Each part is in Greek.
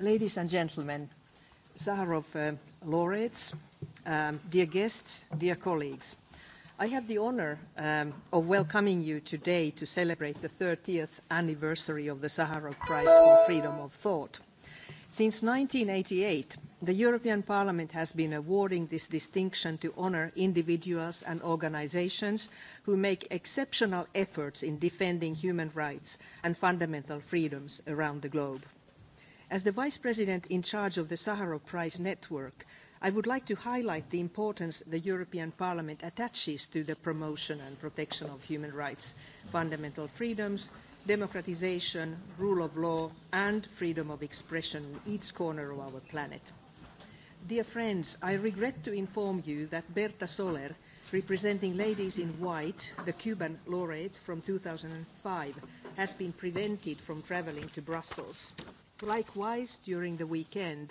Ladies and gentlemen, Sakharov laureates, dear guests, dear colleagues, I have the honor of welcoming you today to celebrate the 30th anniversary of the Sakharov Prize for Freedom of Thought. Since 1988, the European Parliament has been awarding this distinction to honor individuals and organizations who make exceptional efforts in defending human rights and fundamental freedoms around the globe. As the Vice President in charge of the Sakharov Prize Network, I would like to highlight the importance the European Parliament attaches to the promotion and protection of human rights, fundamental freedoms, democratisation, rule of law and freedom of expression in each corner of our planet. Dear friends, I regret to inform you that Berta Soler, representing Ladies in White, the Cuban laureate from 2005, has been prevented from travelling to Brussels. Likewise, during the weekend,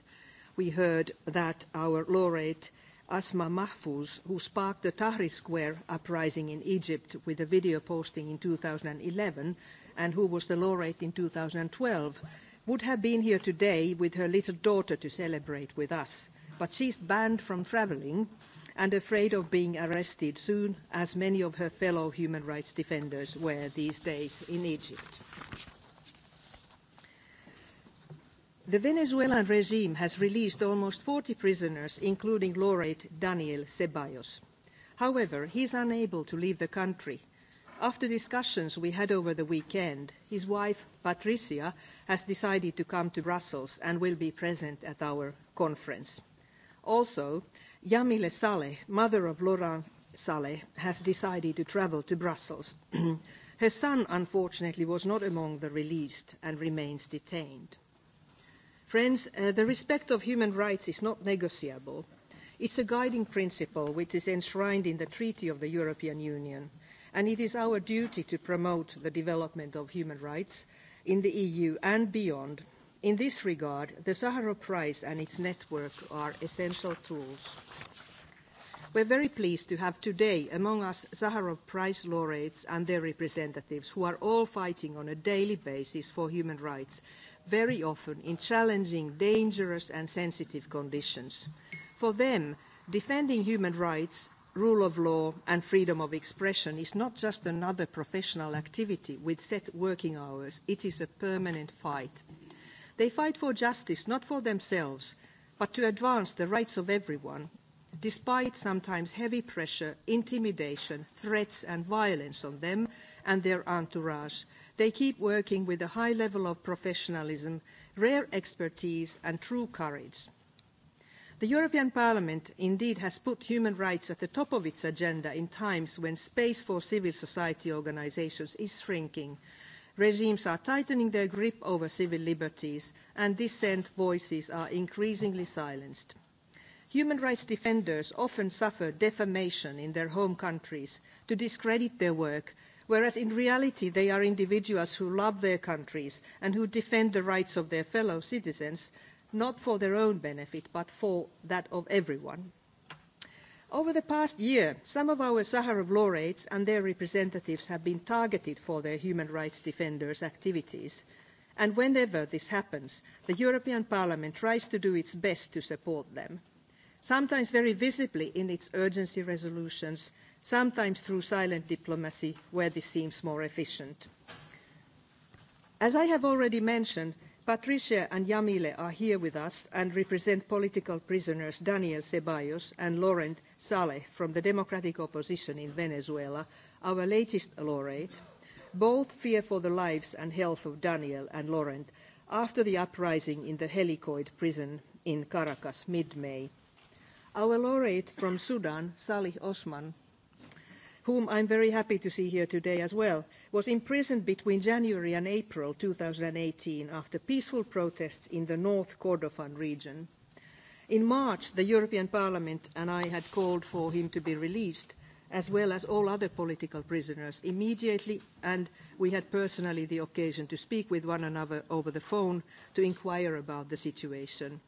we heard that our laureate, Asma Mahfouz, who sparked the Tahrir Square uprising in Egypt with a video posting in 2011 and who was the laureate in 2012, would have been here today with her little daughter to celebrate with us. But she's banned from travelling and afraid of being arrested soon, as many of her fellow human rights defenders were these days in Egypt. The Venezuelan regime has released almost 40 prisoners, including laureate Daniel Ceballos. However, he is unable to leave the country. After discussions we had over the weekend, his wife, Patricia, has decided to come to Brussels and will be present at our conference. Also, Yamile Saleh, mother of Laurent Saleh, has decided to travel to Brussels. Her son, unfortunately, was not among the released and remains detained. Friends, the respect of human rights is not negotiable. It's a guiding principle which is enshrined in the Treaty of the European Union, and it is our duty to promote the development of human rights in the EU and beyond. In this regard, the Sakharov Prize and its network are essential tools. We're very pleased to have today among us Sakharov Prize laureates and their representatives who are all fighting on a daily basis for human rights very often in challenging, dangerous and sensitive conditions. For them, defending human rights, rule of law and freedom of expression is not just another professional activity with set working hours, it is a permanent fight. They fight for justice, not for themselves, but to advance the rights of everyone, despite sometimes heavy pressure, intimidation, threats and violence on them and their entourage, They keep working with a high level of professionalism, rare expertise and true courage. The European Parliament indeed has put human rights at the top of its agenda in times when space for civil society organisations is shrinking. Regimes are tightening their grip over civil liberties and dissent voices are increasingly silenced. Human rights defenders often suffer defamation in their home countries to discredit their work whereas in reality they are individuals who love their countries and who defend the rights of their fellow citizens, not for their own benefit, but for that of everyone. Over the past year, some of our Sakharov laureates and their representatives have been targeted for their human rights defenders' activities. And whenever this happens, the European Parliament tries to do its best to support them, sometimes very visibly in its urgency resolutions, sometimes through silent diplomacy where this seems more efficient. As I have already mentioned, Patricia and Yamile are here with us and represent political prisoners Daniel Ceballos and Laurent Saleh from the democratic opposition in Venezuela, our latest laureate. Both fear for the lives and health of Daniel and Laurent after the uprising in the Helicoid prison in Caracas mid-May. Our laureate from Sudan, Salih Osman, whom I'm very happy to see here today as well, was imprisoned between January and April 2018 after peaceful protests in the North Kordofan region. In March, the European Parliament and I had called for him to be released, as well as all other political prisoners, immediately, and we had personally the occasion to speak with one another over the phone to inquire about the situation.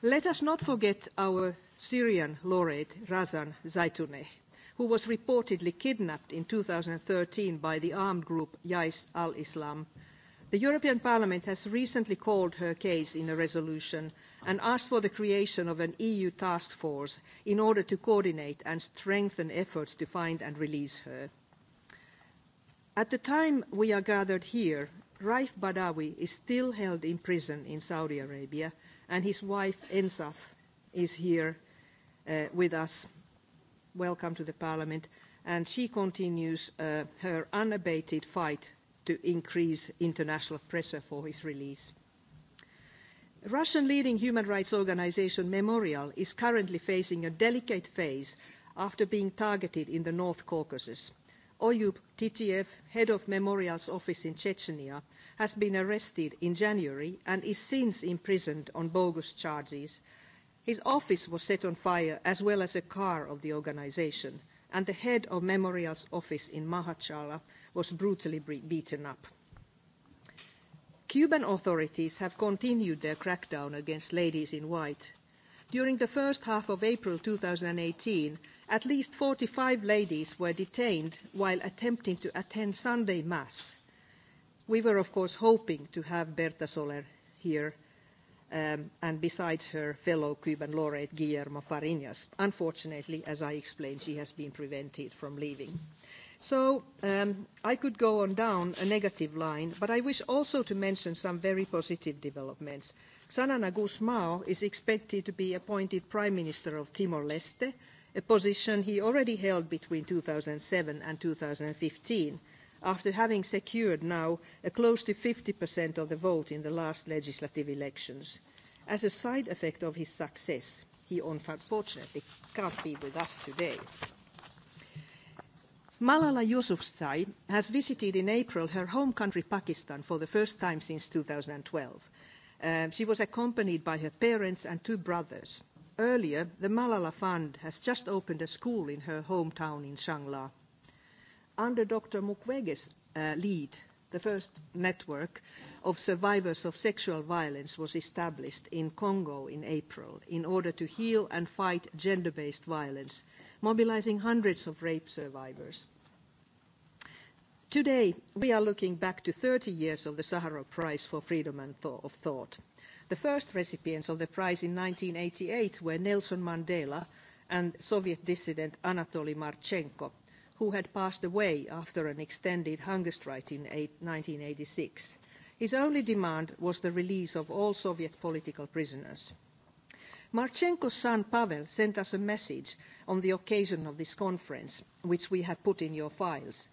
Let us not forget our Syrian laureate, Razan Zaitouneh who was reportedly kidnapped in 2013 by the armed group Yais al-Islam. The European Parliament has recently called her case in a resolution and asked for the creation of an EU task force in order to coordinate and strengthen efforts to find and release her. At the time we are gathered here, Raif Badawi is still held in prison in Saudi Arabia and his wife Ensaf is here with us welcome to the Parliament, and she continues her unabated fight to increase international pressure for his release. Russian leading human rights organisation Memorial is currently facing a delicate phase after being targeted in the North Caucasus. Oyub Titiev, head of Memorial's office in Chechnya, has been arrested in January and is since imprisoned on bogus charges His office was set on fire, as well as a car of the organization, and the head of Memorial's office in Mahachala was brutally beaten up. Cuban authorities have continued their crackdown against ladies in white. During the first half of April 2018, at least 45 ladies were detained while attempting to attend Sunday Mass. We were, of course, hoping to have Berta Soler here and besides her fellow Cuban laureate Guillermo Fariñas. Unfortunately, as I explained, she has been prevented from leaving. So I could go on down a negative line, but I wish also to mention some very positive developments. Sanana Guzmao is expected to be appointed Prime Minister of Timor-Leste, a position he already held between 2007 and 2015, after having secured now a close to 50% of the vote in the last legislative elections. As a side effect of his success, he unfortunately can't be with us today. Malala Yousafzai has visited in April her home country Pakistan for the first time since 2012. She was accompanied by her parents and two brothers. Earlier, the Malala Fund has just opened a school in her hometown in Shangla Under Dr. Mukwege's lead, the first network of survivors of sexual violence was established in Congo in April in order to heal and fight gender-based violence, mobilizing hundreds of rape survivors. Today, we are looking back to 30 years of the Sahara Prize for Freedom and of Thought. The first recipients of the prize in 1988 were Nelson Mandela and Soviet dissident Anatoly Marchenko who had passed away after an extended hunger strike in 1986. His only demand was the release of all Soviet political prisoners. Marchenko's son Pavel sent us a message on the occasion of this conference, which we have put in your files.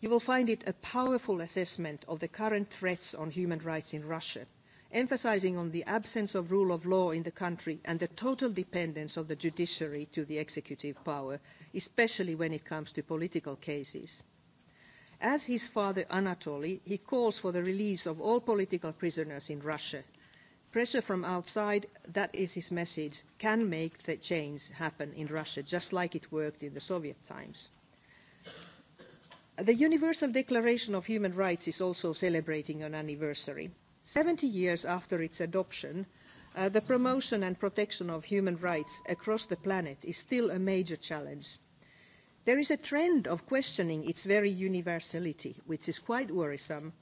You will find it a powerful assessment of the current threats on human rights in Russia emphasising on the absence of rule of law in the country and the total dependence of the judiciary to the executive power, especially when it comes to political cases. As his father Anatoly, he calls for the release of all political prisoners in Russia. Pressure from outside, that is his message, can make the change happen in Russia, just like it worked in the Soviet times. The Universal Declaration of Human Rights is also celebrating an anniversary. 70 years after its adoption, the promotion and protection of human rights across the planet is still a major challenge. There is a trend of questioning its very universality, which is quite worrisome.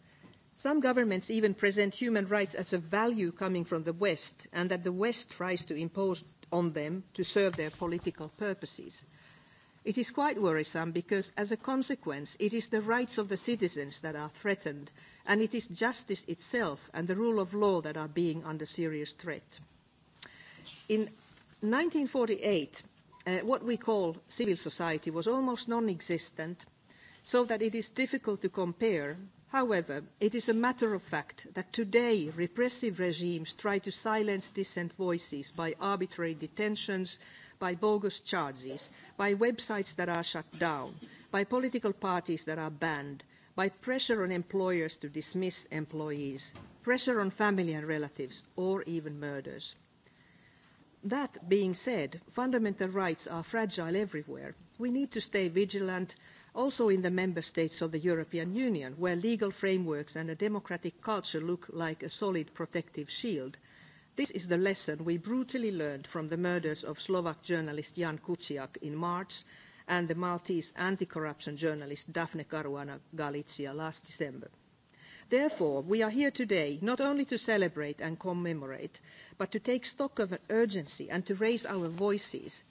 Some governments even present human rights as a value coming from the West, and that the West tries to impose on them to serve their political purposes. It is quite worrisome because, as a consequence, it is the rights of the citizens that are threatened and it is justice itself and the rule of law that are being under serious threat. In 1948, what we call civil society was almost non-existent, so that it is difficult to compare. However, it is a matter of fact that today repressive regimes try to silence dissent voices by arbitrary detentions, by bogus charges, by websites that are shut down, by political parties that are banned, by pressure on employers to dismiss employees, pressure on family and relatives, or even murders. That being said, fundamental rights are fragile everywhere. We need to stay vigilant also in the member states of the European Union, where legal frameworks and a democratic culture look like a solid protective shield. This is the lesson we brutally learned from the murders of Slovak journalist Jan Kuciak in March and the Maltese anti-corruption journalist Daphne Caruana Galizia last December. Therefore, we are here today not only to celebrate and commemorate, but to take stock of an urgency and to raise our voices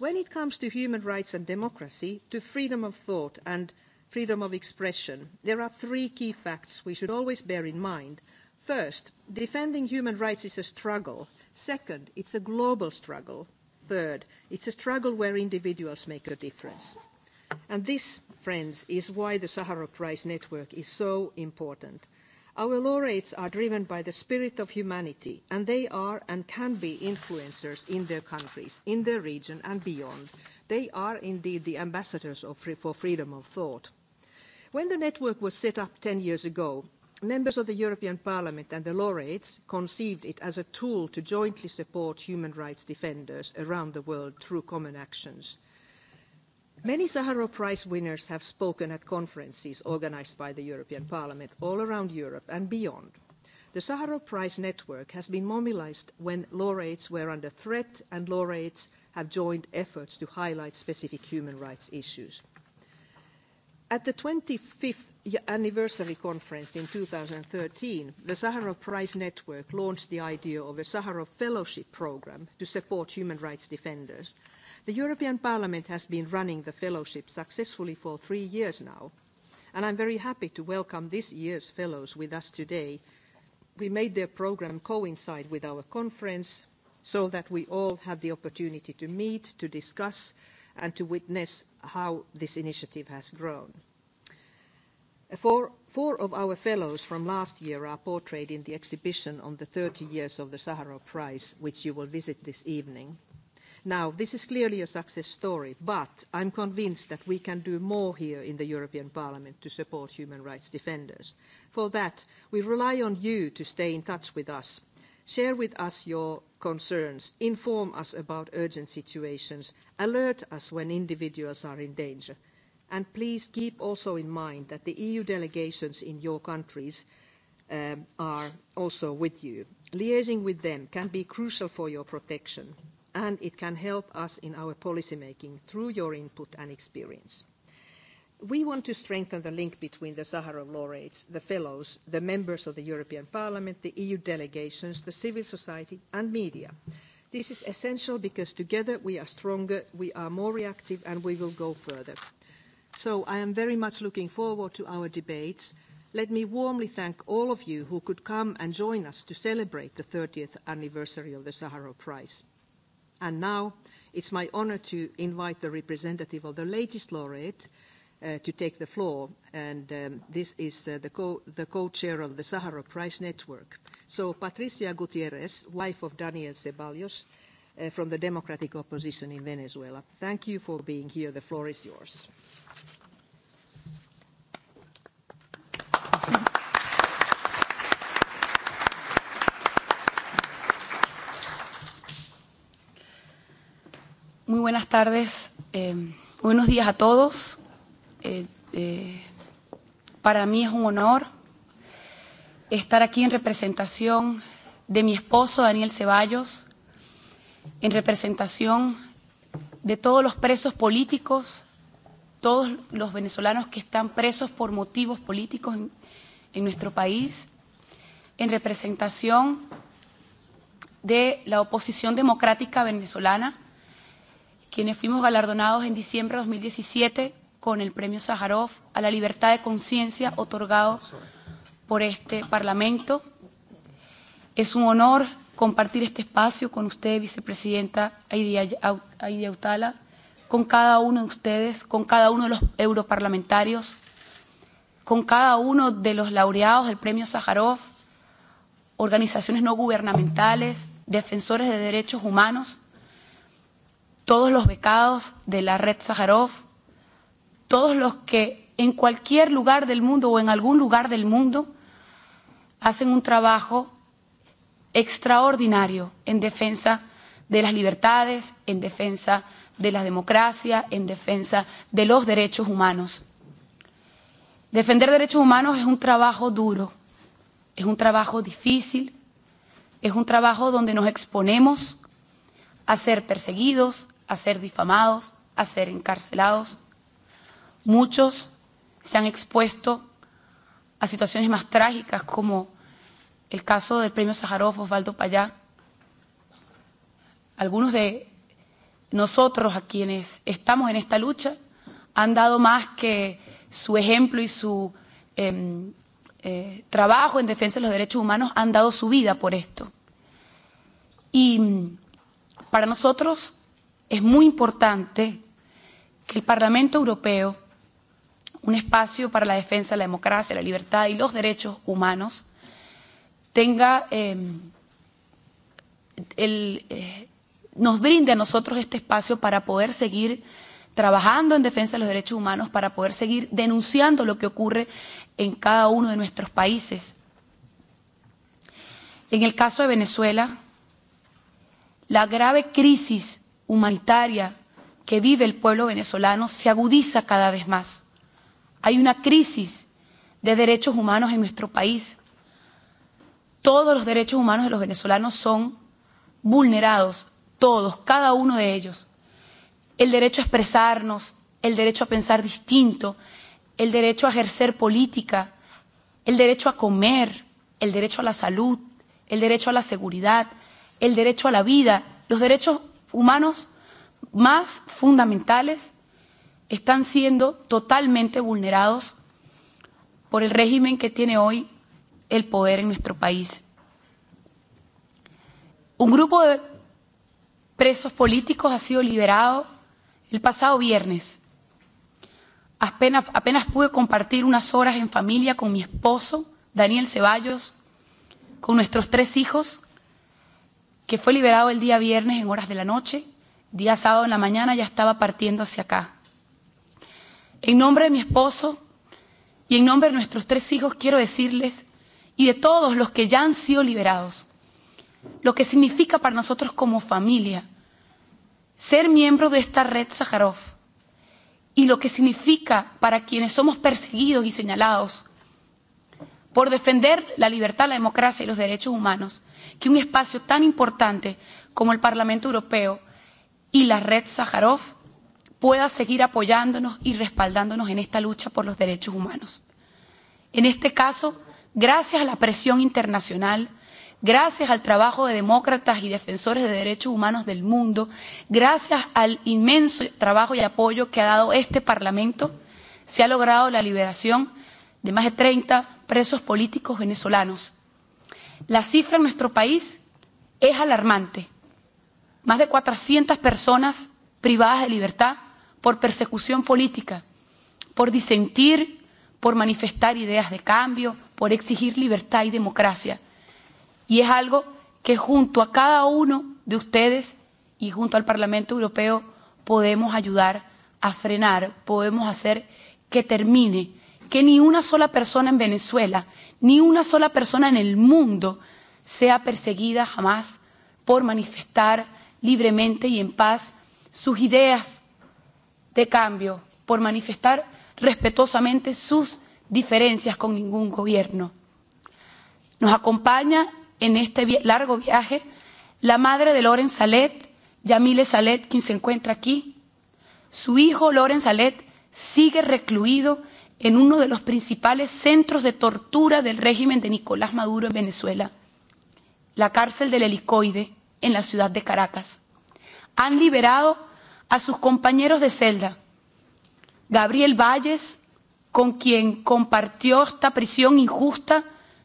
when it comes to human rights and democracy, to freedom of thought and freedom of expression. There are three key facts we should always bear in mind. First, defending human rights is a struggle. Second, it's a global struggle. Third, it's a struggle where individuals make a difference. And this, friends, is why the Sahara Prize Network is so important. Our laureates are driven by the spirit of humanity, and they are and can be influencers in their countries, in their region and beyond. They are indeed the ambassadors for freedom of thought. When the network was set up 10 years ago, members of the European Parliament and the laureates conceived it as a tool to jointly support human rights defenders around the world through common actions. Many Sahara Prize winners have spoken at conferences organised by the European Parliament all around Europe and beyond. The Sahara Prize network has been mobilised when laureates were under threat and laureates have joined efforts to highlight specific human rights issues. At the 25th anniversary conference in 2013, the Sakharov Prize Network launched the idea of a Sakharov Fellowship program to support human rights defenders. The European Parliament has been running the fellowship successfully for three years now, and I'm very happy to welcome this year's fellows with us today. We made their program coincide with our conference so that we all had the opportunity to meet, to discuss, and to witness how this initiative has grown. Four of our fellows from last year are portrayed in the exhibition on the 30 years of the Sahara Prize, which you will visit this evening. Now, this is clearly a success story, but I'm convinced that we can do more here in the European Parliament to support human rights defenders. For that, we rely on you to stay in touch with us. Share with us your concerns, inform us about urgent situations, alert us when individuals are in danger, and please keep also in mind that the EU delegations in your countries are also with you. Liaising with them can be crucial for your protection and it can help us in our policy making through your input and experience. We want to strengthen the link between the Sahara laureates, the fellows, the members of the European Parliament, the EU delegations, the civil society and media. This is essential because together we are stronger, we are more reactive and we will go further. So I am very much looking forward to our debates. Let me warmly thank all of you who could come and join us to celebrate the 30th anniversary of the Sahara Prize. And now it's my honor to invite the representative of the latest laureate to take the floor, and this is the co-chair of the Sahara Prize Network. So Patricia Gutierrez, wife of Daniel Ceballos, from the Democratic Opposition in Venezuela. Thank you for being here. The floor is yours. Muy buenas tardes, eh, buenos días a todos. Eh, eh, para mí es un honor estar aquí en representación de mi esposo Daniel Ceballos, en representación de todos los presos políticos, todos los venezolanos que están presos por motivos políticos en, en nuestro país, en representación de la oposición democrática venezolana quienes fuimos galardonados en diciembre de 2017 con el Premio Sájarov a la libertad de conciencia otorgado por este Parlamento. Es un honor compartir este espacio con usted, vicepresidenta Aidia Autala, con cada uno de ustedes, con cada uno de los europarlamentarios, con cada uno de los laureados del Premio Sájarov, organizaciones no gubernamentales, defensores de derechos humanos todos los becados de la red Sájarov, todos los que en cualquier lugar del mundo o en algún lugar del mundo hacen un trabajo extraordinario en defensa de las libertades, en defensa de la democracia, en defensa de los derechos humanos. Defender derechos humanos es un trabajo duro, es un trabajo difícil, es un trabajo donde nos exponemos a ser perseguidos, a ser difamados, a ser encarcelados. Muchos se han expuesto a situaciones más trágicas como el caso del premio Sájarov Osvaldo Payá. Algunos de nosotros a quienes estamos en esta lucha han dado más que su ejemplo y su eh, trabajo en defensa de los derechos humanos, han dado su vida por esto. Y para nosotros es muy importante que el Parlamento Europeo, un espacio para la defensa de la democracia, la libertad y los derechos humanos, tenga el nos brinde a nosotros este espacio para poder seguir trabajando en defensa de los derechos humanos, para poder seguir denunciando lo que ocurre en cada uno de nuestros países. En el caso de Venezuela, la grave crisis humanitaria que vive el pueblo venezolano se agudiza cada vez más. Hay una crisis de derechos humanos en nuestro país. Todos los derechos humanos de los venezolanos son vulnerados, todos, cada uno de ellos. El derecho a expresarnos, el derecho a pensar distinto, el derecho a ejercer política, el derecho a comer, el derecho a la salud, el derecho a la seguridad, el derecho a la vida, los derechos humanos más fundamentales están siendo totalmente vulnerados por el régimen que tiene hoy el poder en nuestro país. Un grupo de presos políticos ha sido liberado el pasado viernes. Apenas, apenas pude compartir unas horas en familia con mi esposo, Daniel Ceballos, con nuestros tres hijos que fue liberado el día viernes en horas de la noche, día sábado en la mañana ya estaba partiendo hacia acá. En nombre de mi esposo y en nombre de nuestros tres hijos quiero decirles, y de todos los que ya han sido liberados, lo que significa para nosotros como familia ser miembro de esta red Sájarov y lo que significa para quienes somos perseguidos y señalados por defender la libertad, la democracia y los derechos humanos que un espacio tan importante como el Parlamento Europeo y la Red Sájarov pueda seguir apoyándonos y respaldándonos en esta lucha por los derechos humanos. En este caso, gracias a la presión internacional, gracias al trabajo de demócratas y defensores de derechos humanos del mundo, gracias al inmenso trabajo y apoyo que ha dado este Parlamento, se ha logrado la liberación de más de 30 presos políticos venezolanos La cifra en nuestro país es alarmante. Más de 400 personas privadas de libertad por persecución política, por disentir, por manifestar ideas de cambio, por exigir libertad y democracia. Y es algo que junto a cada uno de ustedes y junto al Parlamento Europeo podemos ayudar a frenar, podemos hacer que termine que ni una sola persona en Venezuela, ni una sola persona en el mundo sea perseguida jamás por manifestar libremente y en paz sus ideas de cambio, por manifestar respetuosamente sus diferencias con ningún gobierno. Nos acompaña en este largo viaje la madre de Loren Salet, Yamile Salet, quien se encuentra aquí. Su hijo Loren Salet sigue recluido en uno de los principales centros de tortura del régimen de Nicolás Maduro en Venezuela, la cárcel del helicoide en la ciudad de Caracas. Han liberado a sus compañeros de celda, Gabriel Valles, con quien compartió esta prisión injusta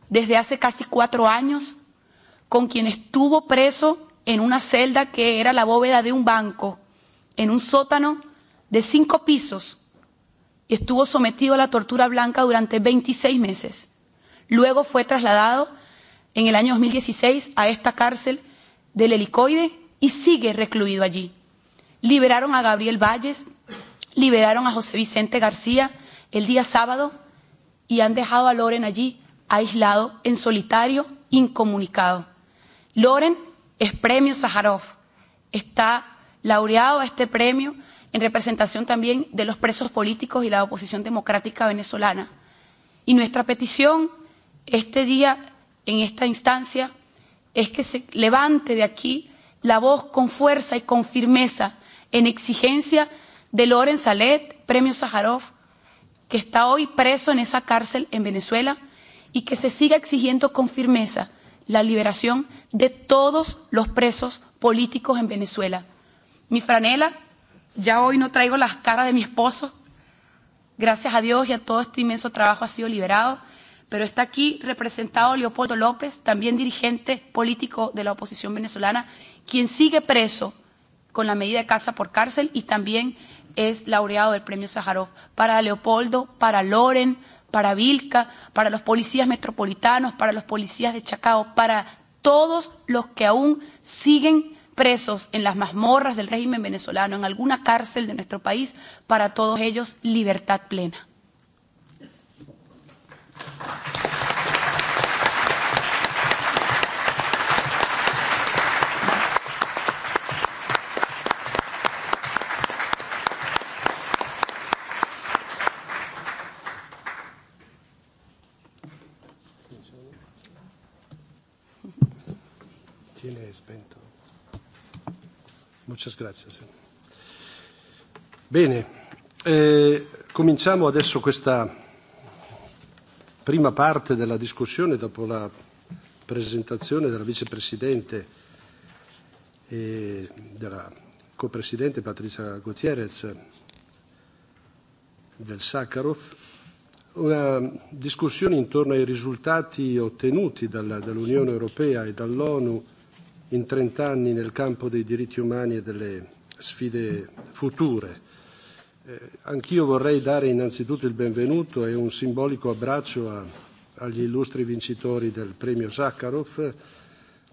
desde hace casi cuatro años, con quien estuvo preso en una celda que era la bóveda de un banco, en un sótano de cinco pisos, y estuvo sometido a la tortura blanca durante 26 meses. Luego fue trasladado en el año 2016 a esta cárcel del helicoide y sigue recluido allí. Liberaron a Gabriel Valles, liberaron a José Vicente García el día sábado y han dejado a Loren allí aislado, en solitario, incomunicado. Loren es premio Sájarov. Está laureado a este premio en representación también de los presos políticos y la oposición democrática venezolana. Y nuestra petición este día, en esta instancia, es que se levante de aquí la voz con fuerza y con firmeza en exigencia de Loren Salet, premio Sájarov, que está hoy preso en esa cárcel en Venezuela y que se siga exigiendo con firmeza la liberación de todos los presos políticos en Venezuela. Mi franela Ya hoy no traigo las caras de mi esposo. Gracias a Dios y a todo este inmenso trabajo ha sido liberado. Pero está aquí representado Leopoldo López, también dirigente político de la oposición venezolana, quien sigue preso con la medida de casa por cárcel y también es laureado del premio Sájarov. Para Leopoldo, para Loren, para Vilca, para los policías metropolitanos, para los policías de Chacao, para todos los que aún siguen presos en las mazmorras del régimen venezolano, en alguna cárcel de nuestro país, para todos ellos libertad plena. Muchas gracias. Bene, eh, cominciamo adesso questa prima parte della discussione dopo la presentazione della vicepresidente e della copresidente Patrizia Gutierrez del Sakharov, una discussione intorno ai risultati ottenuti dall'Unione Europea e dall'ONU in 30 anni nel campo dei diritti umani e delle sfide future. Anch'io vorrei dare innanzitutto il benvenuto e un simbolico abbraccio agli illustri vincitori del premio Sakharov,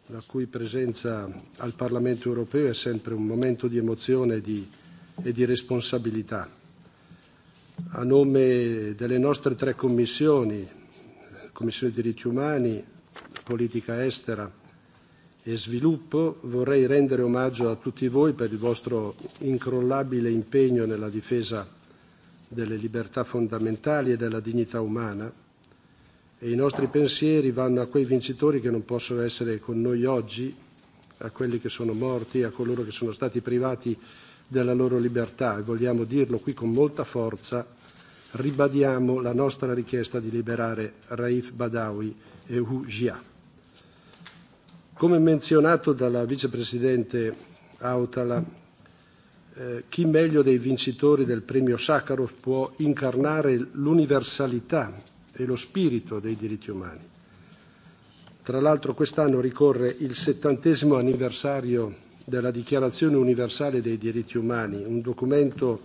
la cui presenza al Parlamento europeo è sempre un momento di emozione e di responsabilità. A nome delle nostre tre commissioni, Commissione dei diritti umani, politica estera e sviluppo, vorrei rendere omaggio a tutti voi per il vostro incrollabile impegno nella difesa delle libertà fondamentali e della dignità umana e i nostri pensieri vanno a quei vincitori che non possono essere con noi oggi, a quelli che sono morti, a coloro che sono stati privati della loro libertà e vogliamo dirlo qui con molta forza, ribadiamo la nostra richiesta di liberare Raif Badawi e Hu Jia. Come menzionato dalla vicepresidente Autala, chi meglio dei vincitori del premio Sakharov può incarnare l'universalità e lo spirito dei diritti umani. Tra l'altro quest'anno ricorre il settantesimo anniversario della Dichiarazione universale dei diritti umani, un documento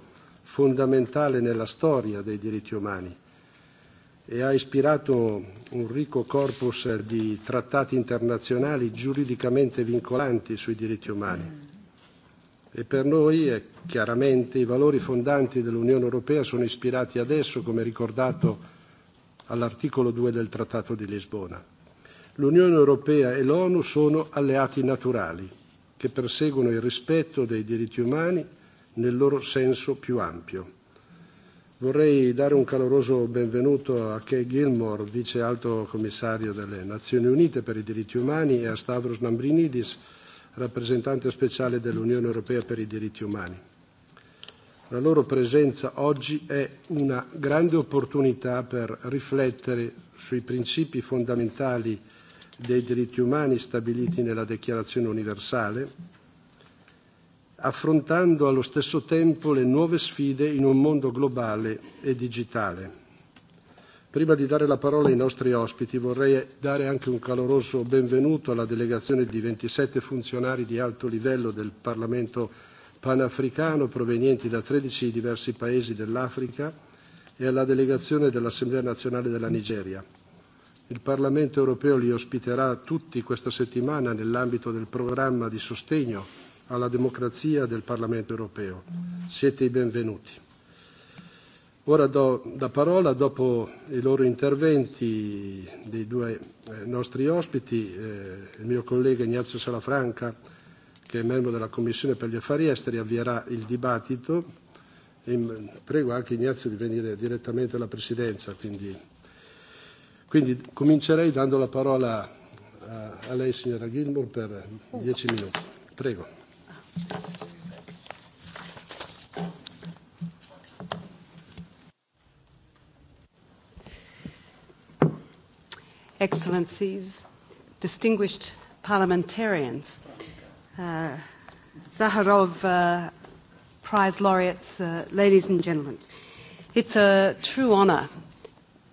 fondamentale nella storia dei diritti umani e ha ispirato un ricco corpus di trattati internazionali giuridicamente vincolanti sui diritti umani. E per noi, è chiaramente, i valori fondanti dell'Unione Europea sono ispirati adesso, come ricordato all'articolo 2 del Trattato di Lisbona. L'Unione Europea e l'ONU sono alleati naturali, che perseguono il rispetto dei diritti umani nel loro senso più ampio. Vorrei dare un caloroso benvenuto a Kay Gilmore, vice alto commissario delle Nazioni Unite per i diritti umani, e a Stavros Lambrinidis, rappresentante speciale dell'Unione Europea per i diritti umani. La loro presenza oggi è una grande opportunità per riflettere sui principi fondamentali dei diritti umani stabiliti nella Dichiarazione universale affrontando allo stesso tempo le nuove sfide in un mondo globale e digitale. Prima di dare la parola ai nostri ospiti vorrei dare anche un caloroso benvenuto alla delegazione di 27 funzionari di alto livello del Parlamento panafricano provenienti da 13 diversi paesi dell'Africa e alla delegazione dell'Assemblea nazionale della Nigeria. Il Parlamento europeo li ospiterà tutti questa settimana nell'ambito del programma di sostegno alla democrazia del Parlamento europeo. Siete i benvenuti. Ora do la parola, dopo i loro interventi dei due nostri ospiti, il mio collega Ignazio Salafranca, che è membro della Commissione per gli affari esteri, avvierà il dibattito e prego anche Ignazio di venire direttamente alla Presidenza. Quindi, quindi comincerei dando la parola a lei, signora Gilmour, per dieci minuti. Prego. Excellencies, distinguished parliamentarians, uh, Zaharov uh, Prize laureates, uh, ladies and gentlemen, it's a true honour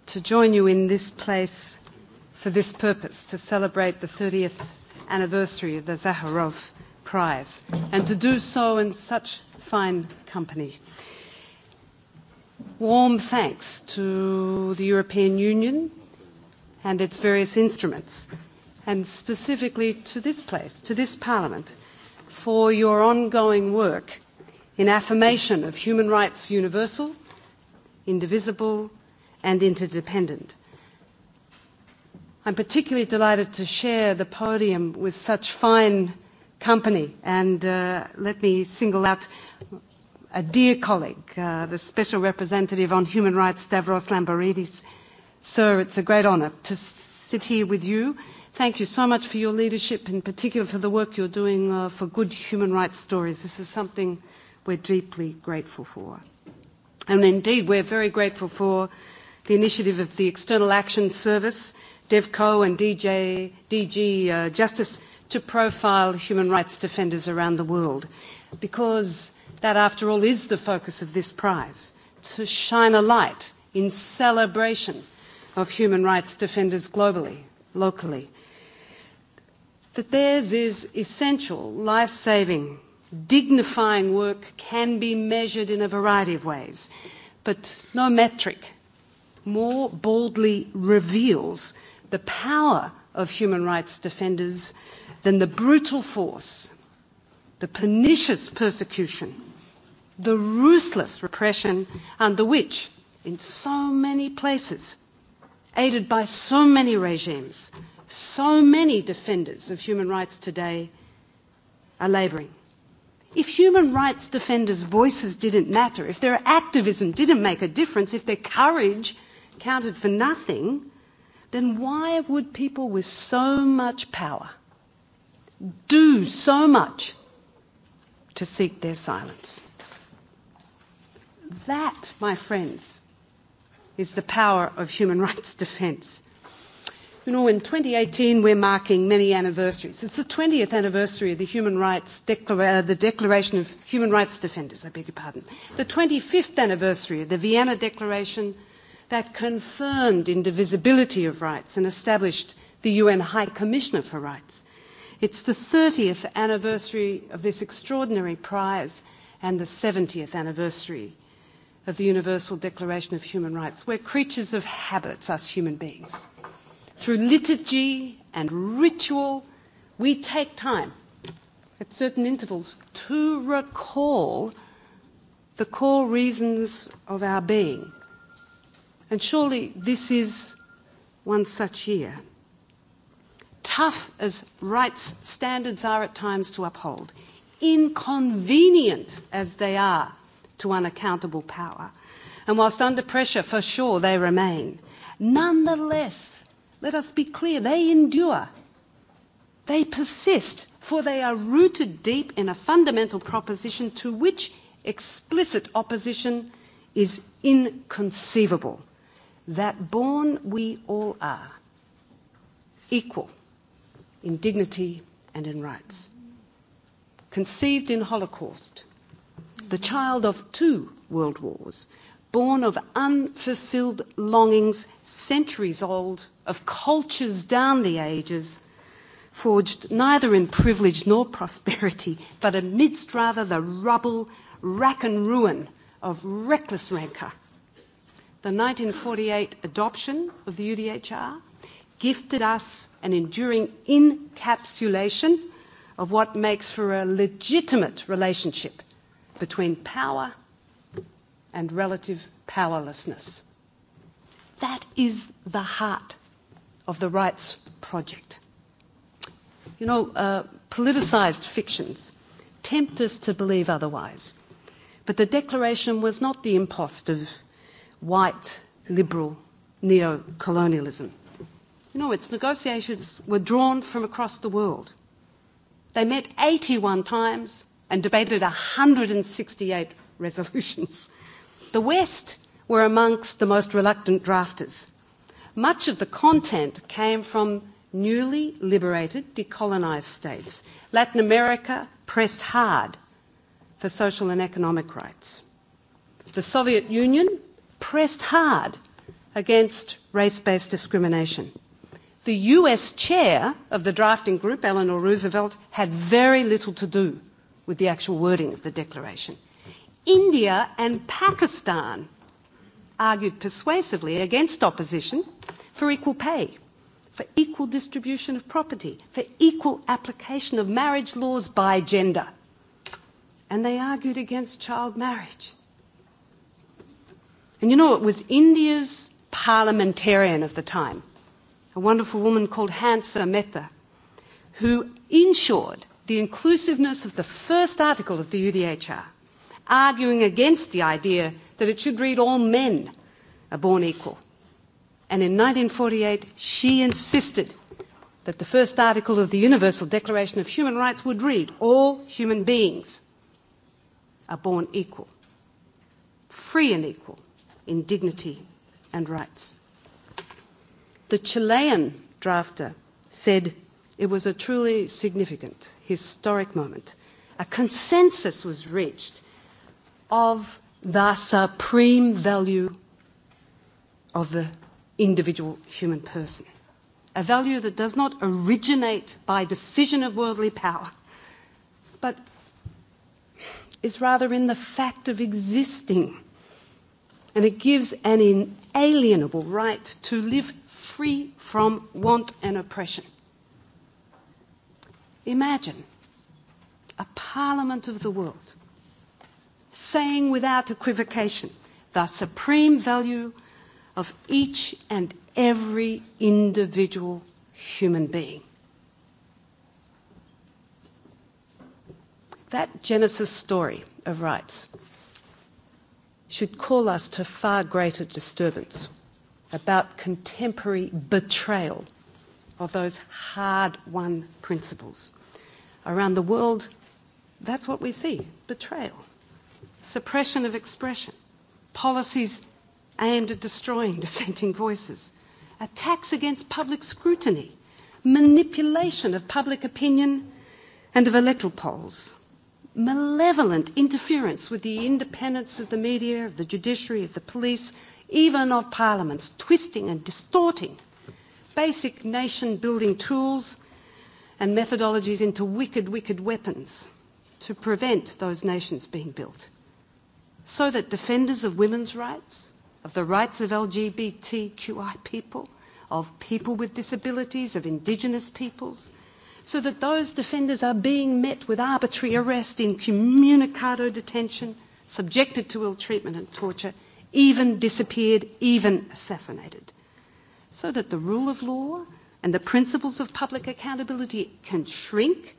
to join you in this place for this purpose, to celebrate the 30th anniversary of the Zaharov prize, and to do so in such fine company. Warm thanks to the European Union and its various instruments, and specifically to this place, to this Parliament, for your ongoing work in affirmation of human rights universal, indivisible, and interdependent. I'm particularly delighted to share the podium with such fine company. And let me single out a dear colleague, the Special Representative on Human Rights, Stavros Lambaridis. Sir, it's a great honour to sit here with you. Thank you so much for your leadership, in particular for the work you're doing for good human rights stories. This is something we're deeply grateful for. And indeed, we're very grateful for the initiative of the External Action Service, DEVCO and DJ DG Justice to profile human rights defenders around the world, because that, after all, is the focus of this prize, to shine a light in celebration of human rights defenders globally, locally. That theirs is essential, life-saving, dignifying work can be measured in a variety of ways, but no metric more boldly reveals the power of human rights defenders than the brutal force, the pernicious persecution, the ruthless repression under which, in so many places, aided by so many regimes, so many defenders of human rights today are labouring. If human rights defenders' voices didn't matter, if their activism didn't make a difference, if their courage counted for nothing, then why would people with so much power do so much to seek their silence. That, my friends, is the power of human rights defence. You know, in 2018, we're marking many anniversaries. It's the 20th anniversary of the Human Rights the Declaration of Human Rights Defenders, I beg your pardon. The 25th anniversary of the Vienna Declaration that confirmed indivisibility of rights and established the UN High Commissioner for Rights. It's the 30th anniversary of this extraordinary prize and the 70th anniversary of the Universal Declaration of Human Rights. We're creatures of habits, us human beings. Through liturgy and ritual, we take time at certain intervals to recall the core reasons of our being. And surely this is one such year tough as rights standards are at times to uphold, inconvenient as they are to unaccountable power, and whilst under pressure for sure they remain, nonetheless, let us be clear, they endure. They persist, for they are rooted deep in a fundamental proposition to which explicit opposition is inconceivable that born we all are equal in dignity and in rights. Conceived in Holocaust, the child of two world wars, born of unfulfilled longings centuries old, of cultures down the ages, forged neither in privilege nor prosperity, but amidst rather the rubble, rack and ruin of reckless rancor. The 1948 adoption of the UDHR gifted us an enduring encapsulation of what makes for a legitimate relationship between power and relative powerlessness. That is the heart of the rights project. You know, politicised fictions tempt us to believe otherwise. But the declaration was not the impost of white, liberal, neo-colonialism. You know, its negotiations were drawn from across the world. They met 81 times and debated 168 resolutions. The West were amongst the most reluctant drafters. Much of the content came from newly liberated, decolonised states. Latin America pressed hard for social and economic rights. The Soviet Union pressed hard against race-based discrimination the US chair of the drafting group, Eleanor Roosevelt, had very little to do with the actual wording of the declaration. India and Pakistan argued persuasively against opposition for equal pay, for equal distribution of property, for equal application of marriage laws by gender. And they argued against child marriage. And you know, it was India's parliamentarian of the time a wonderful woman called Hansa Mehta, who ensured the inclusiveness of the first article of the UDHR, arguing against the idea that it should read all men are born equal. And in 1948, she insisted that the first article of the Universal Declaration of Human Rights would read, all human beings are born equal, free and equal in dignity and rights. The Chilean drafter said it was a truly significant, historic moment. A consensus was reached of the supreme value of the individual human person, a value that does not originate by decision of worldly power, but is rather in the fact of existing. And it gives an inalienable right to live free from want and oppression. Imagine a parliament of the world saying without equivocation the supreme value of each and every individual human being. That Genesis story of rights should call us to far greater disturbance about contemporary betrayal of those hard-won principles. Around the world, that's what we see, betrayal, suppression of expression, policies aimed at destroying dissenting voices, attacks against public scrutiny, manipulation of public opinion and of electoral polls malevolent interference with the independence of the media, of the judiciary, of the police, even of parliaments, twisting and distorting basic nation-building tools and methodologies into wicked, wicked weapons to prevent those nations being built, so that defenders of women's rights, of the rights of LGBTQI people, of people with disabilities, of indigenous peoples, so that those defenders are being met with arbitrary arrest, incommunicado detention, subjected to ill treatment and torture, even disappeared, even assassinated, so that the rule of law and the principles of public accountability can shrink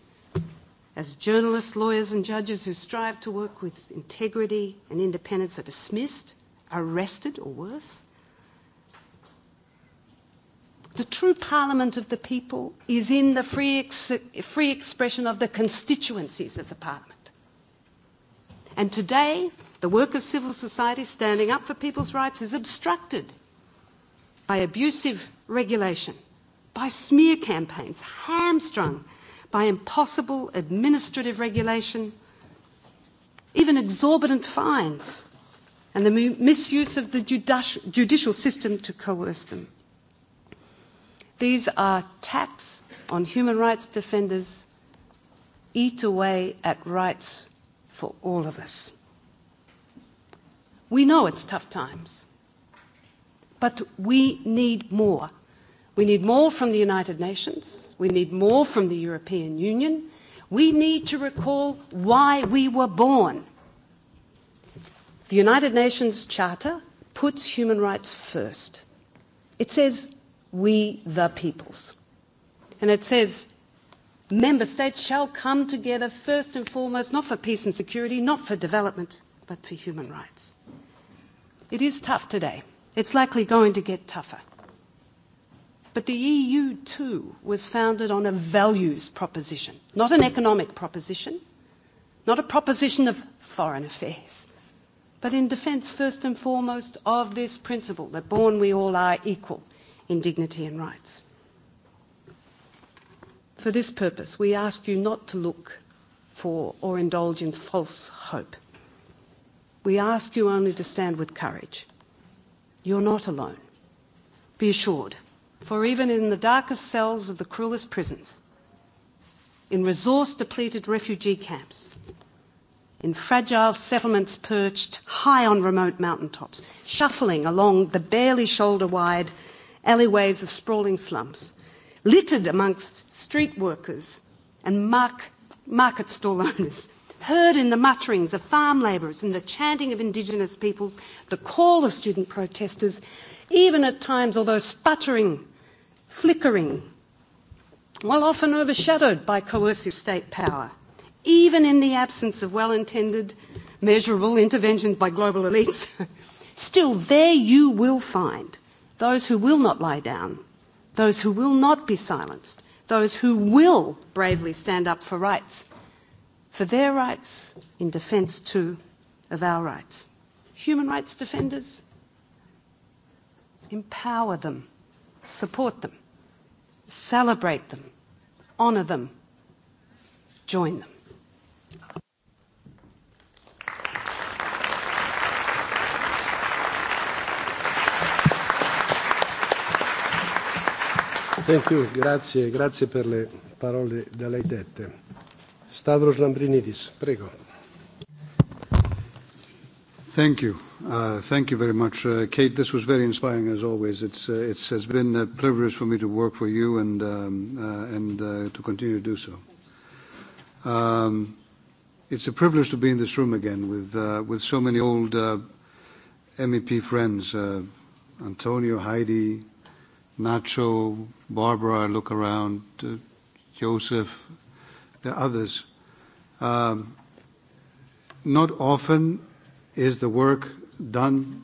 as journalists, lawyers and judges who strive to work with integrity and independence are dismissed, arrested or worse, The true Parliament of the people is in the free expression of the constituencies of the Parliament. And today, the work of civil society standing up for people's rights is obstructed by abusive regulation, by smear campaigns, hamstrung by impossible administrative regulation, even exorbitant fines, and the misuse of the judicial system to coerce them. These are attacks on human rights defenders, eat away at rights for all of us. We know it's tough times, but we need more. We need more from the United Nations. We need more from the European Union. We need to recall why we were born. The United Nations Charter puts human rights first. It says we the peoples. And it says, member states shall come together first and foremost, not for peace and security, not for development, but for human rights. It is tough today. It's likely going to get tougher. But the EU too was founded on a values proposition, not an economic proposition, not a proposition of foreign affairs, but in defence first and foremost of this principle that born we all are equal in dignity and rights. For this purpose, we ask you not to look for or indulge in false hope. We ask you only to stand with courage. You're not alone. Be assured, for even in the darkest cells of the cruelest prisons, in resource-depleted refugee camps, in fragile settlements perched high on remote mountaintops, shuffling along the barely shoulder-wide alleyways of sprawling slums, littered amongst street workers and market stall owners, heard in the mutterings of farm labourers and the chanting of indigenous peoples, the call of student protesters, even at times, although sputtering, flickering, while often overshadowed by coercive state power, even in the absence of well-intended, measurable intervention by global elites, still there you will find those who will not lie down, those who will not be silenced, those who will bravely stand up for rights, for their rights in defence too of our rights. Human rights defenders, empower them, support them, celebrate them, honour them, join them. Thank you. Grazie, grazie per le parole da lei dette. Stavros Lambrinidis, prego. Thank you. Uh, thank you very much, Kate. This was very inspiring as always. It's, uh, it's has been a privilege for me to work for you and um, uh, and uh, to continue to do so. Um, it's a privilege to be in this room again with uh, with so many old uh, MEP friends, uh, Antonio, Heidi, Nacho, Barbara, I look around, Joseph, the others. others. Not often is the work done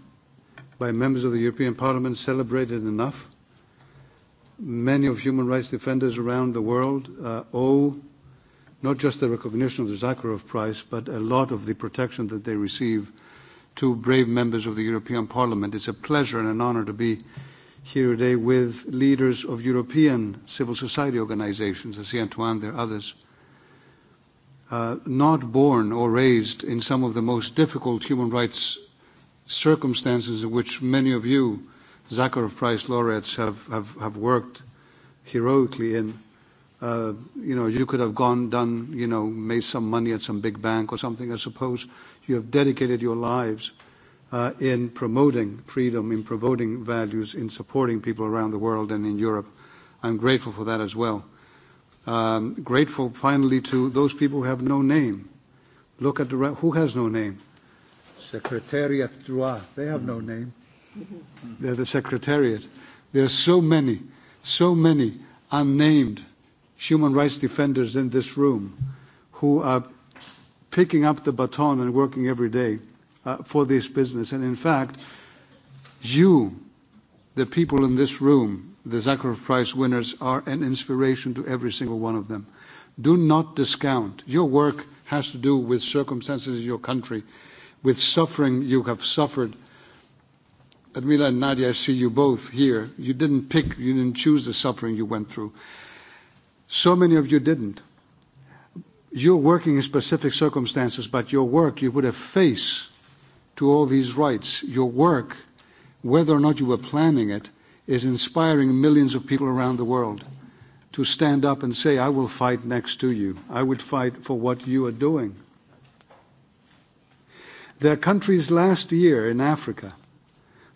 by members of the European Parliament celebrated enough. Many of human rights defenders around the world owe not just the recognition of the Zakharov Prize, but a lot of the protection that they receive to brave members of the European Parliament. It's a pleasure and an honor to be here today with leaders of European civil society organizations. I see Antoine, there are others. Not born or raised in some of the most difficult human rights circumstances in which many of you, Zakharov Prize laureates, have worked heroically in. You know, you could have gone, done, you know, made some money at some big bank or something, I suppose. You have dedicated your lives in promoting freedom, in promoting values, in supporting people around the world and in Europe. I'm grateful for that as well. Grateful finally to those people who have no name. Look at the who has no name. Secretariat Droit. They have no name. They're the Secretariat. There are so many, so many unnamed human rights defenders in this room who are picking up the baton and working every day for this business. And in fact, you, the people in this room, the Zakharov Prize winners, are an inspiration to every single one of them. Do not discount. Your work has to do with circumstances in your country, with suffering you have suffered. Admila and Nadia, I see you both here. You didn't pick, you didn't choose the suffering you went through. So many of you didn't. You're working in specific circumstances, but your work, you would have faced to all these rights. Your work, whether or not you were planning it, is inspiring millions of people around the world to stand up and say, I will fight next to you. I would fight for what you are doing. There are countries last year in Africa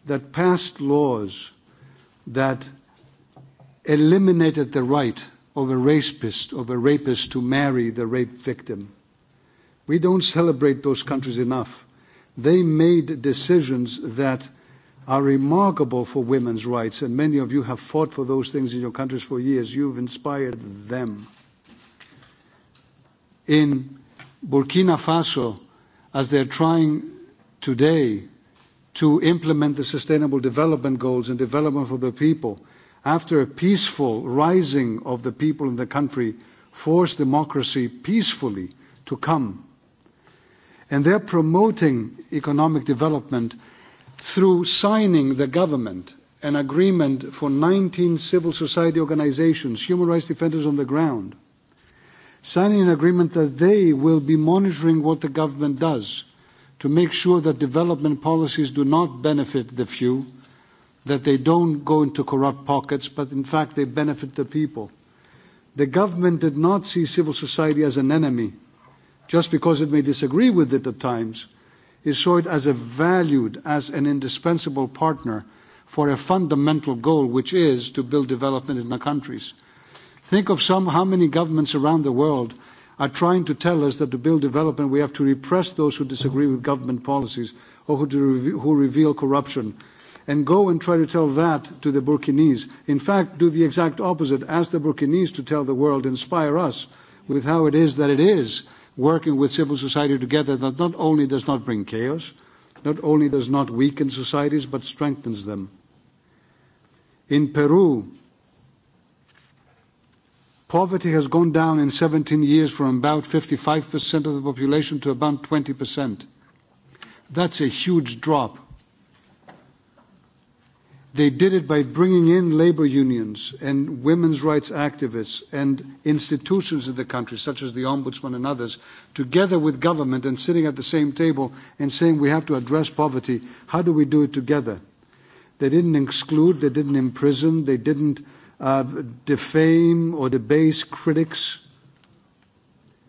that passed laws that eliminated the right of a rapist, of a rapist to marry the rape victim. We don't celebrate those countries enough they made decisions that are remarkable for women's rights, and many of you have fought for those things in your countries for years. You've inspired them. In Burkina Faso, as they're trying today to implement the Sustainable Development Goals and development for the people, after a peaceful rising of the people in the country, forced democracy peacefully to come and they're promoting economic development through signing the government an agreement for 19 civil society organisations, human rights defenders on the ground, signing an agreement that they will be monitoring what the government does to make sure that development policies do not benefit the few, that they don't go into corrupt pockets, but in fact they benefit the people. The government did not see civil society as an enemy just because it may disagree with it at times, is saw it as a valued, as an indispensable partner for a fundamental goal, which is to build development in our countries. Think of some how many governments around the world are trying to tell us that to build development we have to repress those who disagree with government policies or who, who reveal corruption and go and try to tell that to the Burkinese. In fact, do the exact opposite. Ask the Burkinese to tell the world, inspire us with how it is that it is working with civil society together that not only does not bring chaos, not only does not weaken societies, but strengthens them. In Peru, poverty has gone down in 17 years from about 55% of the population to about 20%. That's a huge drop They did it by bringing in labor unions and women's rights activists and institutions in the country, such as the Ombudsman and others, together with government and sitting at the same table and saying we have to address poverty. How do we do it together? They didn't exclude, they didn't imprison, they didn't defame or debase critics.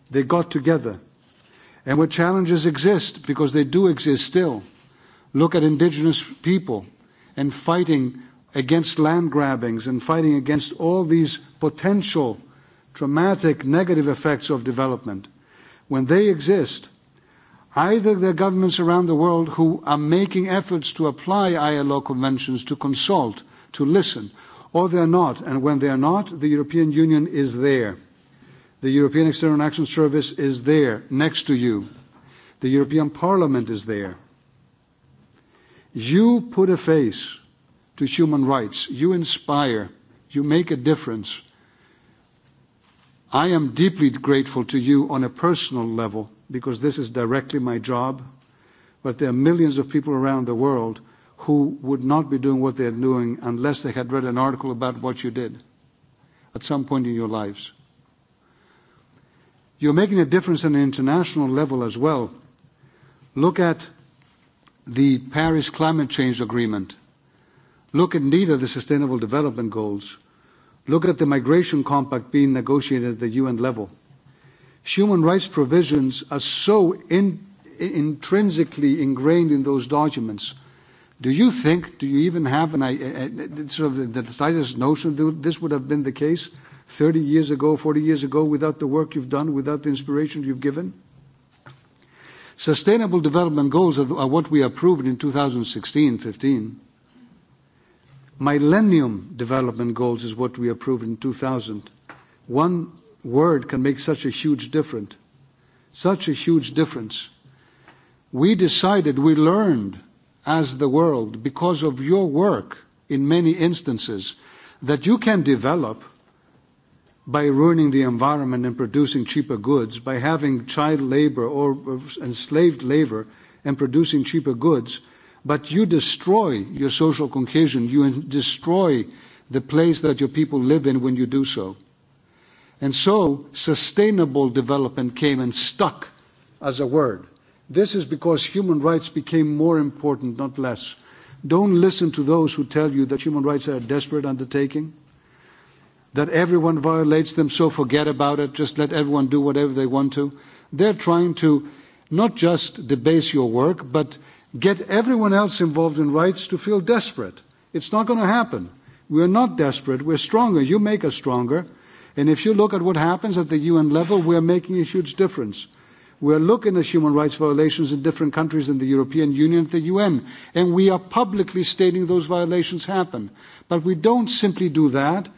They got together. And what challenges exist, because they do exist still, look at indigenous people and fighting against land grabbings and fighting against all these potential traumatic negative effects of development, when they exist, either there are governments around the world who are making efforts to apply ILO conventions, to consult, to listen, or they are not. And when they are not, the European Union is there. The European External Action Service is there, next to you. The European Parliament is there. You put a face to human rights. You inspire. You make a difference. I am deeply grateful to you on a personal level because this is directly my job. But there are millions of people around the world who would not be doing what they are doing unless they had read an article about what you did at some point in your lives. You're making a difference on an international level as well. Look at the Paris Climate Change Agreement, look indeed at the Sustainable Development Goals, look at the Migration Compact being negotiated at the UN level. Human rights provisions are so intrinsically ingrained in those documents. Do you think, do you even have an, sort of the slightest notion that this would have been the case 30 years ago, 40 years ago, without the work you've done, without the inspiration you've given? Sustainable Development Goals are what we approved in 2016-15. Millennium Development Goals is what we approved in 2000. One word can make such a huge difference. Such a huge difference. We decided, we learned as the world, because of your work in many instances, that you can develop by ruining the environment and producing cheaper goods, by having child labor or enslaved labor and producing cheaper goods, but you destroy your social cohesion, you destroy the place that your people live in when you do so. And so sustainable development came and stuck as a word. This is because human rights became more important, not less. Don't listen to those who tell you that human rights are a desperate undertaking that everyone violates them, so forget about it, just let everyone do whatever they want to. They're trying to not just debase your work, but get everyone else involved in rights to feel desperate. It's not going to happen. We're not desperate. We're stronger. You make us stronger. And if you look at what happens at the UN level, we're making a huge difference. We're looking at human rights violations in different countries in the European Union, the UN, and we are publicly stating those violations happen. But we don't simply do that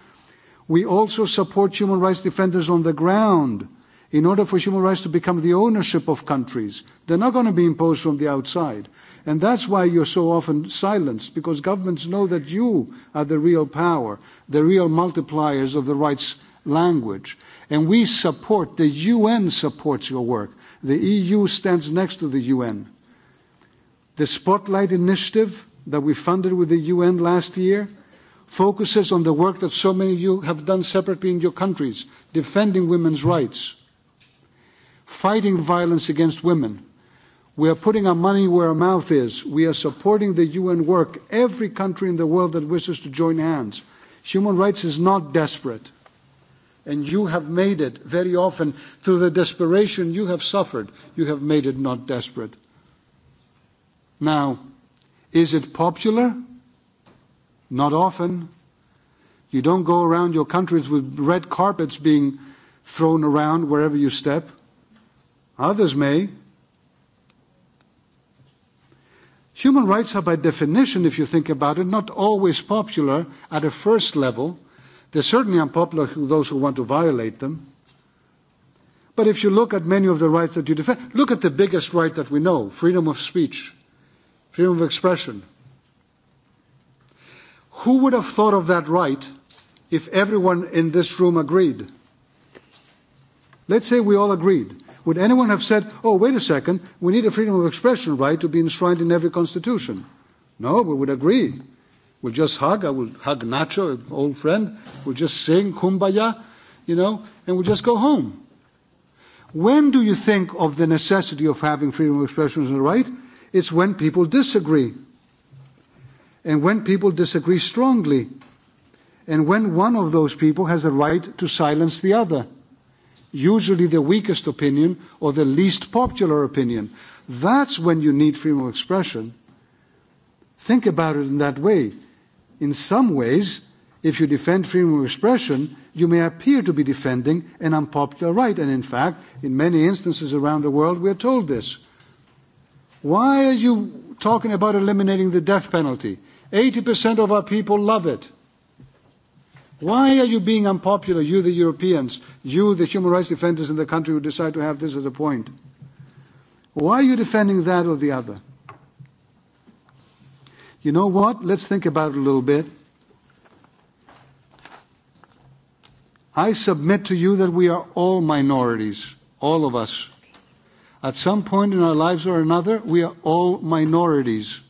We also support human rights defenders on the ground in order for human rights to become the ownership of countries. They're not going to be imposed from the outside. And that's why you're so often silenced, because governments know that you are the real power, the real multipliers of the rights language. And we support, the UN supports your work. The EU stands next to the UN. The Spotlight Initiative that we funded with the UN last year focuses on the work that so many of you have done separately in your countries, defending women's rights, fighting violence against women. We are putting our money where our mouth is. We are supporting the UN work, every country in the world that wishes to join hands. Human rights is not desperate. And you have made it very often through the desperation you have suffered. You have made it not desperate. Now, is it popular? Not often. You don't go around your countries with red carpets being thrown around wherever you step. Others may. Human rights are by definition, if you think about it, not always popular at a first level. They're certainly unpopular to those who want to violate them. But if you look at many of the rights that you defend, look at the biggest right that we know, freedom of speech, freedom of expression. Who would have thought of that right if everyone in this room agreed? Let's say we all agreed. Would anyone have said, oh, wait a second, we need a freedom of expression right to be enshrined in every constitution? No, we would agree. We'll just hug. I will hug Nacho, an old friend. We'll just sing Kumbaya, you know, and we'll just go home. When do you think of the necessity of having freedom of expression as a right? It's when people disagree and when people disagree strongly, and when one of those people has a right to silence the other, usually the weakest opinion or the least popular opinion. That's when you need freedom of expression. Think about it in that way. In some ways, if you defend freedom of expression, you may appear to be defending an unpopular right. And in fact, in many instances around the world, we are told this. Why are you talking about eliminating the death penalty? 80% of our people love it. Why are you being unpopular, you the Europeans, you the human rights defenders in the country who decide to have this as a point? Why are you defending that or the other? You know what? Let's think about it a little bit. I submit to you that we are all minorities, all of us. At some point in our lives or another, we are all minorities.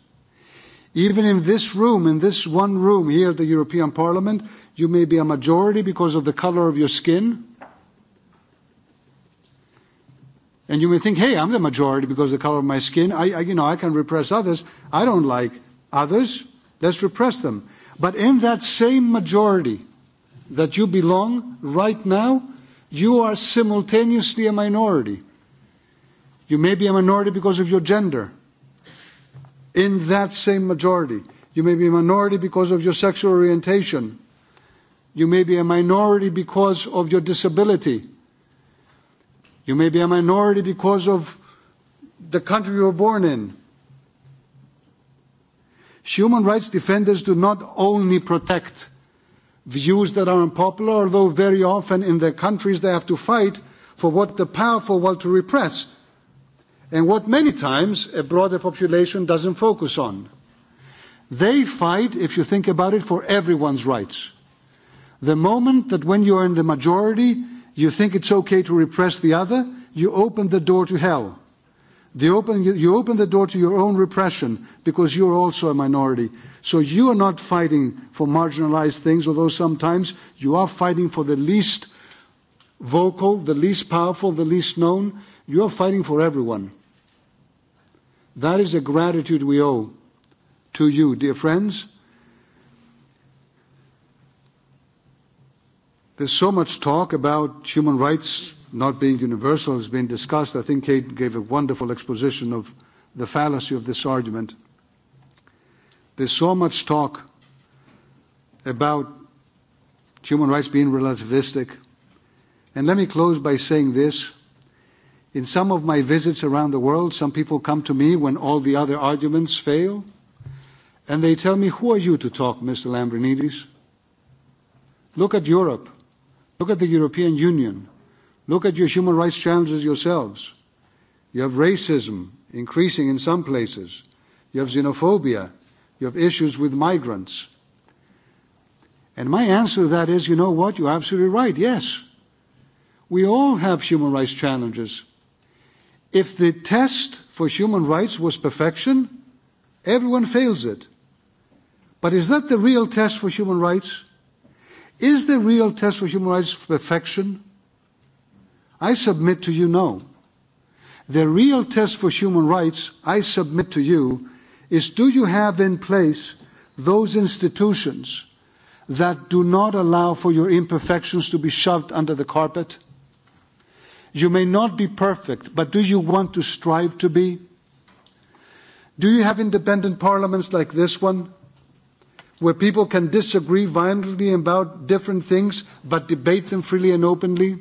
Even in this room, in this one room here at the European Parliament, you may be a majority because of the colour of your skin. And you may think, hey, I'm the majority because of the color of my skin. I, I, you know, I can repress others. I don't like others. Let's repress them. But in that same majority that you belong right now, you are simultaneously a minority. You may be a minority because of your gender in that same majority. You may be a minority because of your sexual orientation. You may be a minority because of your disability. You may be a minority because of the country you were born in. Human rights defenders do not only protect views that are unpopular, although very often in their countries they have to fight for what the powerful want to repress and what many times a broader population doesn't focus on. They fight, if you think about it, for everyone's rights. The moment that when you are in the majority, you think it's okay to repress the other, you open the door to hell. You open the door to your own repression because you're also a minority. So you are not fighting for marginalized things, although sometimes you are fighting for the least vocal, the least powerful, the least known You are fighting for everyone. That is a gratitude we owe to you, dear friends. There's so much talk about human rights not being universal has been discussed. I think Kate gave a wonderful exposition of the fallacy of this argument. There's so much talk about human rights being relativistic. And let me close by saying this. In some of my visits around the world, some people come to me when all the other arguments fail, and they tell me, who are you to talk, Mr. Lambrinidis? Look at Europe. Look at the European Union. Look at your human rights challenges yourselves. You have racism increasing in some places. You have xenophobia. You have issues with migrants. And my answer to that is, you know what? You're absolutely right. Yes. We all have human rights challenges If the test for human rights was perfection, everyone fails it. But is that the real test for human rights? Is the real test for human rights perfection? I submit to you no. The real test for human rights, I submit to you, is do you have in place those institutions that do not allow for your imperfections to be shoved under the carpet? You may not be perfect, but do you want to strive to be? Do you have independent parliaments like this one, where people can disagree violently about different things, but debate them freely and openly?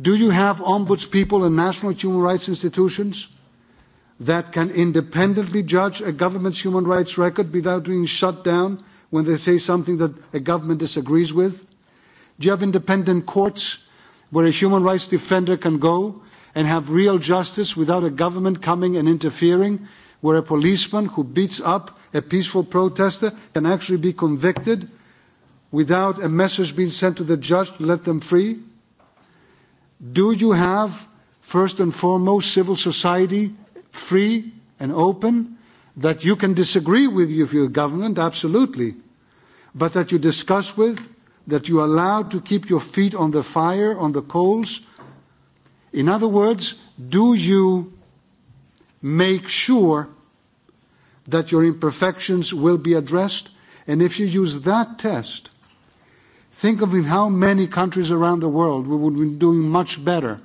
Do you have ombudspeople and national human rights institutions that can independently judge a government's human rights record without being shut down when they say something that a government disagrees with? Do you have independent courts where a human rights defender can go and have real justice without a government coming and interfering, where a policeman who beats up a peaceful protester can actually be convicted without a message being sent to the judge to let them free? Do you have, first and foremost, civil society free and open, that you can disagree with your government, absolutely, but that you discuss with that you are allowed to keep your feet on the fire, on the coals? In other words, do you make sure that your imperfections will be addressed? And if you use that test, think of how many countries around the world we would be doing much better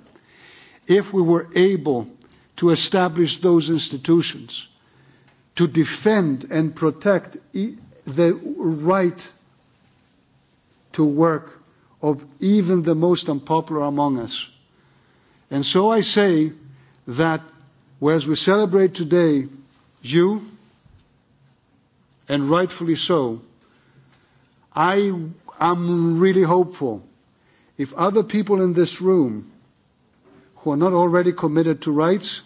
if we were able to establish those institutions to defend and protect the right to work of even the most unpopular among us. And so I say that whereas we celebrate today you, and rightfully so, I am really hopeful if other people in this room who are not already committed to rights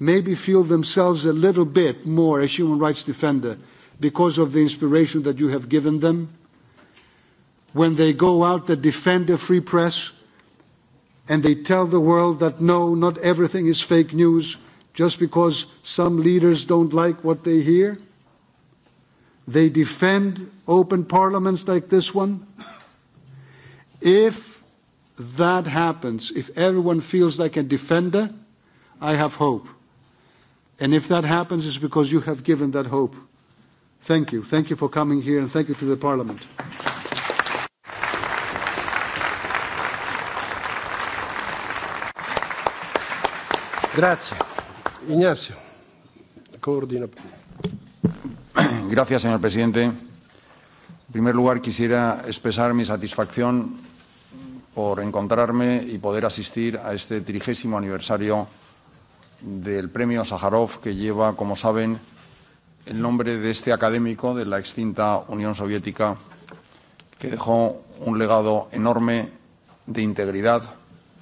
maybe feel themselves a little bit more a human rights defender because of the inspiration that you have given them when they go out to defend the free press and they tell the world that no, not everything is fake news just because some leaders don't like what they hear. They defend open parliaments like this one. If that happens, if everyone feels like a defender, I have hope. And if that happens, it's because you have given that hope. Thank you. Thank you for coming here and thank you to the Parliament. Ignacio. Gracias, señor presidente. En primer lugar, quisiera expresar mi satisfacción por encontrarme y poder asistir a este trigésimo aniversario del premio Sájarov que lleva, como saben, el nombre de este académico de la extinta Unión Soviética que dejó un legado enorme de integridad,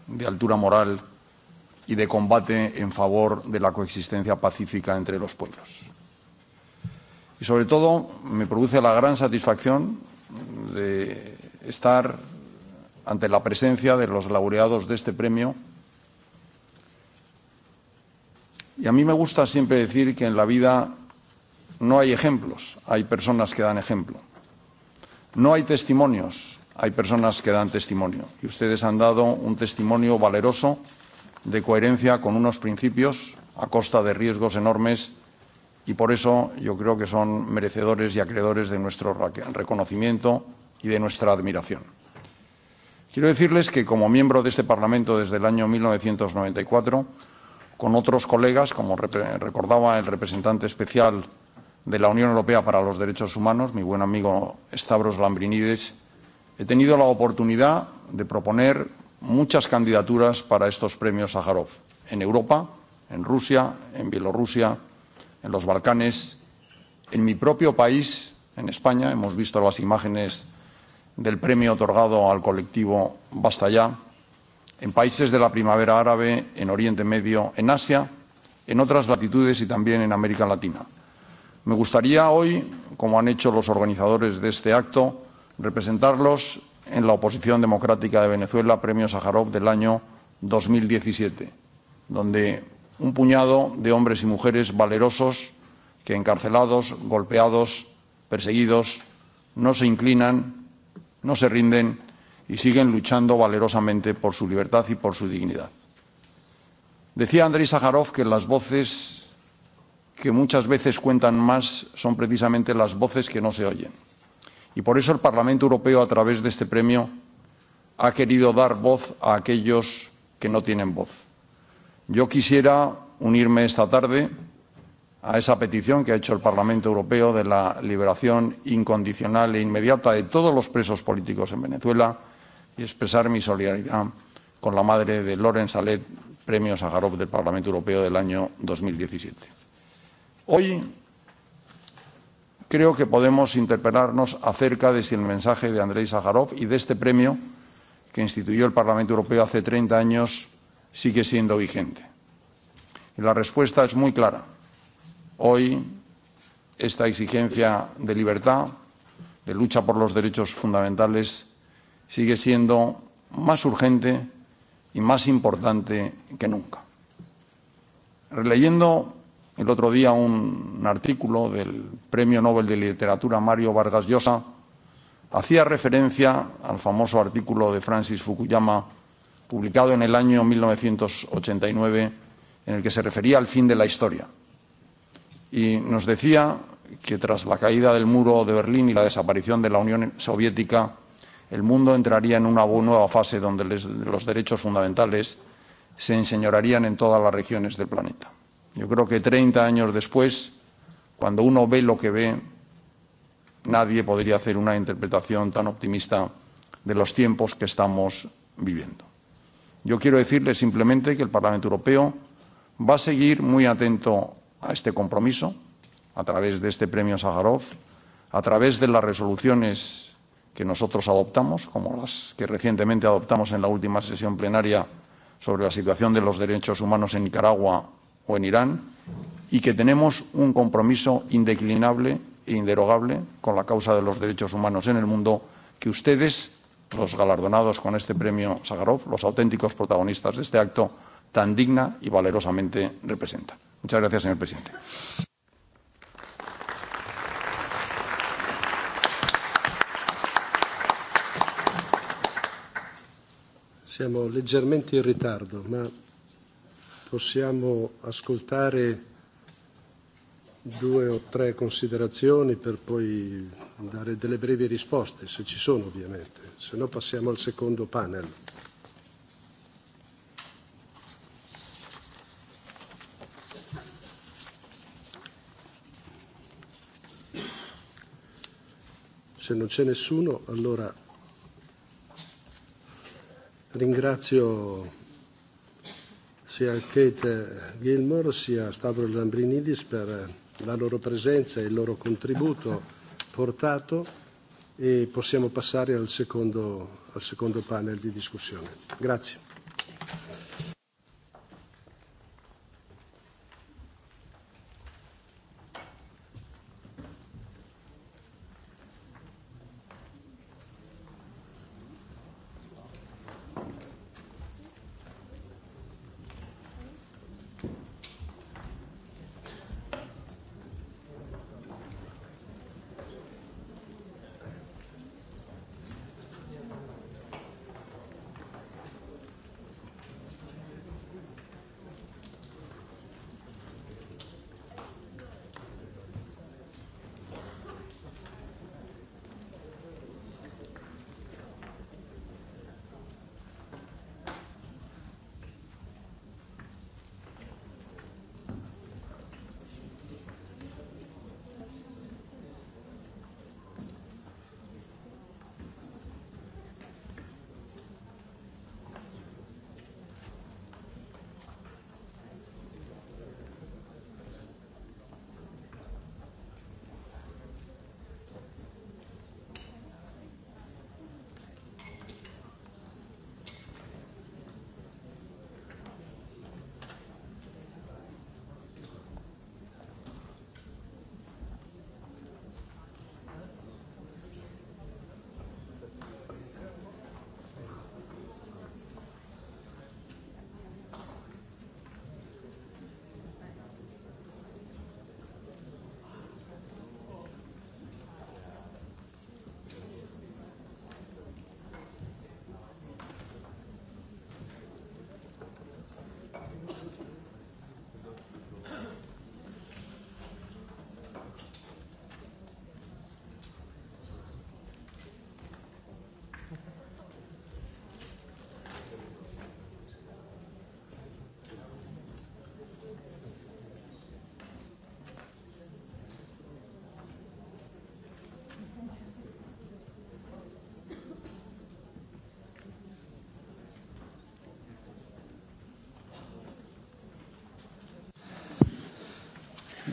de altura moral y de combate en favor de la coexistencia pacífica entre los pueblos. Y sobre todo me produce la gran satisfacción de estar ante la presencia de los laureados de este premio. Y a mí me gusta siempre decir que en la vida no hay ejemplos, hay personas que dan ejemplo. No hay testimonios, hay personas que dan testimonio. Y ustedes han dado un testimonio valeroso de coherencia con unos principios a costa de riesgos enormes y por eso yo creo que son merecedores y acreedores de nuestro reconocimiento y de nuestra admiración. Quiero decirles que como miembro de este Parlamento desde el año 1994, con otros colegas, como recordaba el representante especial de la Unión Europea para los Derechos Humanos, mi buen amigo Stavros Lambrinides, he tenido la oportunidad de proponer muchas candidaturas para estos premios Sájarov en Europa, en Rusia, en Bielorrusia, en los Balcanes, en mi propio país, en España. Hemos visto las imágenes del premio otorgado al colectivo Basta Ya, en países de la primavera árabe, en Oriente Medio, en Asia, en otras latitudes y también en América Latina. Me gustaría hoy, como han hecho los organizadores de este acto, representarlos en la oposición democrática de Venezuela, Premio Sájarov del año 2017, donde un puñado de hombres y mujeres valerosos que encarcelados, golpeados, perseguidos, no se inclinan, no se rinden y siguen luchando valerosamente por su libertad y por su dignidad. Decía Andrei Sájarov que las voces que muchas veces cuentan más son precisamente las voces que no se oyen. Y por eso el Parlamento Europeo, a través de este premio, ha querido dar voz a aquellos que no tienen voz. Yo quisiera unirme esta tarde a esa petición que ha hecho el Parlamento Europeo de la liberación incondicional e inmediata de todos los presos políticos en Venezuela y expresar mi solidaridad con la madre de Lorenz Alet, Premio Sájarov del Parlamento Europeo del año 2017. Hoy creo que podemos interpelarnos acerca de si el mensaje de Andrei Sájarov y de este premio que instituyó el Parlamento Europeo hace 30 años sigue siendo vigente. Y la respuesta es muy clara. Hoy esta exigencia de libertad, de lucha por los derechos fundamentales, sigue siendo más urgente y más importante que nunca. Releyendo el otro día un, artículo del Premio Nobel de Literatura Mario Vargas Llosa hacía referencia al famoso artículo de Francis Fukuyama publicado en el año 1989 en el que se refería al fin de la historia. Y nos decía que tras la caída del muro de Berlín y la desaparición de la Unión Soviética, el mundo entraría en una nueva fase donde los derechos fundamentales se enseñorarían en todas las regiones del planeta. Yo creo que 30 años después, cuando uno ve lo que ve, nadie podría hacer una interpretación tan optimista de los tiempos que estamos viviendo. Yo quiero decirle simplemente que el Parlamento Europeo va a seguir muy atento a este compromiso, a través de este premio Sájarov, a través de las resoluciones que nosotros adoptamos, como las que recientemente adoptamos en la última sesión plenaria sobre la situación de los derechos humanos en Nicaragua o en Irán y que tenemos un compromiso indeclinable e inderogable con la causa de los derechos humanos en el mundo que ustedes, los galardonados con este premio Sagarov, los auténticos protagonistas de este acto, tan digna y valerosamente representan. Muchas gracias, señor presidente. Siamo leggermente in ritardo, ma possiamo ascoltare due o tre considerazioni per poi dare delle brevi risposte, se ci sono ovviamente, se no passiamo al secondo panel. Se non c'è nessuno, allora ringrazio sia Kate Gilmore sia Stavro Lambrinidis per la loro presenza e il loro contributo portato e possiamo passare al secondo, al secondo panel di discussione. Grazie.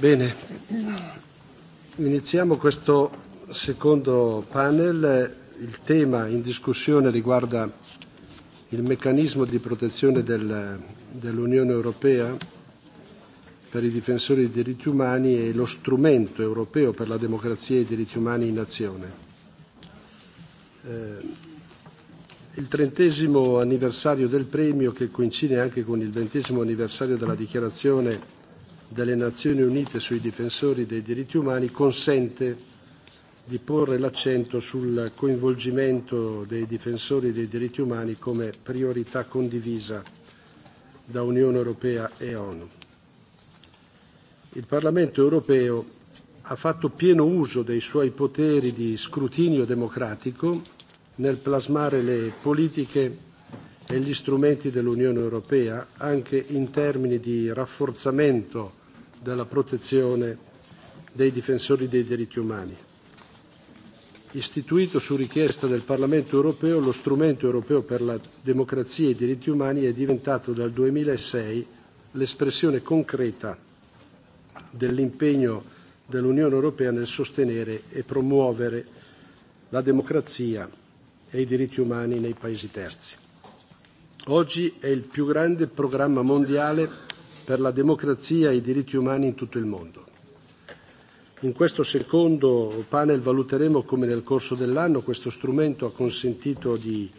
Bene, iniziamo questo secondo panel. Il tema in discussione riguarda il meccanismo di protezione del, dell'Unione Europea per i difensori dei diritti umani e lo strumento europeo per la democrazia e i diritti umani in azione. Eh, il trentesimo anniversario del premio, che coincide anche con il ventesimo anniversario della dichiarazione delle Nazioni Unite sui difensori dei diritti umani consente di porre l'accento sul coinvolgimento dei difensori dei diritti umani come priorità condivisa da Unione Europea e ONU. Il Parlamento europeo ha fatto pieno uso dei suoi poteri di scrutinio democratico nel plasmare le politiche e gli strumenti dell'Unione Europea anche in termini di rafforzamento dalla protezione dei difensori dei diritti umani. Istituito su richiesta del Parlamento europeo, lo strumento europeo per la democrazia e i diritti umani è diventato dal 2006 l'espressione concreta dell'impegno dell'Unione europea nel sostenere e promuovere la democrazia e i diritti umani nei paesi terzi. Oggi è il più grande programma mondiale per la democrazia e i diritti umani in tutto il mondo. In questo secondo panel valuteremo come nel corso dell'anno questo strumento ha consentito di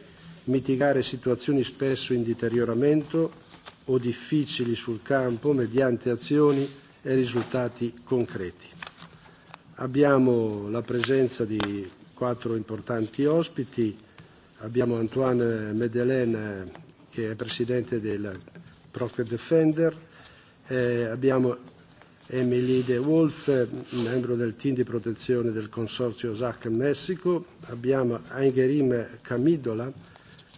mitigare situazioni spesso in deterioramento o difficili sul campo mediante azioni e risultati concreti. Abbiamo la presenza di quattro importanti ospiti. Abbiamo Antoine Medelaine che è presidente del Procter Defender, Abbiamo Emily De Wolf, membro del team di protezione del consorzio SAC Messico. Abbiamo Angerim Camidola,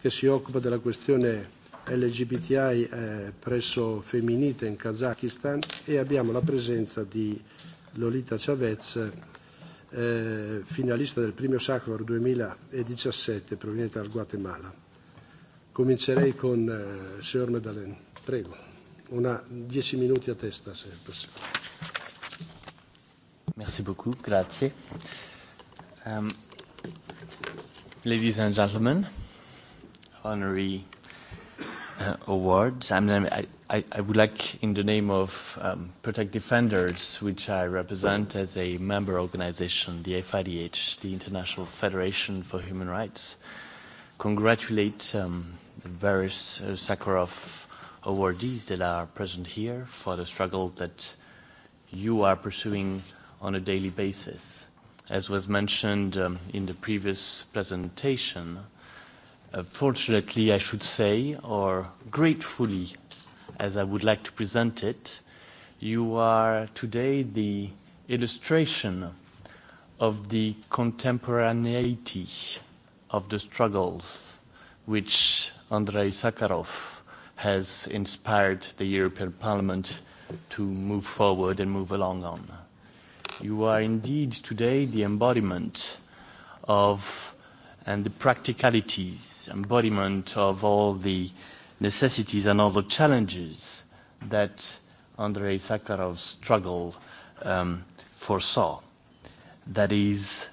che si occupa della questione LGBTI presso Femminite in Kazakistan e abbiamo la presenza di Lolita Chavez, finalista del premio Sacro 2017 proveniente dal Guatemala. Comincerei con il signor Medalen. Prego una 10 minuti a testa Um, ladies and gentlemen, honorary uh, awards. I, I, I would like, in the name of um, Protect Defenders, which I represent as a member organization, the FIDH, the International Federation for Human Rights, congratulate um, the various uh, Sakharov awardees that are present here for the struggle that you are pursuing on a daily basis. As was mentioned in the previous presentation, fortunately I should say, or gratefully as I would like to present it, you are today the illustration of the contemporaneity of the struggles which Andrei Sakharov has inspired the European Parliament to move forward and move along on. You are indeed today the embodiment of and the practicalities, embodiment of all the necessities and all the challenges that Andrei Sakharov's struggle um, foresaw. That is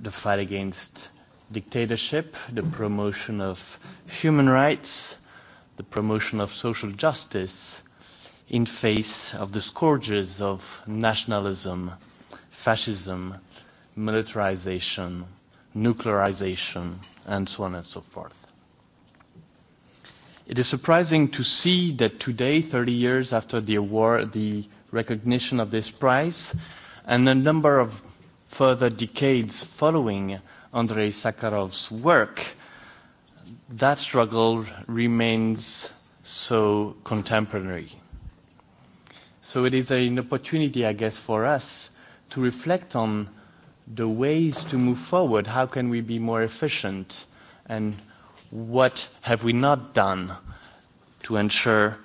the fight against dictatorship, the promotion of human rights, the promotion of social justice in face of the scourges of nationalism, fascism, militarization, nuclearization, and so on and so forth. It is surprising to see that today, 30 years after the award, the recognition of this prize, and a number of further decades following Andrei Sakharov's work, that struggle remains so contemporary. So it is an opportunity, I guess, for us to reflect on the ways to move forward. How can we be more efficient? And what have we not done to ensure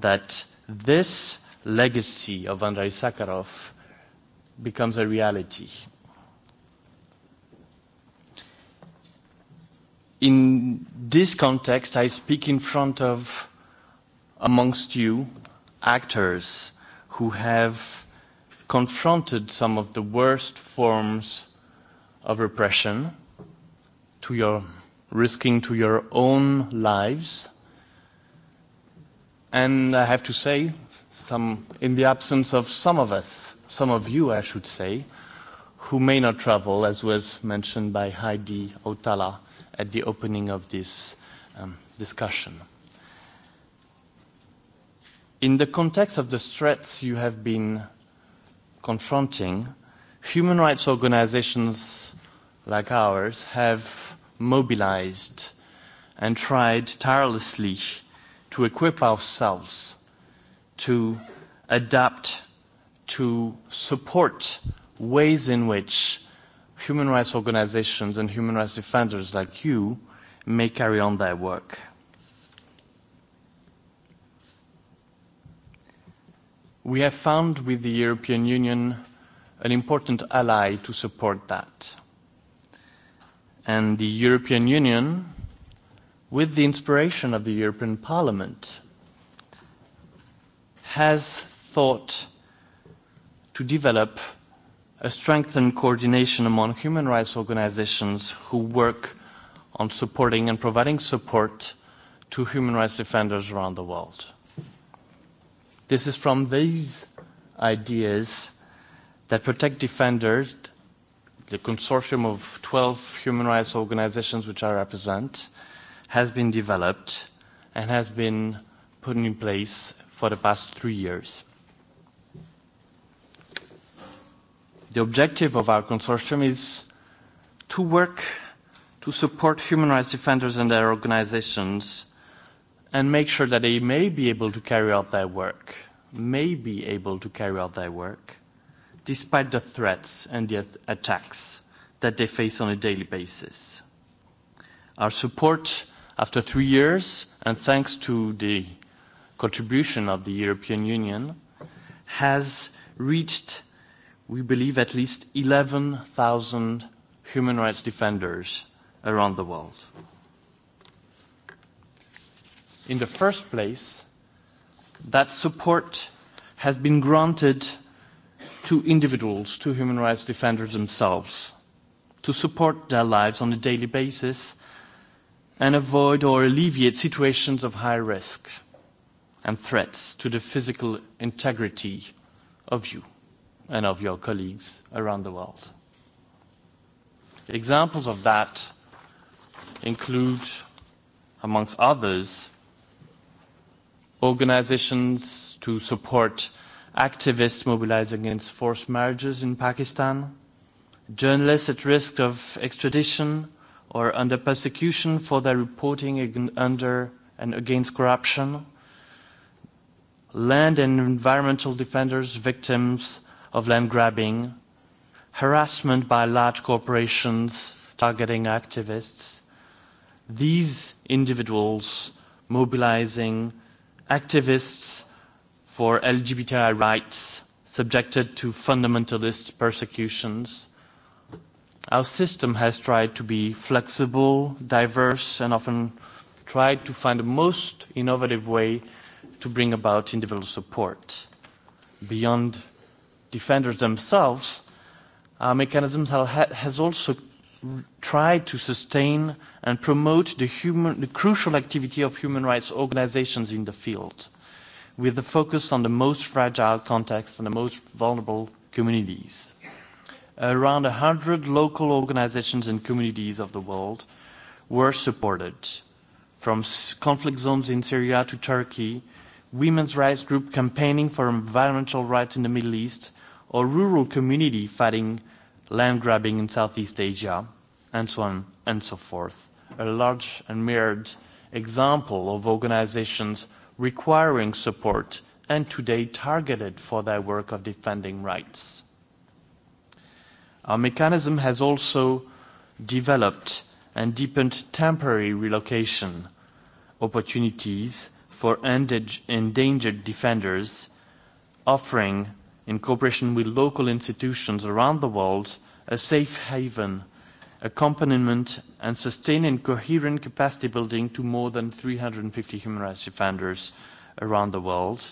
that this legacy of Andrei Sakharov becomes a reality? in this context, I speak in front of, amongst you, actors who have confronted some of the worst forms of repression, to your risking to your own lives, and I have to say, some in the absence of some of us, some of you, I should say, who may not travel, as was mentioned by Heidi Otala at the opening of this discussion. In the context of the threats you have been confronting, human rights organizations like ours have mobilized and tried tirelessly to equip ourselves to adapt, to support ways in which human rights organizations and human rights defenders like you may carry on their work. We have found with the European Union an important ally to support that. And the European Union, with the inspiration of the European Parliament, has thought to develop a strengthened coordination among human rights organizations who work on supporting and providing support to human rights defenders around the world. This is from these ideas that Protect Defenders, the consortium of 12 human rights organizations which I represent, has been developed and has been put in place for the past three years. The objective of our consortium is to work to support human rights defenders and their organizations and make sure that they may be able to carry out their work, may be able to carry out their work, despite the threats and the attacks that they face on a daily basis. Our support after three years, and thanks to the contribution of the European Union, has reached we believe, at least 11,000 human rights defenders around the world. In the first place, that support has been granted to individuals, to human rights defenders themselves, to support their lives on a daily basis and avoid or alleviate situations of high risk and threats to the physical integrity of you and of your colleagues around the world. Examples of that include, amongst others, organizations to support activists mobilizing against forced marriages in Pakistan, journalists at risk of extradition or under persecution for their reporting under and against corruption, land and environmental defenders, victims of land grabbing, harassment by large corporations targeting activists, these individuals mobilizing activists for LGBTI rights subjected to fundamentalist persecutions. Our system has tried to be flexible, diverse, and often tried to find the most innovative way to bring about individual support beyond defenders themselves, mechanisms has also tried to sustain and promote the human the crucial activity of human rights organizations in the field, with the focus on the most fragile contexts and the most vulnerable communities. Around 100 local organizations and communities of the world were supported, from conflict zones in Syria to Turkey, women's rights group campaigning for environmental rights in the Middle East, or rural community fighting land grabbing in Southeast Asia, and so on and so forth. A large and mirrored example of organizations requiring support and today targeted for their work of defending rights. Our mechanism has also developed and deepened temporary relocation opportunities for endangered defenders, offering in cooperation with local institutions around the world, a safe haven, accompaniment and sustaining coherent capacity building to more than 350 human rights defenders around the world,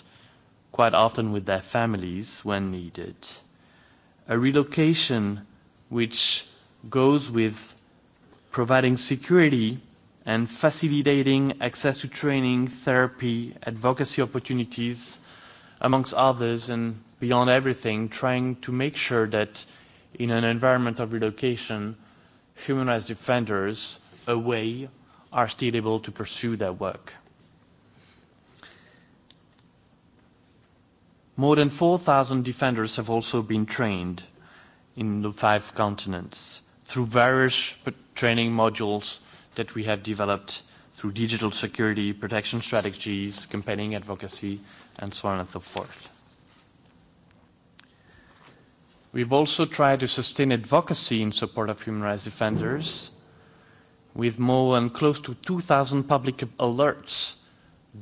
quite often with their families when needed. A relocation which goes with providing security and facilitating access to training, therapy, advocacy opportunities, amongst others, and beyond everything, trying to make sure that in an environment of relocation, human rights defenders away are still able to pursue their work. More than 4,000 defenders have also been trained in the five continents through various training modules that we have developed through digital security, protection strategies, campaigning advocacy, and so on and so forth. We've also tried to sustain advocacy in support of human rights defenders with more than close to 2,000 public alerts,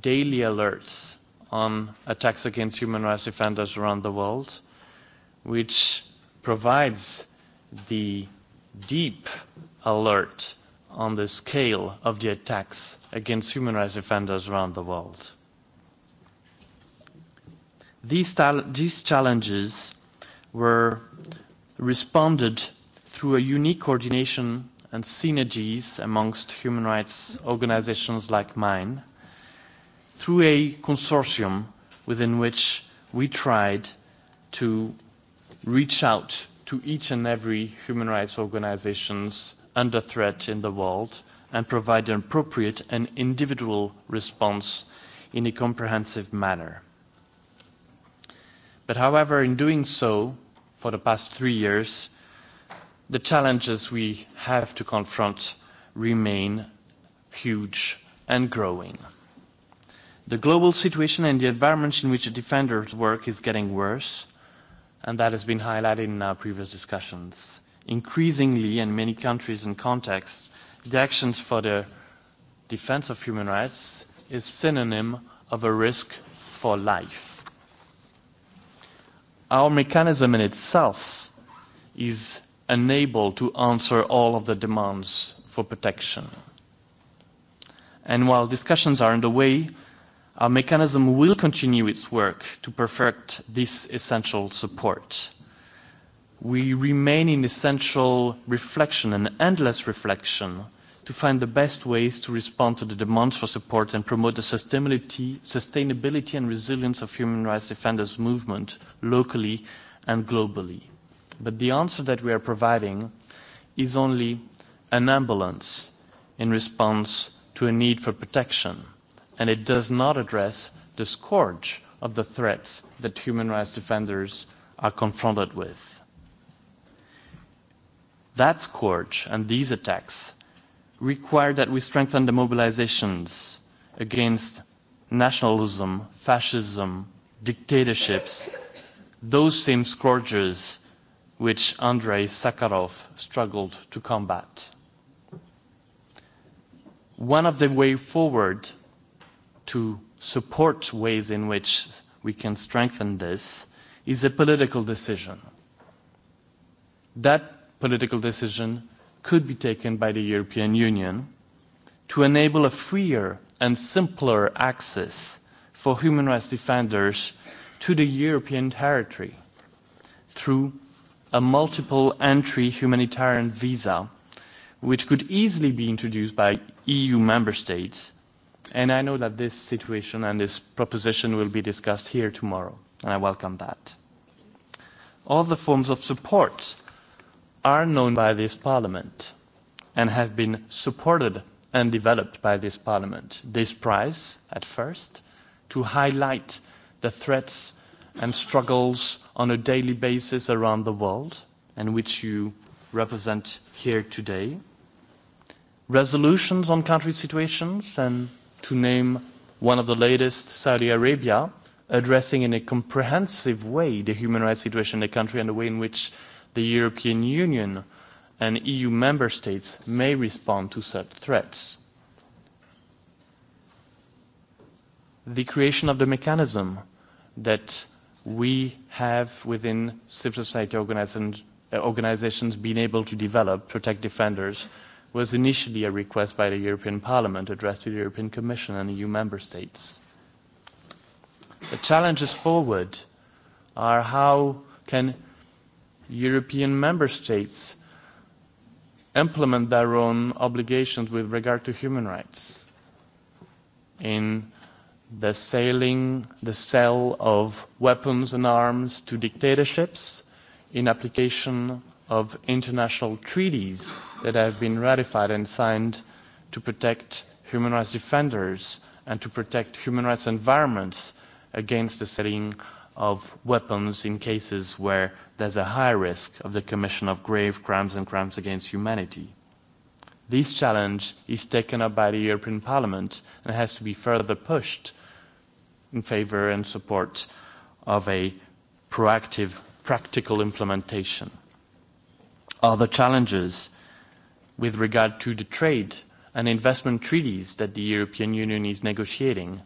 daily alerts on attacks against human rights defenders around the world, which provides the deep alert on the scale of the attacks against human rights defenders around the world. These challenges were responded through a unique coordination and synergies amongst human rights organizations like mine, through a consortium within which we tried to reach out to each and every human rights organizations under threat in the world and provide an appropriate and individual response in a comprehensive manner. But however, in doing so, for the past three years, the challenges we have to confront remain huge and growing. The global situation and the environment in which the defenders work is getting worse, and that has been highlighted in our previous discussions. Increasingly, in many countries and contexts, the actions for the defense of human rights is synonym of a risk for life our mechanism in itself is unable to answer all of the demands for protection. And while discussions are underway, our mechanism will continue its work to perfect this essential support. We remain in essential reflection and endless reflection to find the best ways to respond to the demands for support and promote the sustainability and resilience of human rights defenders' movement locally and globally. But the answer that we are providing is only an ambulance in response to a need for protection, and it does not address the scourge of the threats that human rights defenders are confronted with. That scourge and these attacks require that we strengthen the mobilizations against nationalism, fascism, dictatorships, those same scourges which Andrei Sakharov struggled to combat. One of the way forward to support ways in which we can strengthen this is a political decision. That political decision could be taken by the European Union to enable a freer and simpler access for human rights defenders to the European territory through a multiple entry humanitarian visa which could easily be introduced by EU member states and I know that this situation and this proposition will be discussed here tomorrow and I welcome that. All the forms of support are known by this Parliament and have been supported and developed by this Parliament. This prize, at first, to highlight the threats and struggles on a daily basis around the world, and which you represent here today. Resolutions on country situations, and to name one of the latest, Saudi Arabia, addressing in a comprehensive way the human rights situation in the country and the way in which the European Union and EU member states may respond to such threats. The creation of the mechanism that we have within civil society organizations been able to develop, protect defenders, was initially a request by the European Parliament addressed to the European Commission and EU member states. The challenges forward are how can European member states implement their own obligations with regard to human rights in the sailing, the sale of weapons and arms to dictatorships in application of international treaties that have been ratified and signed to protect human rights defenders and to protect human rights environments against the setting of weapons in cases where there's a high risk of the commission of grave crimes and crimes against humanity. This challenge is taken up by the European Parliament and has to be further pushed in favour and support of a proactive, practical implementation. Other challenges with regard to the trade and investment treaties that the European Union is negotiating,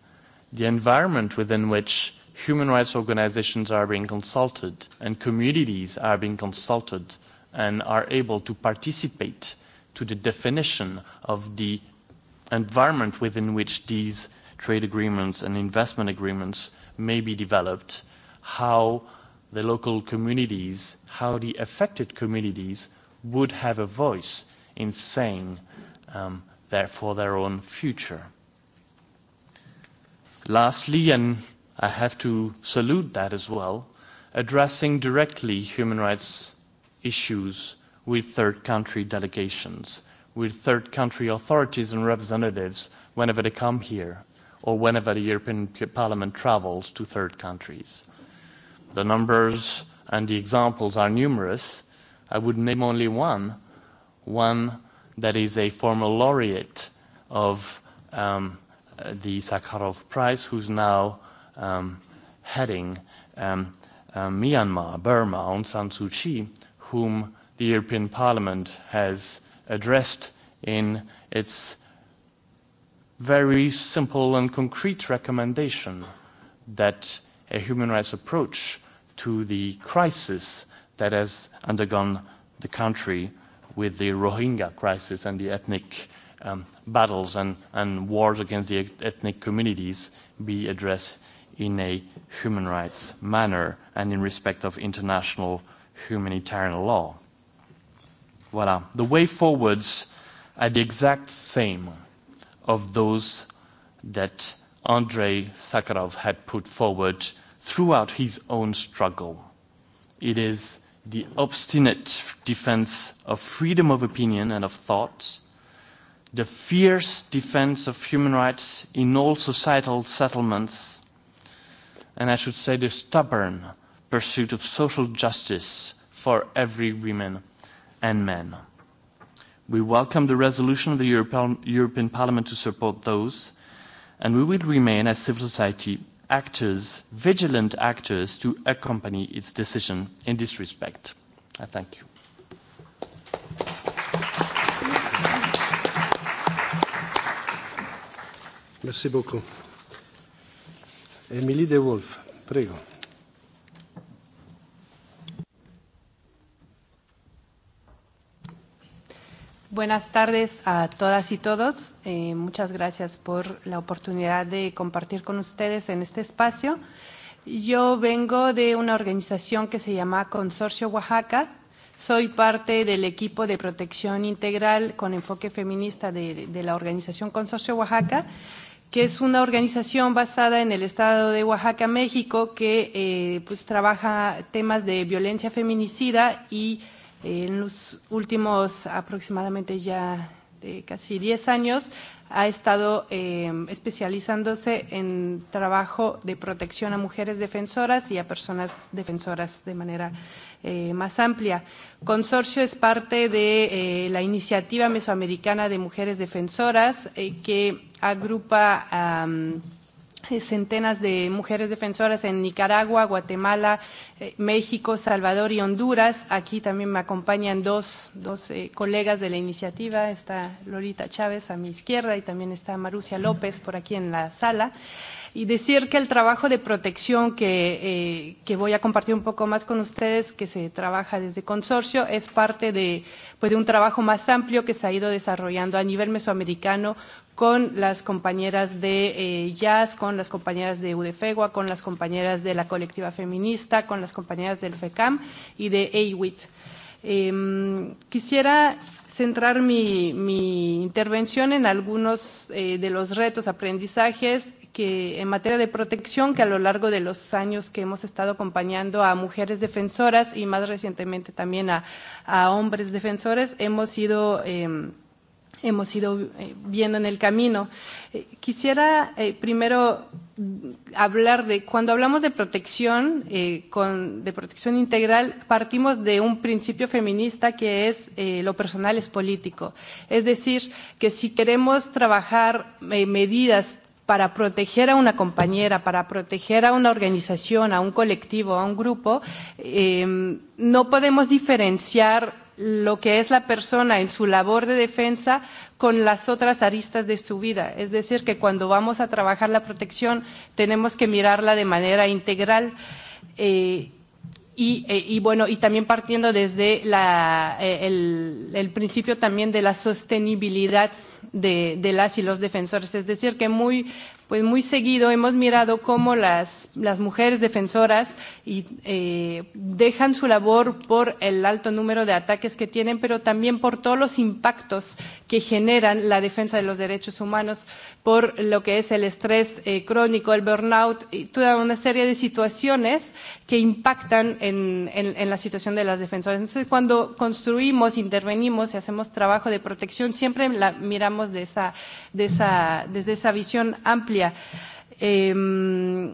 the environment within which human rights organizations are being consulted and communities are being consulted and are able to participate to the definition of the environment within which these trade agreements and investment agreements may be developed, how the local communities, how the affected communities would have a voice in saying for their own future. Lastly, and I have to salute that as well, addressing directly human rights issues with third country delegations, with third country authorities and representatives whenever they come here or whenever the European Parliament travels to third countries. The numbers and the examples are numerous. I would name only one, one that is a former laureate of um the Sakharov Prize, who's now heading Myanmar, Burma, Aung San Suu Kyi, whom the European Parliament has addressed in its very simple and concrete recommendation that a human rights approach to the crisis that has undergone the country with the Rohingya crisis and the ethnic battles and wars against the ethnic communities be addressed in a human rights manner and in respect of international humanitarian law. Voilà. The way forwards are the exact same of those that Andrei Sakharov had put forward throughout his own struggle. It is the obstinate defense of freedom of opinion and of thought, the fierce defense of human rights in all societal settlements, and I should say the stubborn pursuit of social justice for every woman and man. We welcome the resolution of the European Parliament to support those, and we will remain as civil society actors, vigilant actors, to accompany its decision in this respect. I thank you. Merci beaucoup. Emily De Wolf, prego. Buenas tardes a todas y todos. Eh, muchas gracias por la oportunidad de compartir con ustedes en este espacio. Yo vengo de una organización que se llama Consorcio Oaxaca. Soy parte del equipo de protección integral con enfoque feminista de, de la organización Consorcio Oaxaca que es una organización basada en el estado de Oaxaca, México, que eh, pues trabaja temas de violencia feminicida y en los últimos aproximadamente ya de casi 10 años, ha estado especializándose en trabajo de protección a mujeres defensoras y a personas defensoras de manera más amplia. Consorcio es parte de la iniciativa mesoamericana de mujeres defensoras que agrupa centenas de mujeres defensoras en Nicaragua, Guatemala, México, Salvador y Honduras. Aquí también me acompañan dos, dos colegas de la iniciativa. Está Lolita Chávez a mi izquierda y también está Marucia López por aquí en la sala y decir que el trabajo de protección que, que voy a compartir un poco más con ustedes, que se trabaja desde consorcio, es parte de, pues, de un trabajo más amplio que se ha ido desarrollando a nivel mesoamericano con las compañeras de Jazz, con las compañeras de UDFEGUA, con las compañeras de la colectiva feminista, con las compañeras del FECAM y de AWIT. Eh, quisiera centrar mi, mi intervención en algunos de los retos, aprendizajes que en materia de protección que a lo largo de los años que hemos estado acompañando a mujeres defensoras y más recientemente también a, a hombres defensores hemos ido eh, hemos ido viendo en el camino. Quisiera primero hablar de cuando hablamos de protección eh con de protección integral partimos de un principio feminista que es lo personal es político. Es decir, que si queremos trabajar medidas para proteger a una compañera, para proteger a una organización, a un colectivo, a un grupo, no podemos diferenciar lo que es la persona en su labor de defensa con las otras aristas de su vida. Es decir, que cuando vamos a trabajar la protección tenemos que mirarla de manera integral. Eh, y, y bueno, y también partiendo desde la, el, el principio también de la sostenibilidad de de las y los defensores. Es decir, que muy pues muy seguido hemos mirado cómo las, las mujeres defensoras y, eh, dejan su labor por el alto número de ataques que tienen, pero también por todos los impactos que generan la defensa de los derechos humanos, por lo que es el estrés eh, crónico, el burnout, y toda una serie de situaciones que impactan en, en, la situación de las defensoras. Entonces, cuando construimos, intervenimos y hacemos trabajo de protección, siempre la miramos de esa, de esa, desde esa visión amplia Eh,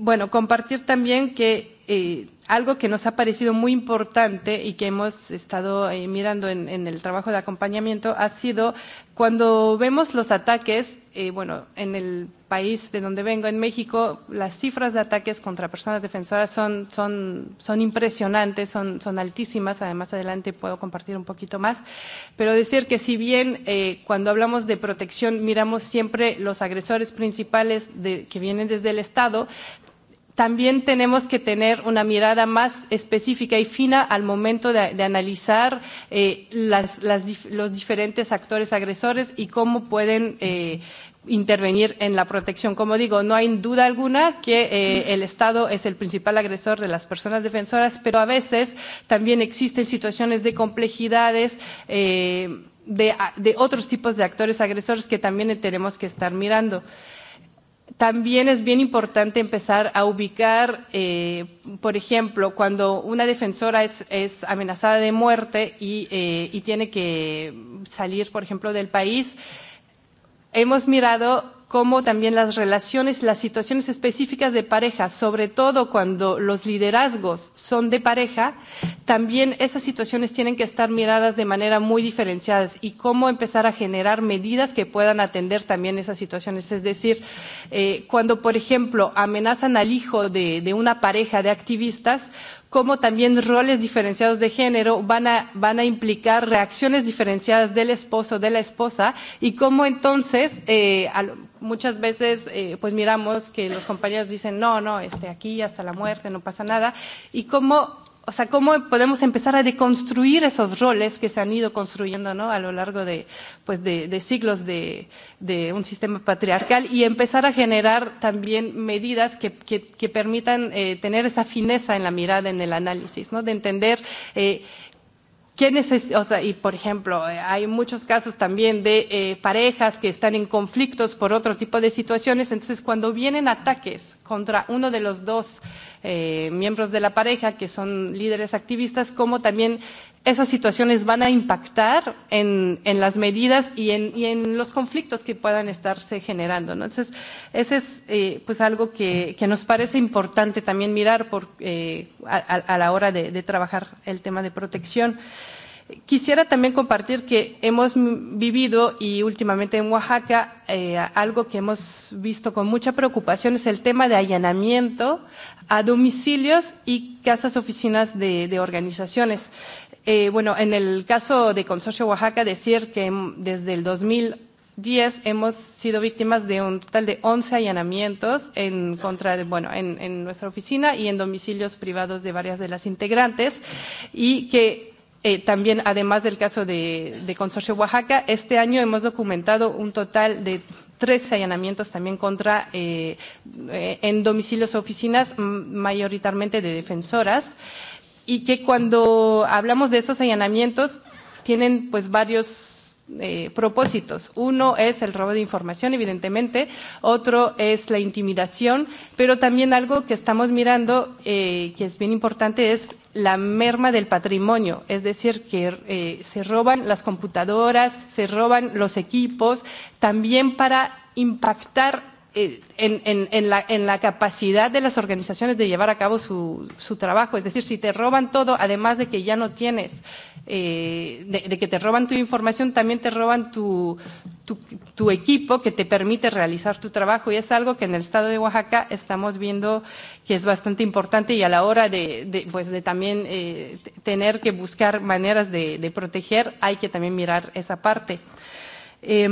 Bueno, compartir también que eh, algo que nos ha parecido muy importante y que hemos estado mirando en, en el trabajo de acompañamiento ha sido cuando vemos los ataques, eh, bueno, en el país de donde vengo, en México, las cifras de ataques contra personas defensoras son, son, son impresionantes, son, son altísimas. Además, adelante puedo compartir un poquito más. Pero decir que si bien eh, cuando hablamos de protección miramos siempre los agresores principales de, que vienen desde el Estado, También tenemos que tener una mirada más específica y fina al momento de analizar los diferentes actores agresores y cómo pueden intervenir en la protección. Como digo, no hay duda alguna que el Estado es el principal agresor de las personas defensoras, pero a veces también existen situaciones de complejidades de otros tipos de actores agresores que también tenemos que estar mirando. También es bien importante empezar a ubicar, por ejemplo, cuando una defensora es amenazada de muerte y tiene que salir, por ejemplo, del país, hemos mirado como también las relaciones, las situaciones específicas de pareja, sobre todo cuando los liderazgos son de pareja, también esas situaciones tienen que estar miradas de manera muy diferenciada y cómo empezar a generar medidas que puedan atender también esas situaciones. Es decir, cuando, por ejemplo, amenazan al hijo de, de una pareja de activistas, como también roles diferenciados de género van a, van a implicar reacciones diferenciadas del esposo, de la esposa, y cómo entonces, eh, muchas veces pues miramos que los compañeros dicen no, no, este aquí hasta la muerte no pasa nada y cómo o sea, cómo podemos empezar a deconstruir esos roles que se han ido construyendo ¿no? a lo largo de, pues de, de siglos de, de un sistema patriarcal y empezar a generar también medidas que, que, que permitan eh, tener esa fineza en la mirada, en el análisis, ¿no? de entender eh, O sea, y por ejemplo, hay muchos casos también de parejas que están en conflictos por otro tipo de situaciones. Entonces, cuando vienen ataques contra uno de los dos eh, miembros de la pareja, que son líderes activistas, como también esas situaciones van a impactar en, en las medidas y en, y en los conflictos que puedan estarse generando. ¿no? Entonces, ese es eh, pues algo que, que nos parece importante también mirar por, eh, a, a la hora de, de trabajar el tema de protección. Quisiera también compartir que hemos vivido y últimamente en Oaxaca algo que hemos visto con mucha preocupación es el tema de allanamiento a domicilios y casas oficinas de, de organizaciones. Bueno, en el caso de Consorcio Oaxaca, decir que desde el 2010 hemos sido víctimas de un total de 11 allanamientos en contra de, bueno, en, en nuestra oficina y en domicilios privados de varias de las integrantes y que también, además del caso de, de Consorcio Oaxaca, este año hemos documentado un total de 13 allanamientos también contra en domicilios o oficinas mayoritariamente de defensoras y que cuando hablamos de esos allanamientos tienen pues varios propósitos. Uno es el robo de información, evidentemente, otro es la intimidación, pero también algo que estamos mirando eh, que es bien importante es la merma del patrimonio, es decir, que se roban las computadoras, se roban los equipos, también para impactar en la capacidad de las organizaciones de llevar a cabo su trabajo. Es decir, si te roban todo, además de que ya no tienes, de que te roban tu información, también te roban tu tu equipo que te permite realizar tu trabajo y es algo que en el estado de Oaxaca estamos viendo que es bastante importante y a la hora de, de pues de también eh, tener que buscar maneras de, de proteger hay que también mirar esa parte. Eh,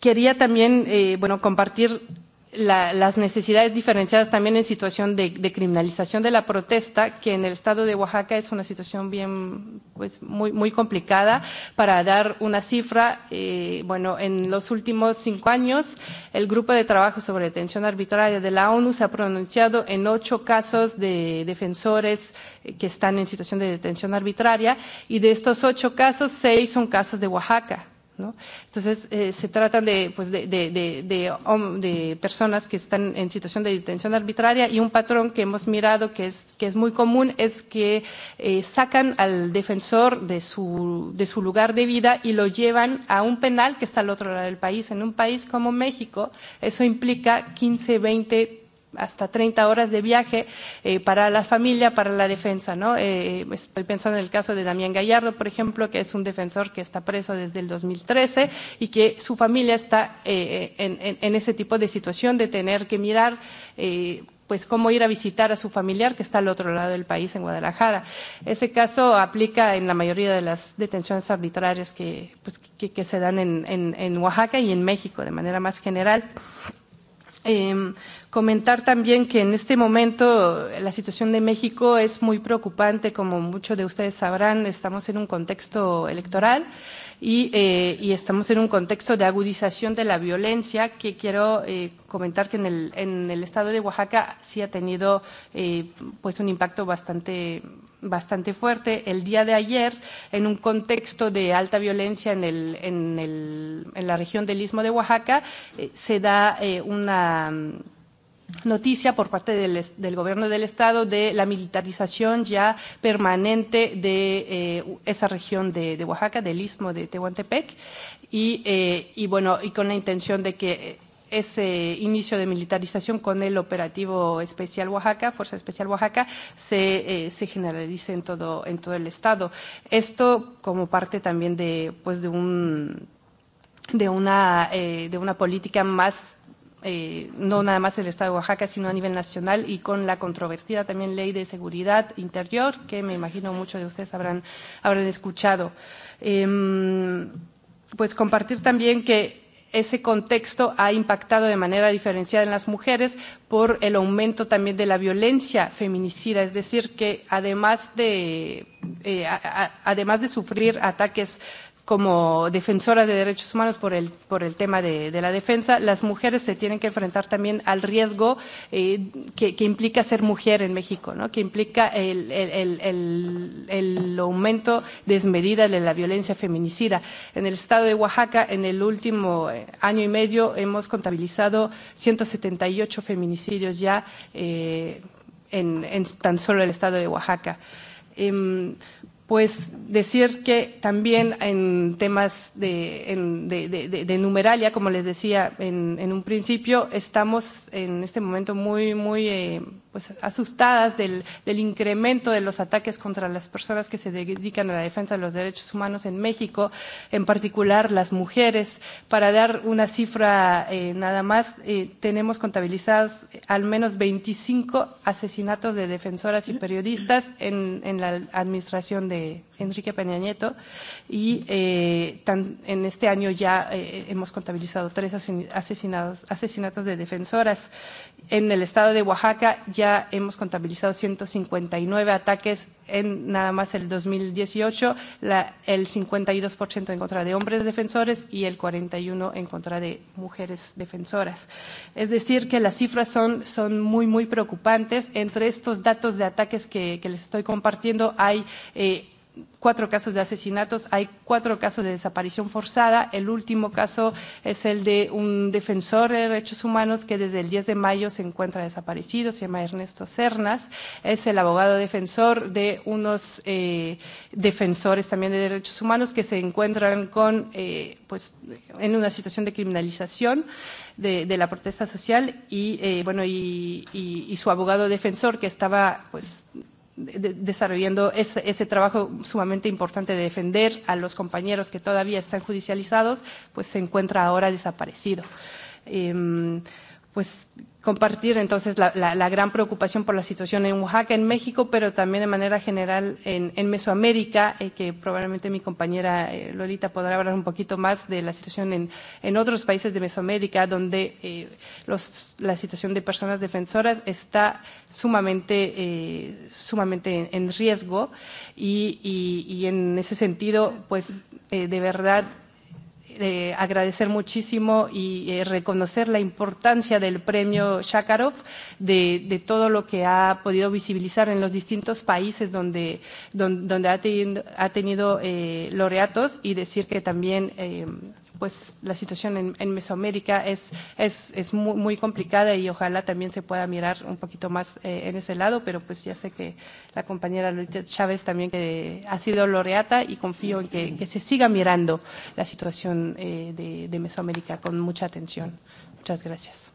quería también eh, bueno, compartir la, las necesidades diferenciadas también en situación de, de criminalización de la protesta, que en el estado de Oaxaca es una situación bien, pues muy, muy complicada. Para dar una cifra, eh, bueno, en los últimos cinco años, el Grupo de Trabajo sobre Detención Arbitraria de la ONU se ha pronunciado en ocho casos de defensores que están en situación de detención arbitraria, y de estos ocho casos, seis son casos de Oaxaca ¿no? Entonces, eh, se tratan de, pues, de, de, de, de, personas que están en situación de detención arbitraria y un patrón que hemos mirado que es, que es muy común es que eh, sacan al defensor de su, de su lugar de vida y lo llevan a un penal que está al otro lado del país. En un país como México, eso implica 15, 20, hasta 30 horas de viaje para la familia, para la defensa, ¿no? estoy pensando en el caso de Damián Gallardo, por ejemplo, que es un defensor que está preso desde el 2013 y que su familia está en, en, en ese tipo de situación de tener que mirar eh, pues cómo ir a visitar a su familiar que está al otro lado del país, en Guadalajara. Ese caso aplica en la mayoría de las detenciones arbitrarias que, pues, que, que se dan en, en, en Oaxaca y en México de manera más general. Eh Comentar también que en este momento la situación de México es muy preocupante, como muchos de ustedes sabrán, estamos en un contexto electoral y, eh, y estamos en un contexto de agudización de la violencia que quiero eh, comentar que en el, en el estado de Oaxaca sí ha tenido eh, pues un impacto bastante bastante fuerte el día de ayer en un contexto de alta violencia en el en el en la región del Istmo de Oaxaca se da una noticia por parte del del gobierno del estado de la militarización ya permanente de esa región de de Oaxaca del Istmo de Tehuantepec y y bueno y con la intención de que ese inicio de militarización con el operativo especial Oaxaca, Fuerza Especial Oaxaca, se, se generalice en todo, en todo el Estado. Esto como parte también de, pues, de, un, de, una, de una política más eh, no nada más el Estado de Oaxaca, sino a nivel nacional y con la controvertida también ley de seguridad interior, que me imagino muchos de ustedes habrán, habrán escuchado. Eh, pues compartir también que ese contexto ha impactado de manera diferenciada en las mujeres por el aumento también de la violencia feminicida, es decir, que además de además de sufrir ataques como defensora de derechos humanos por el, por el tema de, de la defensa, las mujeres se tienen que enfrentar también al riesgo eh, que, que implica ser mujer en México, ¿no? que implica el, el, el, el aumento desmedida de la violencia feminicida. En el estado de Oaxaca, en el último año y medio, hemos contabilizado 178 feminicidios ya eh, en, en tan solo el estado de Oaxaca. Eh, pues decir que también en temas de, en, de, de, de numeralia, como les decía en, en un principio, estamos en este momento muy, muy pues asustadas del del incremento de los ataques contra las personas que se dedican a la defensa de los derechos humanos en México, en particular las mujeres. Para dar una cifra nada más, tenemos contabilizados al menos 25 asesinatos de defensoras y periodistas en en la administración de Enrique Peña Nieto y eh tan en este año ya hemos contabilizado tres asesinados asesinatos de defensoras en el estado de Oaxaca Ya hemos contabilizado 159 ataques en nada más el 2018, la, el 52% en contra de hombres defensores y el 41% en contra de mujeres defensoras. Es decir, que las cifras son, son muy, muy preocupantes. Entre estos datos de ataques que, que les estoy compartiendo hay eh, cuatro casos de asesinatos, hay cuatro casos de desaparición forzada. El último caso es el de un defensor de derechos humanos que desde el 10 de mayo se encuentra desaparecido, se llama Ernesto Cernas. Es el abogado defensor de unos eh, defensores también de derechos humanos que se encuentran con, eh, pues, en una situación de criminalización de, de la protesta social y, eh, bueno, y, y, y su abogado defensor que estaba, pues, desarrollando ese, ese trabajo sumamente importante de defender a los compañeros que todavía están judicializados, pues se encuentra ahora desaparecido. Eh, pues compartir entonces la, la, la gran preocupación por la situación en Oaxaca, en México, pero también de manera general en, en Mesoamérica, eh, que probablemente mi compañera eh, Lolita podrá hablar un poquito más de la situación en, en otros países de Mesoamérica, donde eh, los, la situación de personas defensoras está sumamente, eh, sumamente en, en riesgo y, y, y en ese sentido, pues eh, de verdad eh agradecer muchísimo y reconocer la importancia del premio Shakarov, de, de todo lo que ha podido visibilizar en los distintos países donde, donde, ha tenido, ha tenido eh, laureatos y decir que también eh pues la situación en, en Mesoamérica es, es, es muy, muy complicada y ojalá también se pueda mirar un poquito más en ese lado, pero pues ya sé que la compañera Lolita Chávez también que ha sido laureata y confío en que, que se siga mirando la situación eh, de, de Mesoamérica con mucha atención. Muchas gracias.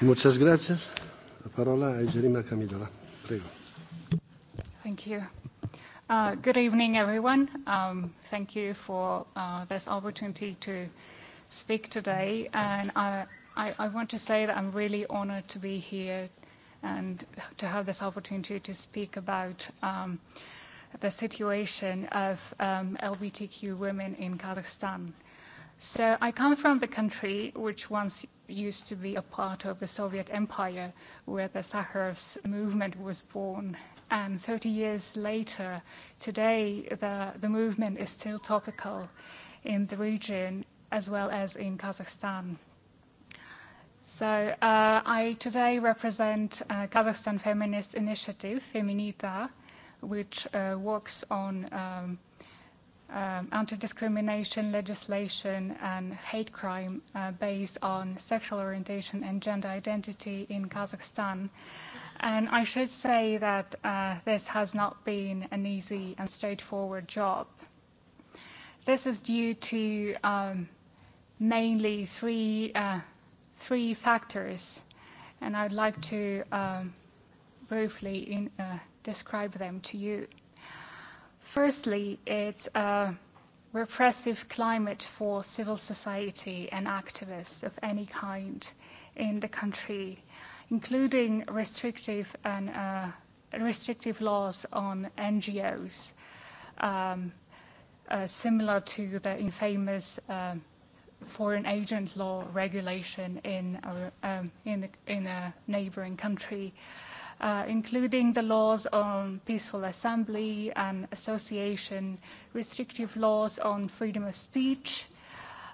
Muchas gracias. La palabra a Jerima Camidola. Prego. Thank you. Good evening, everyone. Thank you for this opportunity to speak today. And I want to say that I'm really honored to be here and to have this opportunity to speak about the situation of LGBTQ women in Kazakhstan. So I come from the country which once used to be a part of the Soviet Empire, where the Sakharov movement was born. And 30 years later, today the, the movement is still topical in the region as well as in Kazakhstan. So uh, I today represent uh, Kazakhstan Feminist Initiative, Feminita, which uh, works on um, um, anti-discrimination legislation and hate crime based on sexual orientation and gender identity in Kazakhstan. And I should say that this has not been an easy and straightforward job. This is due to mainly three three factors, and I'd like to briefly describe them to you. Firstly, it's a repressive climate for civil society and activists of any kind in the country including restrictive and restrictive laws on NGOs, similar to the infamous foreign agent law regulation in in a neighboring country, including the laws on peaceful assembly and association, restrictive laws on freedom of speech,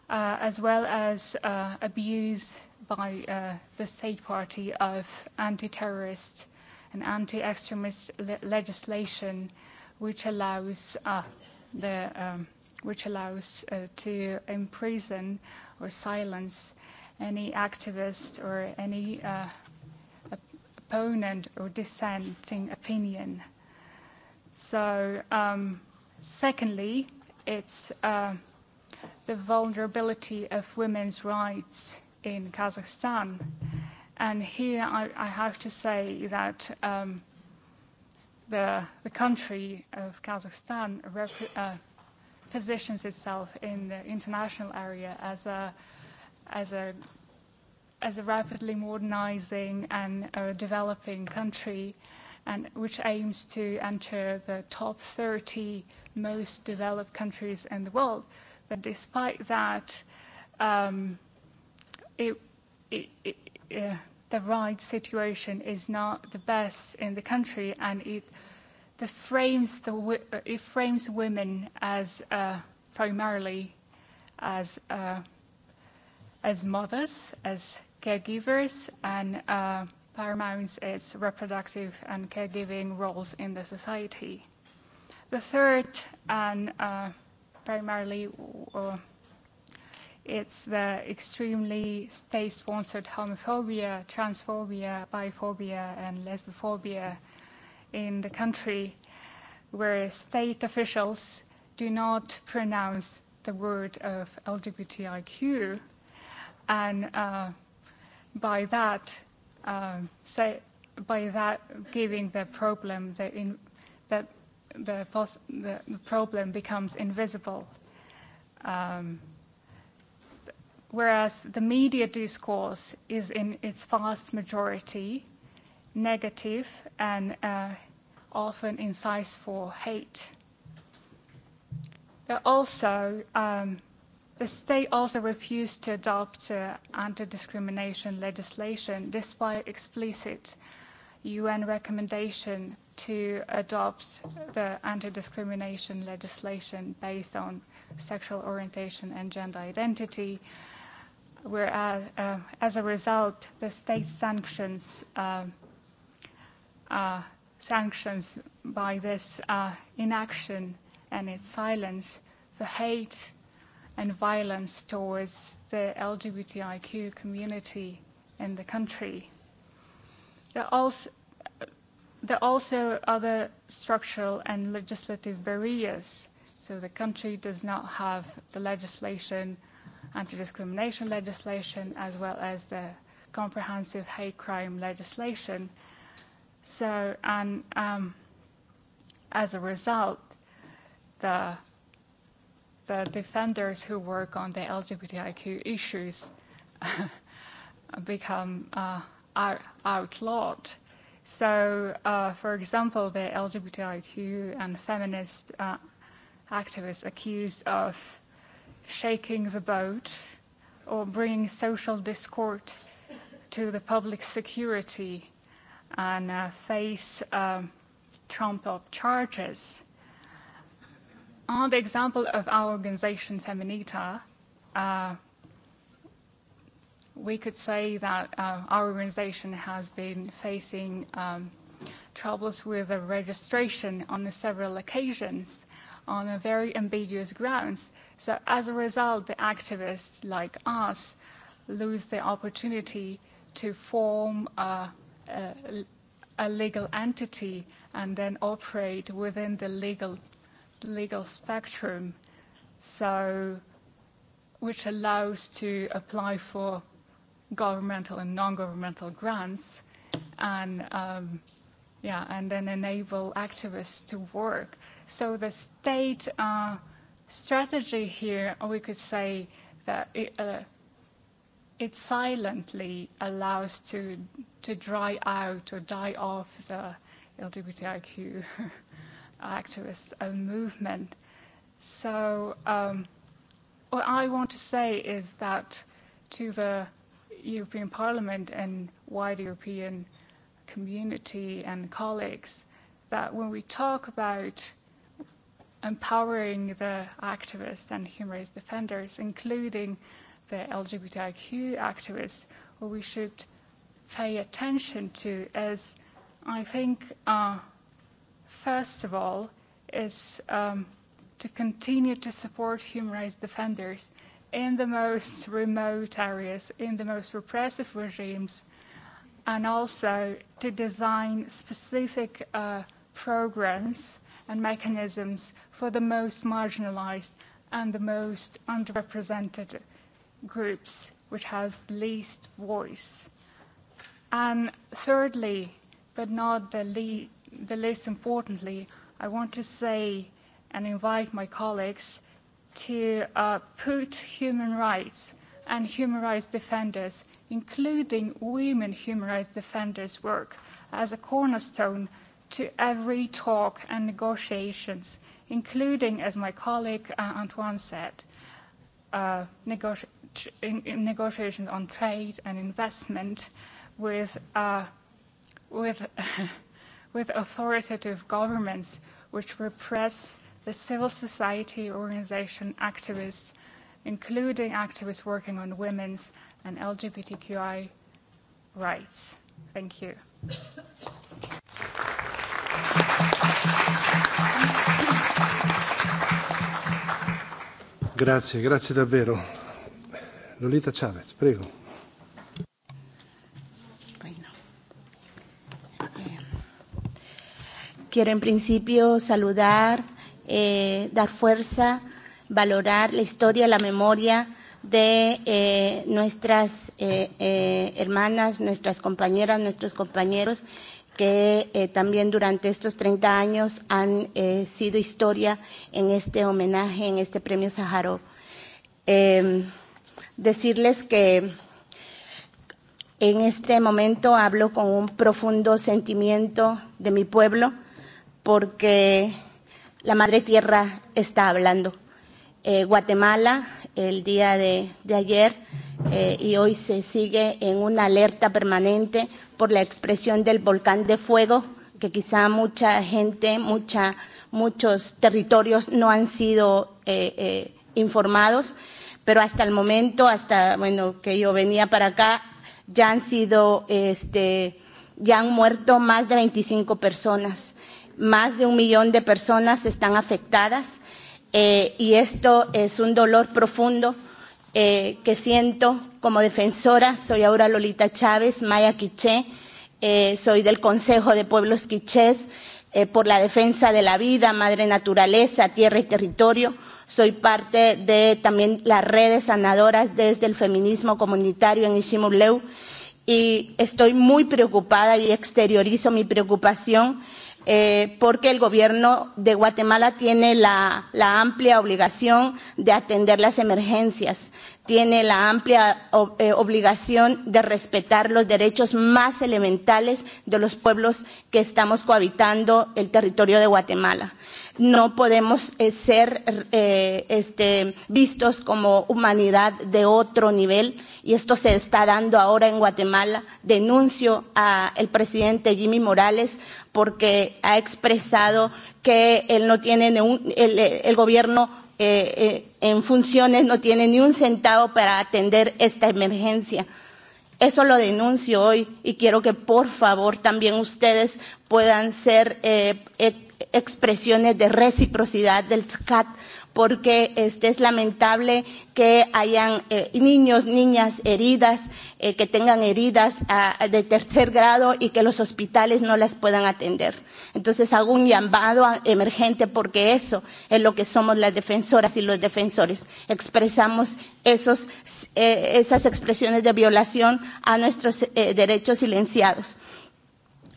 as well as abuse by the state party of anti-terrorist and anti-extremist legislation which allows the which allows to imprison or silence any activist or any opponent or dissenting opinion. So secondly, it's the vulnerability of women's rights in Kazakhstan. And here I, I have to say that um, the, the country of Kazakhstan uh, positions itself in the international area as a, as a, as a rapidly modernizing and uh, developing country, and which aims to enter the top 30 most developed countries in the world. But despite that, um, the right situation is not the best in the country, and it the frames the it frames women as primarily as as mothers, as caregivers, and paramounts its reproductive and caregiving roles in the society. The third and primarily It's the extremely state-sponsored homophobia, transphobia, biphobia, and lesbophobia in the country where state officials do not pronounce the word of LGBTIQ and by that say by that giving the problem the in that the the problem becomes invisible um whereas the media discourse is in its vast majority negative and often incites for hate. Also, the state also refused to adopt anti-discrimination legislation despite explicit UN recommendation to adopt the anti-discrimination legislation based on sexual orientation and gender identity Whereas as a result the state sanctions sanctions by this inaction and its silence the hate and violence towards the LGBTIQ community in the country. There are also other structural and legislative barriers, so the country does not have the legislation anti-discrimination legislation as well as the comprehensive hate crime legislation. So, and um, as a result, the the defenders who work on the LGBTIQ issues become uh, out, outlawed. So, uh, for example, the LGBTIQ and feminist uh, activists accused of shaking the boat or bringing social discord to the public security and face Trump up charges. On the example of our organization Feminita, we could say that our organization has been facing troubles with the registration on several occasions on a very ambiguous grounds. So as a result, the activists like us lose the opportunity to form a, a, legal entity and then operate within the legal, legal spectrum, so which allows to apply for governmental and non-governmental grants and um, yeah, and then enable activists to work. So the state strategy here, or we could say that it, it silently allows to to dry out or die off the LGBTIQ activist movement. So what I want to say is that to the European Parliament and wider European community and colleagues, that when we talk about empowering the activists and human rights defenders, including the LGBTIQ activists, what we should pay attention to is, I think, first of all, is to continue to support human rights defenders in the most remote areas, in the most repressive regimes, and also to design specific programs and mechanisms for the most marginalized and the most underrepresented groups, which has the least voice. And thirdly, but not the least importantly, I want to say and invite my colleagues to put human rights and human rights defenders, including women human rights defenders' work, as a cornerstone to every talk and negotiations, including, as my colleague Antoine said, negotiations on trade and investment with with with authoritative governments which repress the civil society organization activists, including activists working on women's and LGBTQI rights. Thank you. Grazie, grazie davvero. Lolita Chavez, prego. Quiero en principio saludar, eh, dar fuerza, valorar la historia, la memoria de eh, nuestras eh, eh, hermanas, nuestras compañeras, nuestros compañeros que también durante estos 30 años han sido historia en este homenaje, en este premio Sájaro. Eh, decirles que en este momento hablo con un profundo sentimiento de mi pueblo porque la Madre Tierra está hablando. Eh, Guatemala, el día de, de ayer, eh, y hoy se sigue en una alerta permanente por la expresión del volcán de fuego, que quizá mucha gente, mucha, muchos territorios no han sido eh, eh, informados, pero hasta el momento, hasta bueno, que yo venía para acá, ya han sido, este, ya han muerto más de 25 personas. Más de un millón de personas están afectadas eh, y esto es un dolor profundo eh, que siento como defensora. Soy ahora Lolita Chávez, Maya Quiché, eh, soy del Consejo de Pueblos Quichés eh, por la defensa de la vida, madre naturaleza, tierra y territorio. Soy parte de también las redes sanadoras desde el feminismo comunitario en Ishimuleu y estoy muy preocupada y exteriorizo mi preocupación porque el gobierno de Guatemala tiene la amplia obligación de atender las emergencias tiene la amplia obligación de respetar los derechos más elementales de los pueblos que estamos cohabitando el territorio de Guatemala. No podemos ser este vistos como humanidad de otro nivel y esto se está dando ahora en Guatemala. Denuncio al presidente Jimmy Morales porque ha expresado que él no tiene el gobierno eh en funciones no tiene ni un centavo para atender esta emergencia. Eso lo denuncio hoy y quiero que por favor también ustedes puedan ser expresiones de reciprocidad del SCAT porque este es lamentable que hayan niños, niñas heridas, que tengan heridas de tercer grado y que los hospitales no las puedan atender. Entonces hago un llamado emergente porque eso es lo que somos las defensoras y los defensores. Expresamos esos, esas expresiones de violación a nuestros derechos silenciados.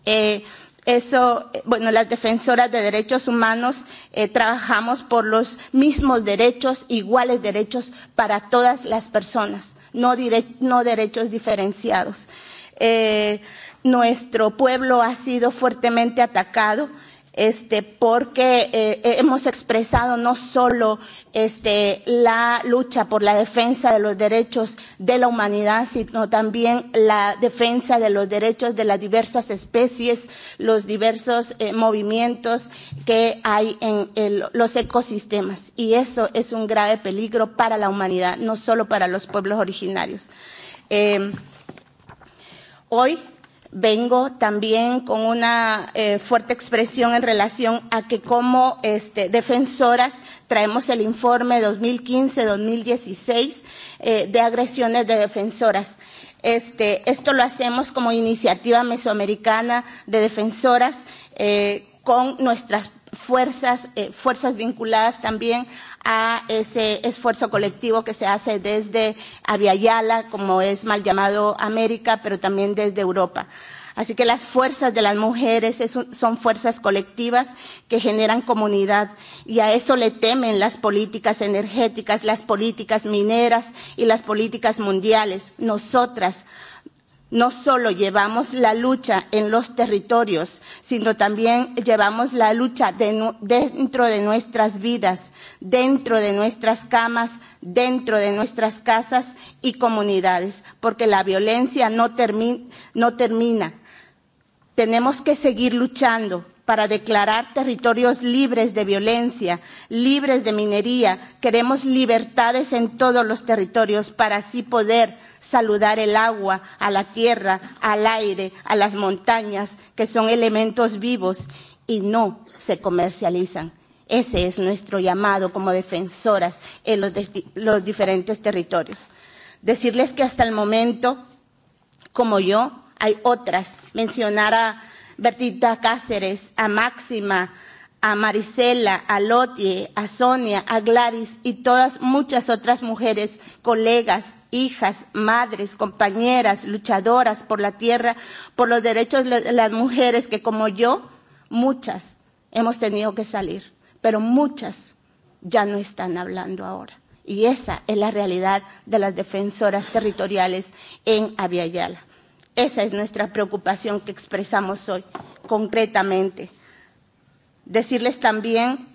Eh, Eso, bueno, las defensoras de derechos humanos trabajamos por los mismos derechos, iguales derechos para todas las personas, no derechos diferenciados. Nuestro pueblo ha sido fuertemente atacado este porque hemos expresado no solo este la lucha por la defensa de los derechos de la humanidad sino también la defensa de los derechos de las diversas especies los diversos movimientos que hay en el, los ecosistemas y eso es un grave peligro para la humanidad no solo para los pueblos originarios eh hoy vengo también con una fuerte expresión en relación a que como este defensoras traemos el informe 2015-2016 de agresiones de defensoras. Este esto lo hacemos como iniciativa mesoamericana de defensoras eh con nuestras fuerzas fuerzas vinculadas también a ese esfuerzo colectivo que se hace desde Aviala, como es mal llamado América, pero también desde Europa. Así que las fuerzas de las mujeres son fuerzas colectivas que generan comunidad y a eso le temen las políticas energéticas, las políticas mineras y las políticas mundiales. Nosotras no solo llevamos la lucha en los territorios, sino también llevamos la lucha dentro de nuestras vidas, dentro de nuestras camas, dentro de nuestras casas y comunidades, porque la violencia no termina. Tenemos que seguir luchando para declarar territorios libres de violencia, libres de minería. Queremos libertades en todos los territorios para así poder saludar el agua, a la tierra, al aire, a las montañas, que son elementos vivos y no se comercializan. Ese es nuestro llamado como defensoras en los, los diferentes territorios. Decirles que hasta el momento, como yo, hay otras. Mencionar a Bertita Cáceres, a Máxima, a Marisela, a Lotie, a Sonia, a Gladys y todas muchas otras mujeres, colegas, hijas, madres, compañeras, luchadoras por la tierra, por los derechos de las mujeres que como yo, muchas hemos tenido que salir, pero muchas ya no están hablando ahora. Y esa es la realidad de las defensoras territoriales en Aviala. Esa es nuestra preocupación que expresamos hoy, concretamente. Decirles también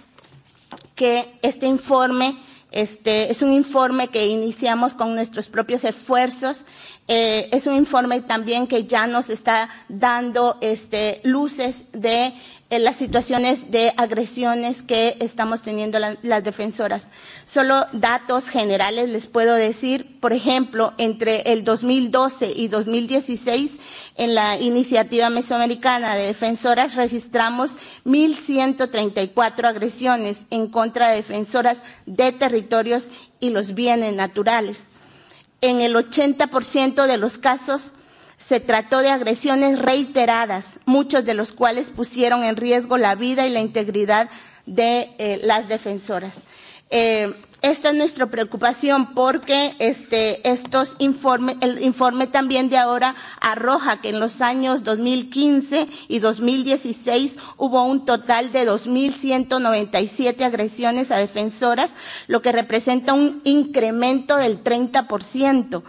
que este informe este es un informe que iniciamos con nuestros propios esfuerzos eh es un informe también que ya nos está dando este luces de en las situaciones de agresiones que estamos teniendo las defensoras. Solo datos generales les puedo decir, por ejemplo, entre el 2012 y 2016, en la iniciativa mesoamericana de defensoras registramos 1.134 agresiones en contra de defensoras de territorios y los bienes naturales. En el 80% de los casos Se trató de agresiones reiteradas, muchos de los cuales pusieron en riesgo la vida y la integridad de las defensoras. Esta es nuestra preocupación porque este, estos informe, el informe también de ahora arroja que en los años 2015 y 2016 hubo un total de 2.197 agresiones a defensoras, lo que representa un incremento del 30%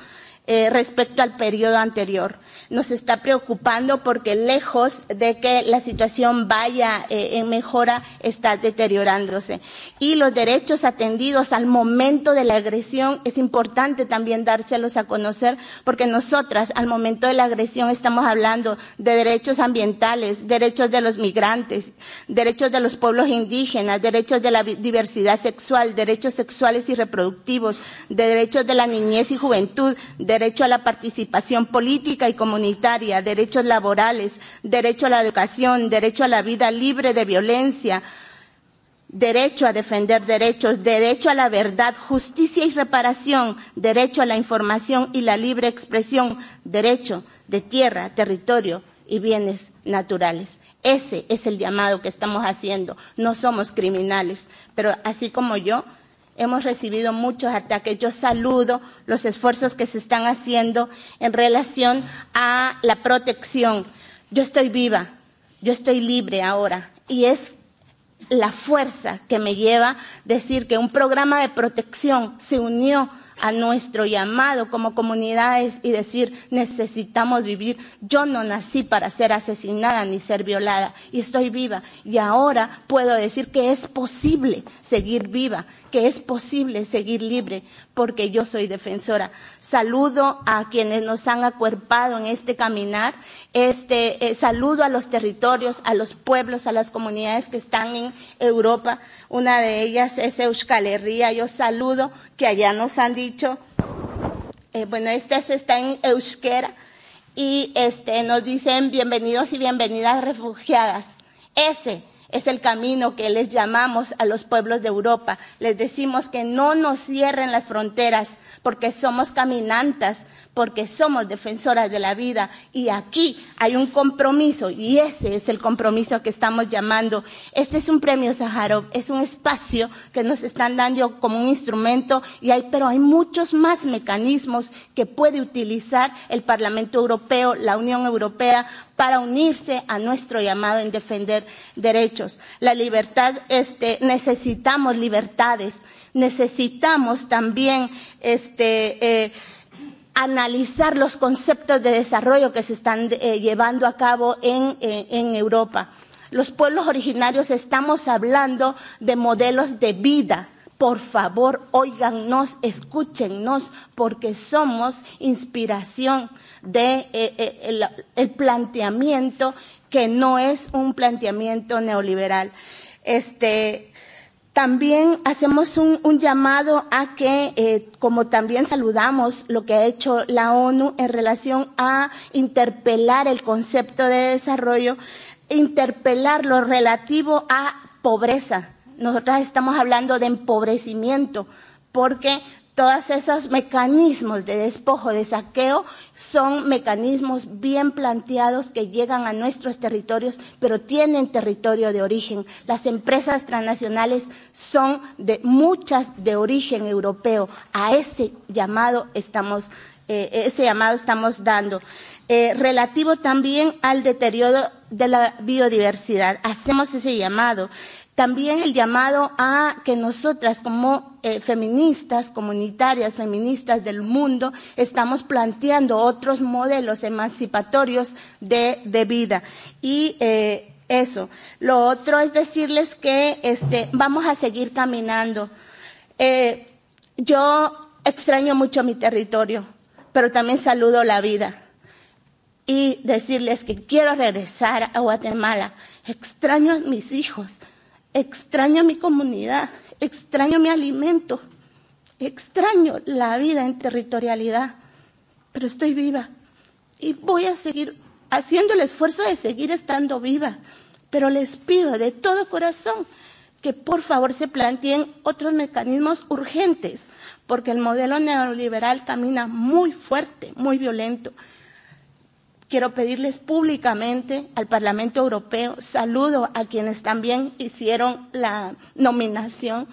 respecto al periodo anterior. Nos está preocupando porque lejos de que la situación vaya en mejora, está deteriorándose. Y los derechos atendidos al momento de la agresión, es importante también dárselos a conocer porque nosotras al momento de la agresión estamos hablando de derechos ambientales, derechos de los migrantes, derechos de los pueblos indígenas, derechos de la diversidad sexual, derechos sexuales y reproductivos, de derechos de la niñez y juventud, de derecho a la participación política y comunitaria, derechos laborales, derecho a la educación, derecho a la vida libre de violencia, derecho a defender derechos, derecho a la verdad, justicia y reparación, derecho a la información y la libre expresión, derecho de tierra, territorio y bienes naturales. Ese es el llamado que estamos haciendo. No somos criminales, pero así como yo, hemos recibido muchos ataques. Yo saludo los esfuerzos que se están haciendo en relación a la protección. Yo estoy viva, yo estoy libre ahora y es la fuerza que me lleva a decir que un programa de protección se unió a nuestro llamado como comunidades y decir necesitamos vivir. Yo no nací para ser asesinada ni ser violada y estoy viva y ahora puedo decir que es posible seguir viva, que es posible seguir libre porque yo soy defensora. Saludo a quienes nos han acuerpado en este caminar, este saludo a los territorios, a los pueblos, a las comunidades que están en Europa. Una de ellas es Euskal Herria. Yo saludo que allá nos han dicho bueno, esta está en euskera y este nos dicen bienvenidos y bienvenidas refugiadas. Ese Es el camino que les llamamos a los pueblos de Europa. Les decimos que no nos cierren las fronteras porque somos caminantas, porque somos defensoras de la vida y aquí hay un compromiso y ese es el compromiso que estamos llamando. Este es un premio Sájarov, es un espacio que nos están dando como un instrumento y hay pero hay muchos más mecanismos que puede utilizar el Parlamento Europeo, la Unión Europea para unirse a nuestro llamado en defender derechos. La libertad este necesitamos libertades, necesitamos también este analizar los conceptos de desarrollo que se están llevando a cabo en en Europa. Los pueblos originarios estamos hablando de modelos de vida. Por favor, óigannos, escúchennos, porque somos inspiración del el planteamiento que no es un planteamiento neoliberal. Este, También hacemos un, un llamado a que, eh, como también saludamos lo que ha hecho la ONU en relación a interpelar el concepto de desarrollo, interpelar lo relativo a pobreza. Nosotras estamos hablando de empobrecimiento, porque Todos esos mecanismos de despojo, de saqueo, son mecanismos bien planteados que llegan a nuestros territorios, pero tienen territorio de origen. Las empresas transnacionales son de muchas de origen europeo. A ese llamado estamos ese llamado estamos dando. Relativo también al deterioro de la biodiversidad. Hacemos ese llamado. También el llamado a que nosotras como feministas, comunitarias, feministas del mundo, estamos planteando otros modelos emancipatorios de, de vida. Y eh, eso. Lo otro es decirles que este, vamos a seguir caminando. Eh, yo extraño mucho mi territorio, pero también saludo la vida. Y decirles que quiero regresar a Guatemala. Extraño a mis hijos, extraño a mi comunidad, extraño mi alimento, extraño la vida en territorialidad, pero estoy viva y voy a seguir haciendo el esfuerzo de seguir estando viva, pero les pido de todo corazón que por favor se planteen otros mecanismos urgentes, porque el modelo neoliberal camina muy fuerte, muy violento Quiero pedirles públicamente al Parlamento Europeo saludo a quienes también hicieron la nominación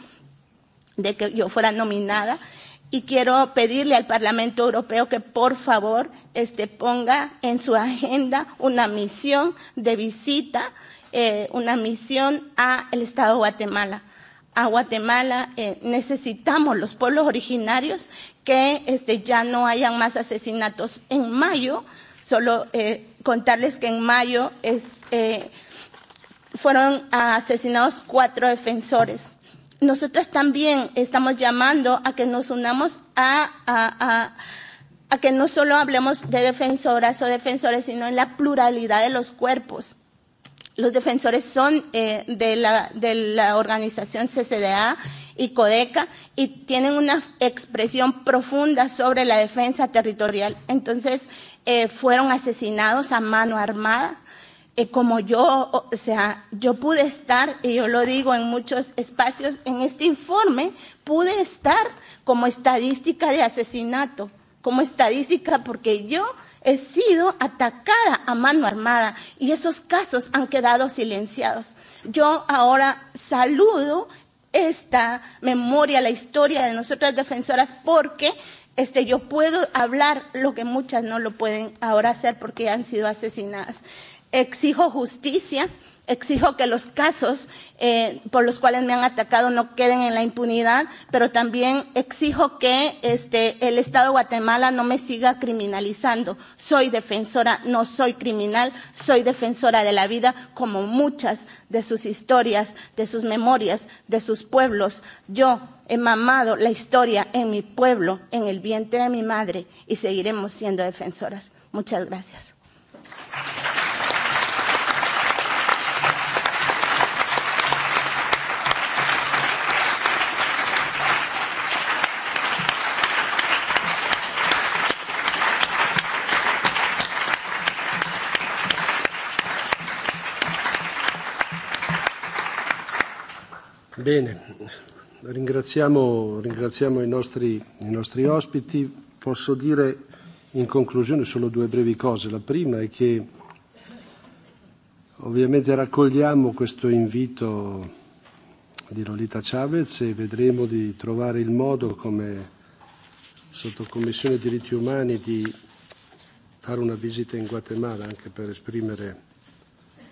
de que yo fuera nominada y quiero pedirle al Parlamento Europeo que por favor este ponga en su agenda una misión de visita, eh una misión al estado de Guatemala. A Guatemala necesitamos los pueblos originarios que este ya no hayan más asesinatos en mayo Solo eh, contarles que en mayo es, eh, fueron asesinados cuatro defensores. Nosotros también estamos llamando a que nos unamos a, a, a, a que no solo hablemos de defensoras o defensores, sino en la pluralidad de los cuerpos. Los defensores son eh, de, la, de la organización CCDA y CODECA y tienen una expresión profunda sobre la defensa territorial. Entonces, fueron asesinados a mano armada como yo, o sea, yo pude estar, y yo lo digo en muchos espacios, en este informe pude estar como estadística de asesinato, como estadística porque yo he sido atacada a mano armada y esos casos han quedado silenciados. Yo ahora saludo esta memoria, la historia de nosotras defensoras, porque este yo puedo hablar lo que muchas no lo pueden ahora hacer porque han sido asesinadas. Exijo justicia, exijo que los casos eh, por los cuales me han atacado no queden en la impunidad, pero también exijo que este, el Estado de Guatemala no me siga criminalizando. Soy defensora, no soy criminal, soy defensora de la vida como muchas de sus historias, de sus memorias, de sus pueblos. Yo He mamado la historia en mi pueblo, en el vientre de mi madre, y seguiremos siendo defensoras. Muchas gracias. Bene, Ringraziamo, ringraziamo i, nostri, i nostri ospiti. Posso dire in conclusione solo due brevi cose. La prima è che ovviamente raccogliamo questo invito di Lolita Chavez e vedremo di trovare il modo come sotto sottocommissione diritti umani di fare una visita in Guatemala anche per esprimere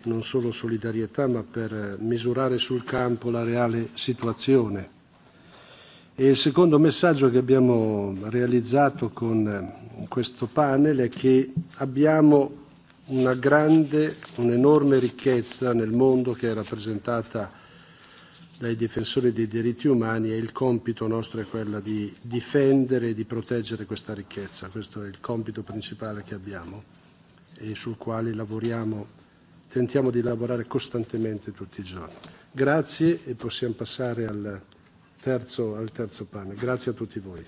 non solo solidarietà, ma per misurare sul campo la reale situazione. E il secondo messaggio che abbiamo realizzato con questo panel è che abbiamo una grande, un'enorme ricchezza nel mondo che è rappresentata dai difensori dei diritti umani e il compito nostro è quello di difendere e di proteggere questa ricchezza. Questo è il compito principale che abbiamo e sul quale lavoriamo tentiamo di lavorare costantemente tutti i giorni. Grazie e possiamo passare al terzo, al terzo panel. Grazie a tutti voi.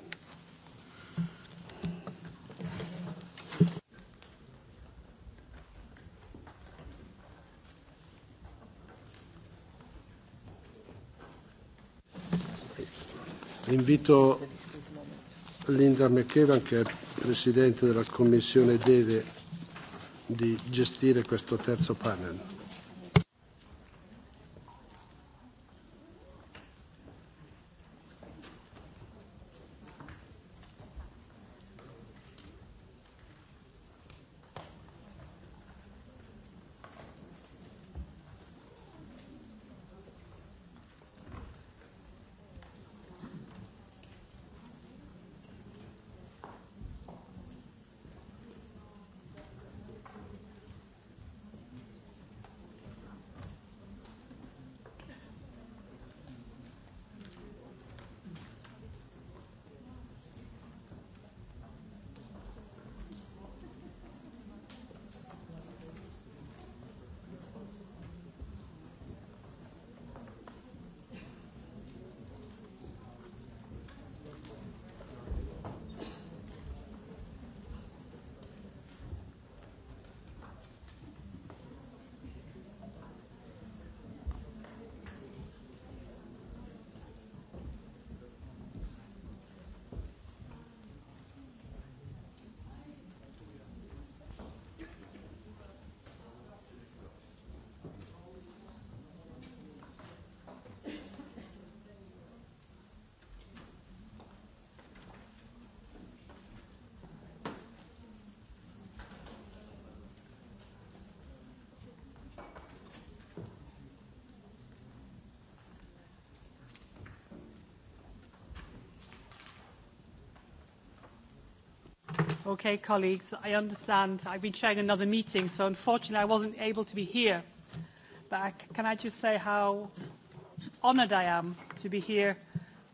Invito Linda McEvan, che è Presidente della Commissione DEVE, di gestire questo terzo panel. Okay, colleagues, I understand. I've been chairing another meeting, so unfortunately I wasn't able to be here. But I, can I just say how honoured I am to be here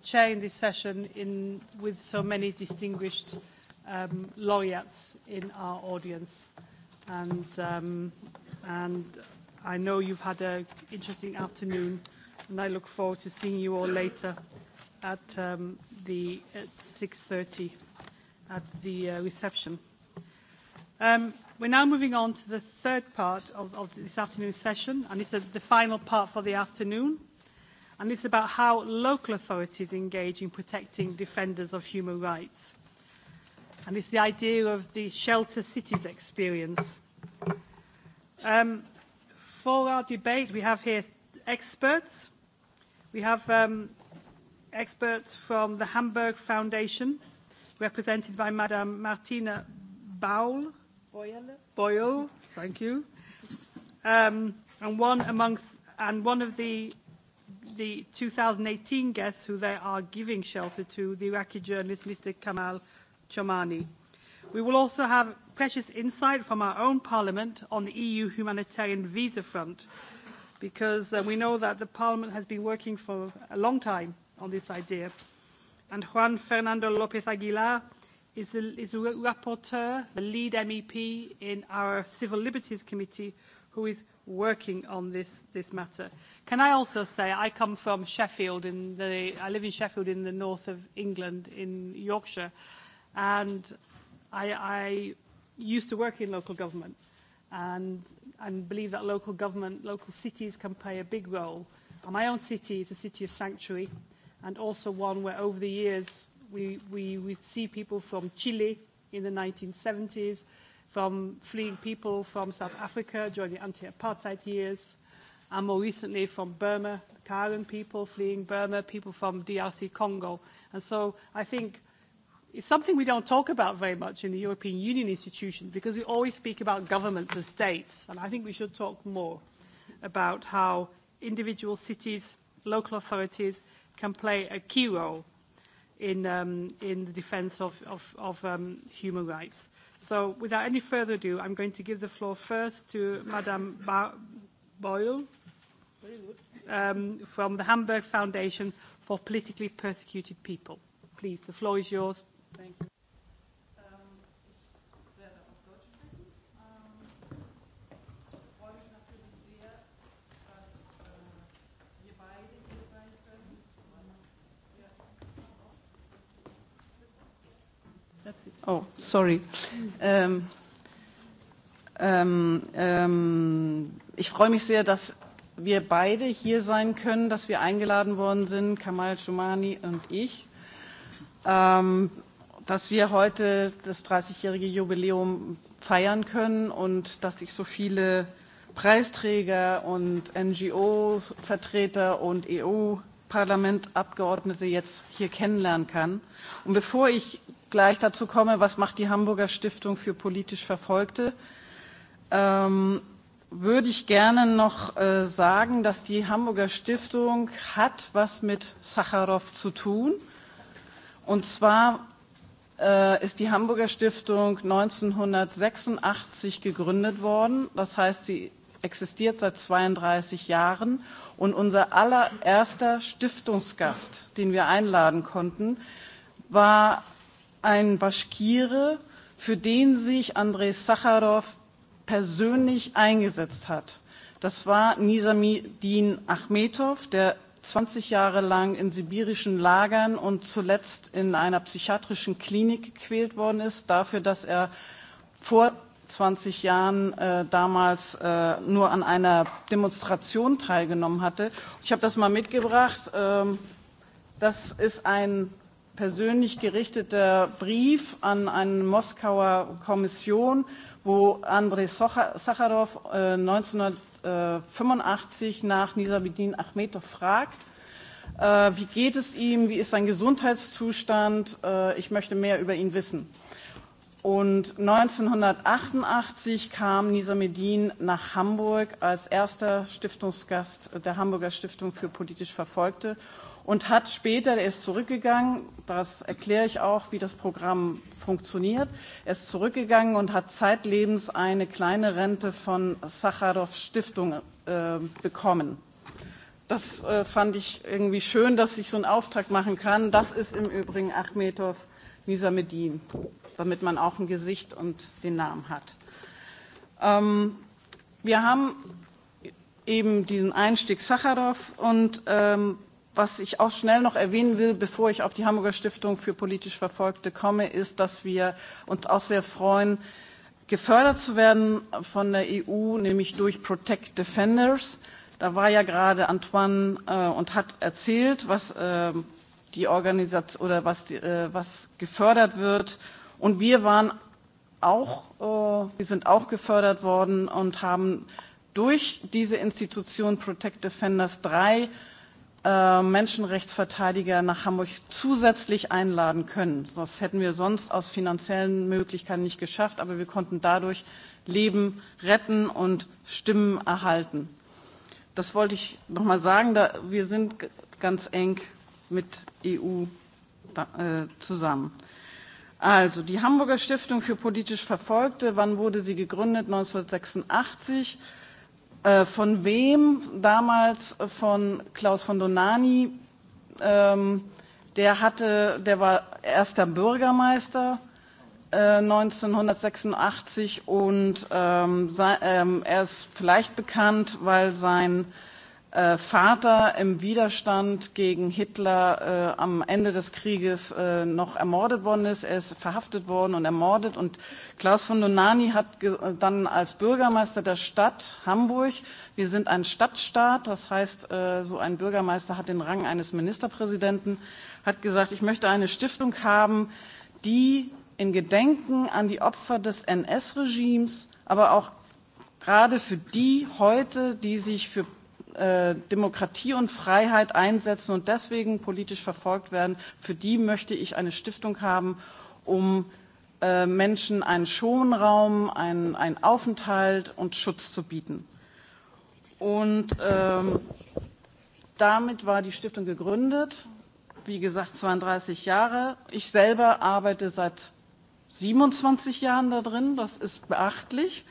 chairing this session in, with so many distinguished um, laureates in our audience. And, um, and I know you've had an interesting afternoon, and I look forward to seeing you all later at um, the at 6.30 at the reception. We're now moving on to the third part of this afternoon's session, and it's the final part for the afternoon, and it's about how local authorities engage in protecting defenders of human rights. And it's the idea of the shelter cities experience. For our debate, we have here experts. We have experts from the Hamburg Foundation represented by Madam Martina Baul, Boyle, thank you, um, and one amongst and one of the the 2018 guests who they are giving shelter to, the Iraqi journalist Mr. Kamal Chomani. We will also have precious insight from our own Parliament on the EU humanitarian visa front, because we know that the Parliament has been working for a long time on this idea and Juan Fernando Lopez Aguilar is is rapporteur, the lead MEP in our Civil Liberties Committee, who is working on this this matter. Can I also say I come from Sheffield in the I live in Sheffield in the north of England in Yorkshire and I I used to work in local government and and believe that local government local cities can play a big role. My own city is a city of sanctuary and also one where over the years we, we, see people from Chile in the 1970s, from fleeing people from South Africa during the anti-apartheid years, and more recently from Burma, Karen people fleeing Burma, people from DRC Congo. And so I think it's something we don't talk about very much in the European Union institutions because we always speak about governments and states, and I think we should talk more about how individual cities, local authorities can play a key role in the defence of human rights. So without any further ado, I'm going to give the floor first to Madame Boyle from the Hamburg Foundation for Politically Persecuted People. Please, the floor is yours. Thank you. Oh, sorry. Ich freue mich sehr, dass wir beide hier sein können, dass wir eingeladen worden sind, Kamal Schumani und ich, dass wir heute das 30-jährige Jubiläum feiern können und dass sich so viele Preisträger und NGO-Vertreter und EU-Parlamentabgeordnete jetzt hier kennenlernen kann. Und bevor ich gleich dazu komme, was macht die Hamburger Stiftung für politisch Verfolgte, würde ich gerne noch sagen, dass die Hamburger Stiftung hat was mit Sacharow zu tun. Und zwar ist die Hamburger Stiftung 1986 gegründet worden. Das heißt, sie existiert seit 32 Jahren. Und unser allererster Stiftungsgast, den wir einladen konnten, war ein Baschkire, für den sich Andrei Sacharow persönlich eingesetzt hat. Das war Nisamidin Achmetov, der 20 Jahre lang in sibirischen Lagern und zuletzt in einer psychiatrischen Klinik gequält worden ist, dafür, dass er vor 20 Jahren damals nur an einer Demonstration teilgenommen hatte. Ich habe das mal mitgebracht. Das ist ein persönlich gerichteter Brief an eine Moskauer Kommission, wo Andrei Sacharow 1985 nach Nisabedin Achmetow fragt, wie geht es ihm, wie ist sein Gesundheitszustand, ich möchte mehr über ihn wissen. Und 1988 kam Nisamedin nach Hamburg als erster Stiftungsgast der Hamburger Stiftung für politisch Verfolgte und hat später, er ist zurückgegangen, das erkläre ich auch, wie das Programm funktioniert, er ist zurückgegangen und hat zeitlebens eine kleine Rente von Sacharow Stiftung bekommen. Das fand ich irgendwie schön, dass ich so einen Auftrag machen kann. Das ist im Übrigen Achmetow Nisamedin, damit man auch ein Gesicht und den Namen hat. Wir haben eben diesen Einstieg Sacharow und Was ich auch schnell noch erwähnen will, bevor ich auf die Hamburger Stiftung für politisch Verfolgte komme, ist, dass wir uns auch sehr freuen, gefördert zu werden von der EU, nämlich durch Protect Defenders. Da war ja gerade Antoine und hat erzählt, was die Organisation oder was gefördert wird. Und wir waren auch, wir sind auch gefördert worden und haben durch diese Institution Protect Defenders drei Menschenrechtsverteidiger nach Hamburg zusätzlich einladen können. Das hätten wir sonst aus finanziellen Möglichkeiten nicht geschafft, aber wir konnten dadurch Leben retten und Stimmen erhalten. Das wollte ich noch mal sagen. da Wir sind ganz eng mit EU zusammen. Also, die Hamburger Stiftung für politisch Verfolgte, wann wurde sie gegründet? 1986. Von wem? Damals von Klaus von Donani. Der hatte, der war erster Bürgermeister 1986 und er ist vielleicht bekannt, weil sein Vater im Widerstand gegen Hitler am Ende des Krieges noch ermordet worden ist. Er ist verhaftet worden und ermordet. Und Klaus von Donani hat dann als Bürgermeister der Stadt Hamburg, wir sind ein Stadtstaat, das heißt, so ein Bürgermeister hat den Rang eines Ministerpräsidenten, hat gesagt, ich möchte eine Stiftung haben, die in Gedenken an die Opfer des NS-Regimes, aber auch gerade für die heute, die sich für Demokratie und Freiheit einsetzen und deswegen politisch verfolgt werden, für die möchte ich eine Stiftung haben, um Menschen einen Schonraum, einen Aufenthalt und Schutz zu bieten. Und damit war die Stiftung gegründet, wie gesagt 32 Jahre. Ich selber arbeite seit 27 Jahren da drin, das ist beachtlich.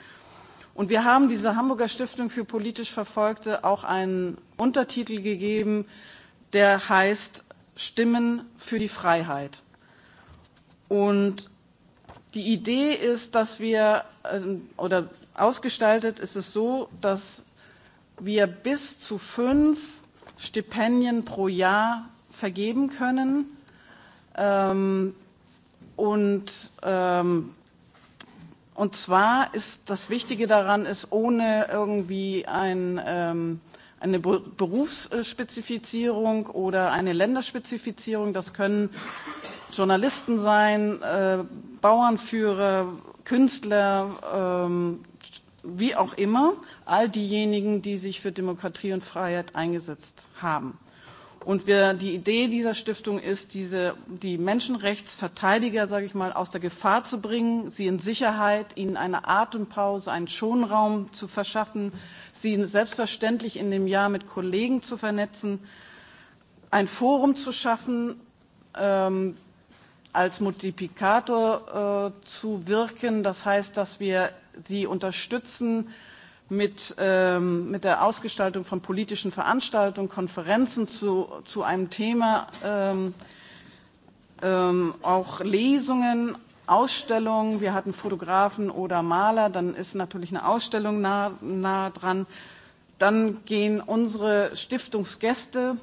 Und wir haben dieser Hamburger Stiftung für politisch Verfolgte auch einen Untertitel gegeben, der heißt Stimmen für die Freiheit. Und die Idee ist, dass wir, oder ausgestaltet ist es so, dass wir bis zu fünf Stipendien pro Jahr vergeben können. Und Und zwar ist das Wichtige daran, ist ohne irgendwie ein, eine Berufsspezifizierung oder eine Länderspezifizierung, das können Journalisten sein, Bauernführer, Künstler, wie auch immer, all diejenigen, die sich für Demokratie und Freiheit eingesetzt haben. Und wir, die Idee dieser Stiftung ist, diese, die Menschenrechtsverteidiger, sage ich mal, aus der Gefahr zu bringen, sie in Sicherheit, ihnen eine Atempause, einen Schonraum zu verschaffen, sie selbstverständlich in dem Jahr mit Kollegen zu vernetzen, ein Forum zu schaffen, ähm, als Multiplikator zu wirken. Das heißt, dass wir sie unterstützen, mit der Ausgestaltung von politischen Veranstaltungen, Konferenzen zu einem Thema, auch Lesungen, Ausstellungen. Wir hatten Fotografen oder Maler, dann ist natürlich eine Ausstellung nah dran. Dann gehen unsere Stiftungsgäste,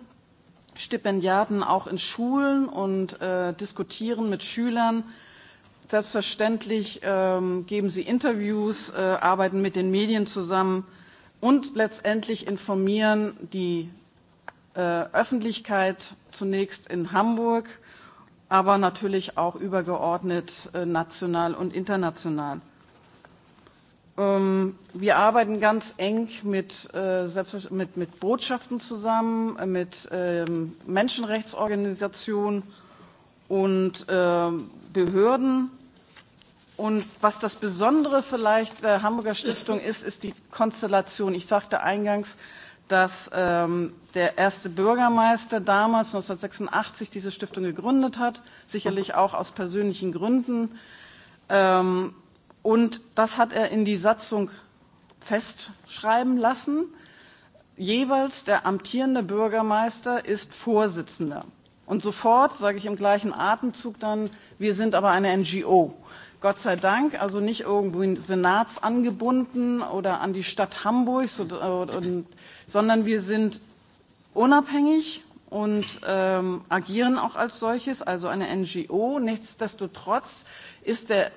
Stipendiaten auch in Schulen und diskutieren mit Schülern Selbstverständlich geben sie Interviews, arbeiten mit den Medien zusammen und letztendlich informieren die Öffentlichkeit zunächst in Hamburg, aber natürlich auch übergeordnet national und international. Wir arbeiten ganz eng mit Botschaften zusammen, mit Menschenrechtsorganisationen und Behörden Und was das Besondere vielleicht der Hamburger Stiftung ist, ist die Konstellation. Ich sagte eingangs, dass ähm, der erste Bürgermeister damals 1986 diese Stiftung gegründet hat, sicherlich auch aus persönlichen Gründen. Ähm, und das hat er in die Satzung festschreiben lassen. Jeweils der amtierende Bürgermeister ist Vorsitzender. Und sofort sage ich im gleichen Atemzug dann, wir sind aber eine NGO. Gott sei Dank, also nicht irgendwo in Senats angebunden oder an die Stadt Hamburg, sondern wir sind unabhängig und agieren auch als solches, also eine NGO. Nichtsdestotrotz ist der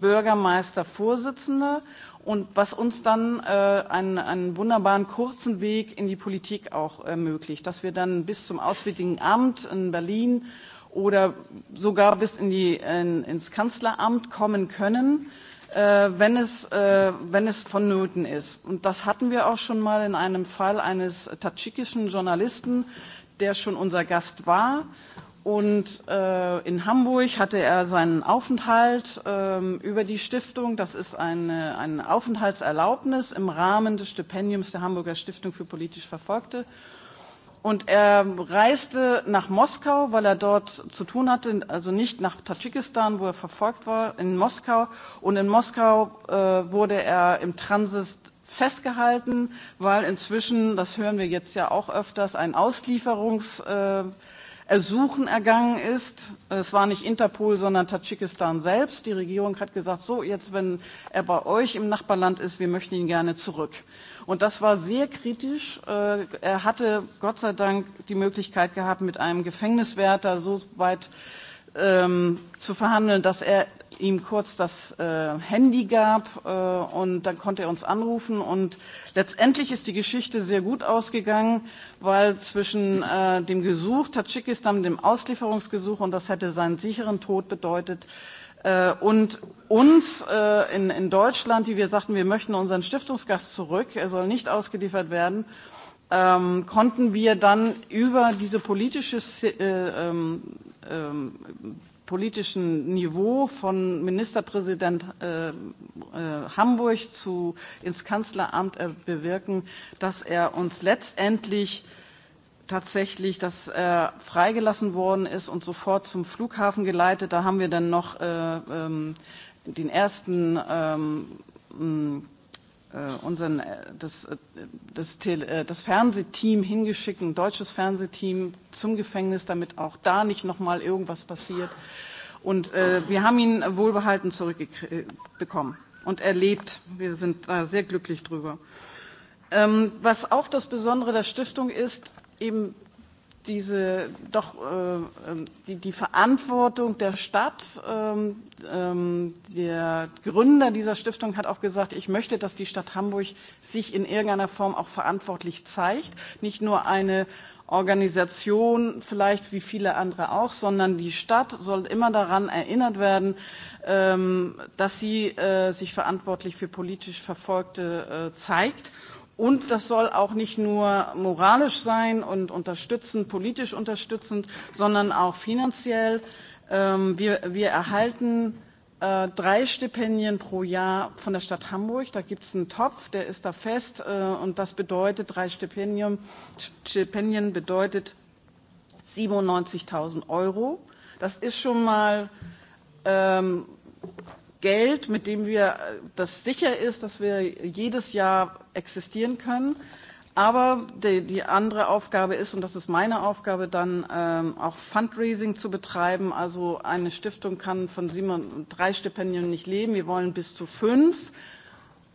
Bürgermeister Vorsitzende und was uns dann einen, einen wunderbaren kurzen Weg in die Politik auch ermöglicht, dass wir dann bis zum Auswärtigen Amt in Berlin oder sogar bis in die, ins Kanzleramt kommen können, wenn es, wenn es vonnöten ist. Und das hatten wir auch schon mal in einem Fall eines tatschikischen Journalisten, der schon unser Gast war. Und in Hamburg hatte er seinen Aufenthalt über die Stiftung. Das ist eine, eine Aufenthaltserlaubnis im Rahmen des Stipendiums der Hamburger Stiftung für politisch Verfolgte. Und er reiste nach Moskau, weil er dort zu tun hatte, also nicht nach Tadschikistan, wo er verfolgt war, in Moskau. Und in Moskau wurde er im Transit festgehalten, weil inzwischen, das hören wir jetzt ja auch öfters, ein Auslieferungs Ersuchen ergangen ist. Es war nicht Interpol, sondern Tadschikistan selbst. Die Regierung hat gesagt, so jetzt, wenn er bei euch im Nachbarland ist, wir möchten ihn gerne zurück. Und das war sehr kritisch. Er hatte Gott sei Dank die Möglichkeit gehabt, mit einem Gefängniswärter so weit zu verhandeln, dass er ihm kurz das Handy gab und dann konnte er uns anrufen. Und letztendlich ist die Geschichte sehr gut ausgegangen, weil zwischen dem Gesuch Tadschikistan, dem Auslieferungsgesuch, und das hätte seinen sicheren Tod bedeutet, und uns in, in Deutschland, die wir sagten, wir möchten unseren Stiftungsgast zurück, er soll nicht ausgeliefert werden, ähm, konnten wir dann über diese politische ähm, ähm, politischen Niveau von Ministerpräsident Hamburg zu, ins Kanzleramt bewirken, dass er uns letztendlich tatsächlich, dass er freigelassen worden ist und sofort zum Flughafen geleitet. Da haben wir dann noch den ersten unseren, das, das, das Fernsehteam hingeschickt, ein deutsches Fernsehteam zum Gefängnis, damit auch da nicht noch mal irgendwas passiert. Und wir haben ihn wohlbehalten zurückbekommen. Und er lebt. Wir sind da sehr glücklich drüber. Was auch das Besondere der Stiftung ist, eben diese doch die die Verantwortung der Stadt der Gründer dieser Stiftung hat auch gesagt ich möchte dass die Stadt Hamburg sich in irgendeiner Form auch verantwortlich zeigt nicht nur eine Organisation vielleicht wie viele andere auch, sondern die Stadt soll immer daran erinnert werden, dass sie sich verantwortlich für politisch Verfolgte zeigt. Und das soll auch nicht nur moralisch sein und unterstützend, politisch unterstützend, sondern auch finanziell. Wir erhalten drei Stipendien pro Jahr von der Stadt Hamburg. Da gibt es einen Topf, der ist da fest. Und das bedeutet, drei Stipendien bedeutet 97.000 Euro. Das ist schon mal Geld, mit dem wir das sicher ist, dass wir jedes Jahr existieren können. Aber die andere Aufgabe ist, und das ist meine Aufgabe, dann auch Fundraising zu betreiben. Also eine Stiftung kann von drei Stipendien nicht leben. Wir wollen bis zu fünf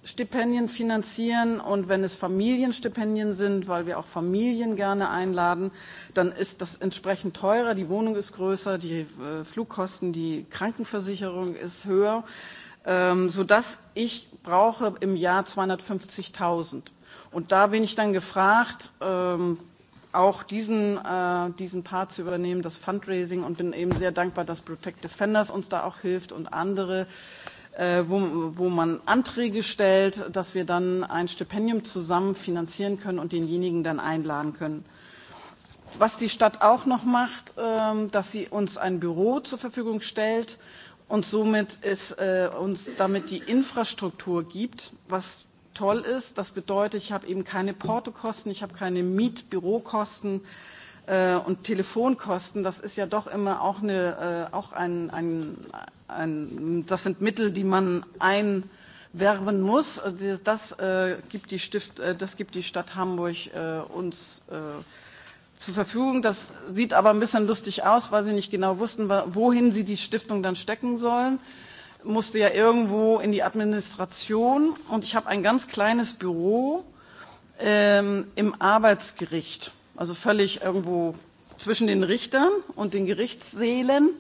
Stipendien finanzieren und wenn es Familienstipendien sind, weil wir auch Familien gerne einladen, dann ist das entsprechend teurer, die Wohnung ist größer, die Flugkosten, die Krankenversicherung ist höher, sodass ich brauche im Jahr 250.000. Und da bin ich dann gefragt, auch diesen, diesen Part zu übernehmen, das Fundraising und bin eben sehr dankbar, dass Protect Defenders uns da auch hilft und andere wo man Anträge stellt, dass wir dann ein Stipendium zusammen finanzieren können und denjenigen dann einladen können. Was die Stadt auch noch macht, dass sie uns ein Büro zur Verfügung stellt und somit es uns damit die Infrastruktur gibt, was toll ist. Das bedeutet, ich habe eben keine Portokosten, ich habe keine Mietbürokosten, Und Telefonkosten, das ist ja doch immer auch eine, auch ein, ein, das sind Mittel, die man einwerben muss. Das gibt die Stift, das gibt die Stadt Hamburg uns zur Verfügung. Das sieht aber ein bisschen lustig aus, weil sie nicht genau wussten, wohin sie die Stiftung dann stecken sollen. Musste ja irgendwo in die Administration. Und ich habe ein ganz kleines Büro im Arbeitsgericht also völlig irgendwo zwischen den Richtern und den Gerichtssälen.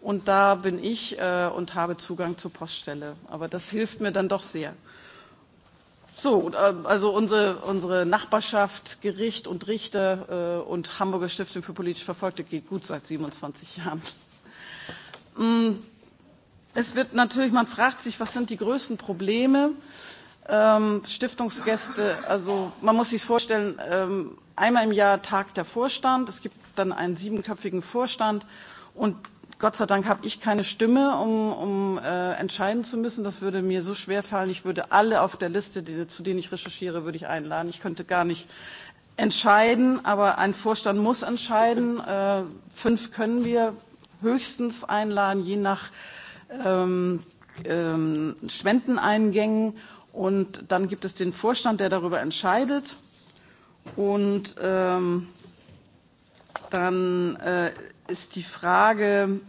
Und da bin ich und habe Zugang zur Poststelle. Aber das hilft mir dann doch sehr. So, also unsere, unsere Nachbarschaft, Gericht und Richter und Hamburger Stiftung für politisch Verfolgte geht gut seit 27 Jahren. Es wird natürlich, man fragt sich, was sind die größten Probleme? Stiftungsgäste, also man muss sich vorstellen, einmal im Jahr tagt der Vorstand. Es gibt dann einen siebenköpfigen Vorstand. Und Gott sei Dank habe ich keine Stimme, um, um entscheiden zu müssen. Das würde mir so schwer fallen. Ich würde alle auf der Liste, die, zu denen ich recherchiere, würde ich einladen. Ich könnte gar nicht entscheiden, aber ein Vorstand muss entscheiden. fünf können wir höchstens einladen, je nach ähm, ähm, Spendeneingängen. Und dann gibt es den Vorstand, der darüber entscheidet Und ähm, dann äh, ist die Frage,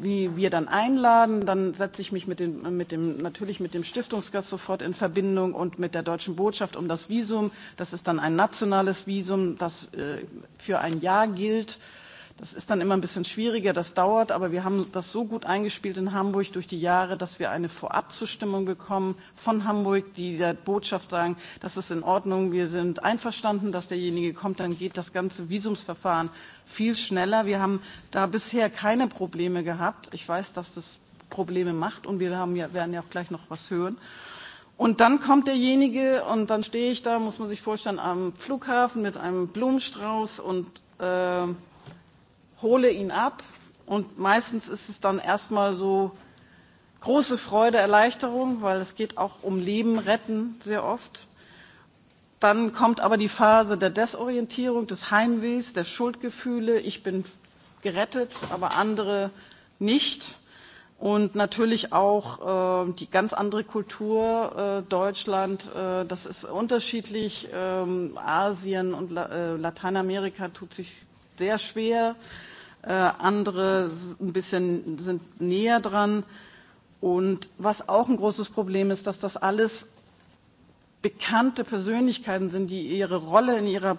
wie wir dann einladen. Dann setze ich mich mit dem, mit dem, natürlich mit dem Stiftungsgast sofort in Verbindung und mit der deutschen Botschaft um das Visum. Das ist dann ein nationales Visum, das äh, für ein Jahr gilt. Das ist dann immer ein bisschen schwieriger, das dauert, aber wir haben das so gut eingespielt in Hamburg durch die Jahre, dass wir eine Vorabzustimmung bekommen von Hamburg, die der Botschaft sagen, das ist in Ordnung, wir sind einverstanden, dass derjenige kommt, dann geht das ganze Visumsverfahren viel schneller. Wir haben da bisher keine Probleme gehabt. Ich weiß, dass das Probleme macht und wir haben ja, werden ja auch gleich noch was hören. Und dann kommt derjenige und dann stehe ich da, muss man sich vorstellen, am Flughafen mit einem Blumenstrauß und äh, hole ihn ab und meistens ist es dann erstmal so große Freude, Erleichterung, weil es geht auch um Leben retten sehr oft. Dann kommt aber die Phase der Desorientierung, des Heimwehs, der Schuldgefühle. Ich bin gerettet, aber andere nicht. Und natürlich auch die ganz andere Kultur Deutschland. Das ist unterschiedlich. Asien und Lateinamerika tut sich sehr schwer andere ein bisschen sind näher dran. Und was auch ein großes Problem ist, dass das alles bekannte Persönlichkeiten sind, die ihre Rolle in, ihrer,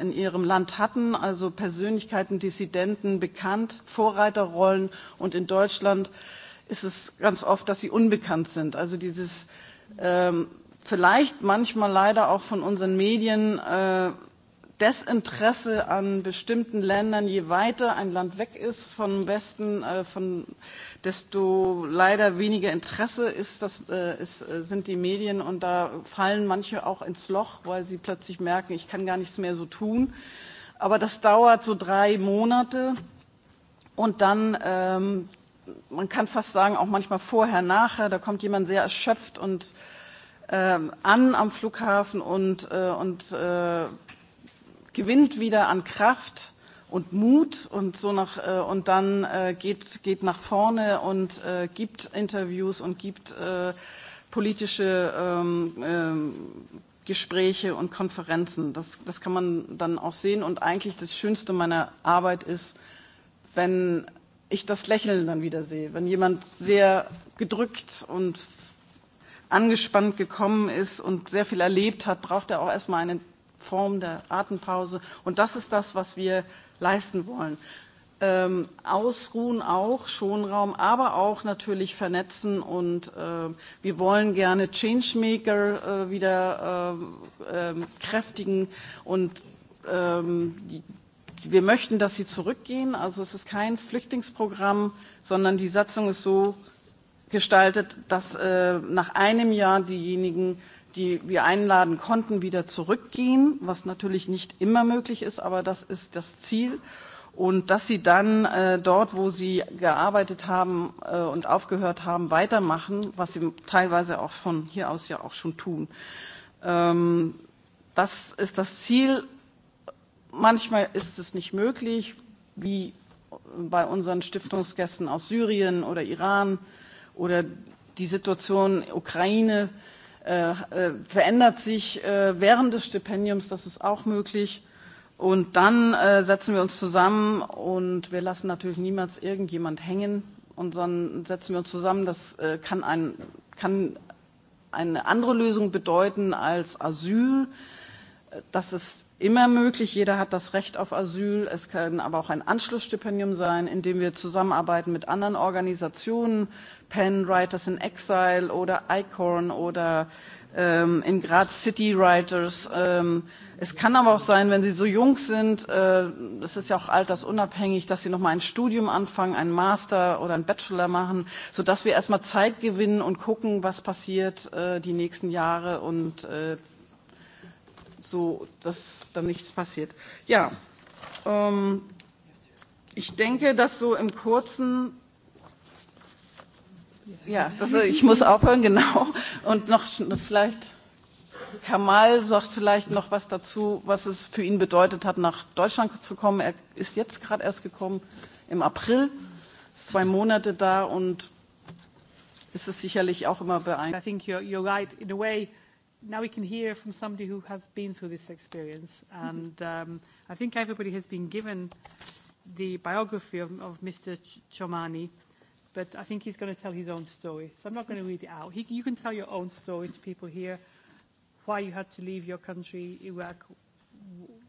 in ihrem Land hatten, also Persönlichkeiten, Dissidenten bekannt, Vorreiterrollen. Und in Deutschland ist es ganz oft, dass sie unbekannt sind. Also dieses vielleicht manchmal leider auch von unseren Medien Interesse an bestimmten Ländern, je weiter ein Land weg ist vom Westen, von, desto leider weniger Interesse ist das, ist, sind die Medien. Und da fallen manche auch ins Loch, weil sie plötzlich merken, ich kann gar nichts mehr so tun. Aber das dauert so drei Monate. Und dann, ähm, man kann fast sagen, auch manchmal vorher, nachher, da kommt jemand sehr erschöpft und an am Flughafen und, und gewinnt wieder an Kraft und Mut und so nach und dann geht geht nach vorne und gibt Interviews und gibt politische Gespräche und Konferenzen. Das das kann man dann auch sehen und eigentlich das schönste meiner Arbeit ist, wenn ich das Lächeln dann wieder sehe, wenn jemand sehr gedrückt und angespannt gekommen ist und sehr viel erlebt hat, braucht er auch erstmal einen. Form der Atempause. Und das ist das, was wir leisten wollen. Ausruhen auch, Schonraum, aber auch natürlich vernetzen. Und wir wollen gerne Changemaker wieder kräftigen. Und wir möchten, dass sie zurückgehen. Also es ist kein Flüchtlingsprogramm, sondern die Satzung ist so gestaltet, dass nach einem Jahr diejenigen, die wir einladen konnten, wieder zurückgehen, was natürlich nicht immer möglich ist, aber das ist das Ziel. Und dass sie dann dort, wo sie gearbeitet haben und aufgehört haben, weitermachen, was sie teilweise auch von hier aus ja auch schon tun. Das ist das Ziel. Manchmal ist es nicht möglich, wie bei unseren Stiftungsgästen aus Syrien oder Iran oder die Situation Ukraine verändert sich während des Stipendiums, das ist auch möglich. Und dann setzen wir uns zusammen und wir lassen natürlich niemals irgendjemand hängen, und sondern setzen wir uns zusammen. Das kann, ein, kann eine andere Lösung bedeuten als Asyl. Das ist immer möglich. Jeder hat das Recht auf Asyl. Es kann aber auch ein Anschlussstipendium sein, indem wir zusammenarbeiten mit anderen Organisationen, PEN, Writers in Exile oder ICORN oder in Graz City Writers. Es kann aber auch sein, wenn Sie so jung sind, es ist ja auch altersunabhängig, dass Sie nochmal ein Studium anfangen, einen Master oder einen Bachelor machen, so dass wir erstmal Zeit gewinnen und gucken, was passiert die nächsten Jahre und so, dass da nichts passiert. Ja, ähm, ich denke, dass so im Kurzen Ja, das, ich muss aufhören, genau. Und noch vielleicht, Kamal sagt vielleicht noch was dazu, was es für ihn bedeutet hat, nach Deutschland zu kommen. Er ist jetzt gerade erst gekommen, im April, ist zwei Monate da und ist es sicherlich auch immer beeindruckend. I think you're right. In a way, now we can hear from somebody who has been through this experience. And um, I think everybody has been given the biography of, of Mr. Chomani, but I think he's going to tell his own story. So I'm not going to read it out. He, you can tell your own story to people here, why you had to leave your country, Iraq,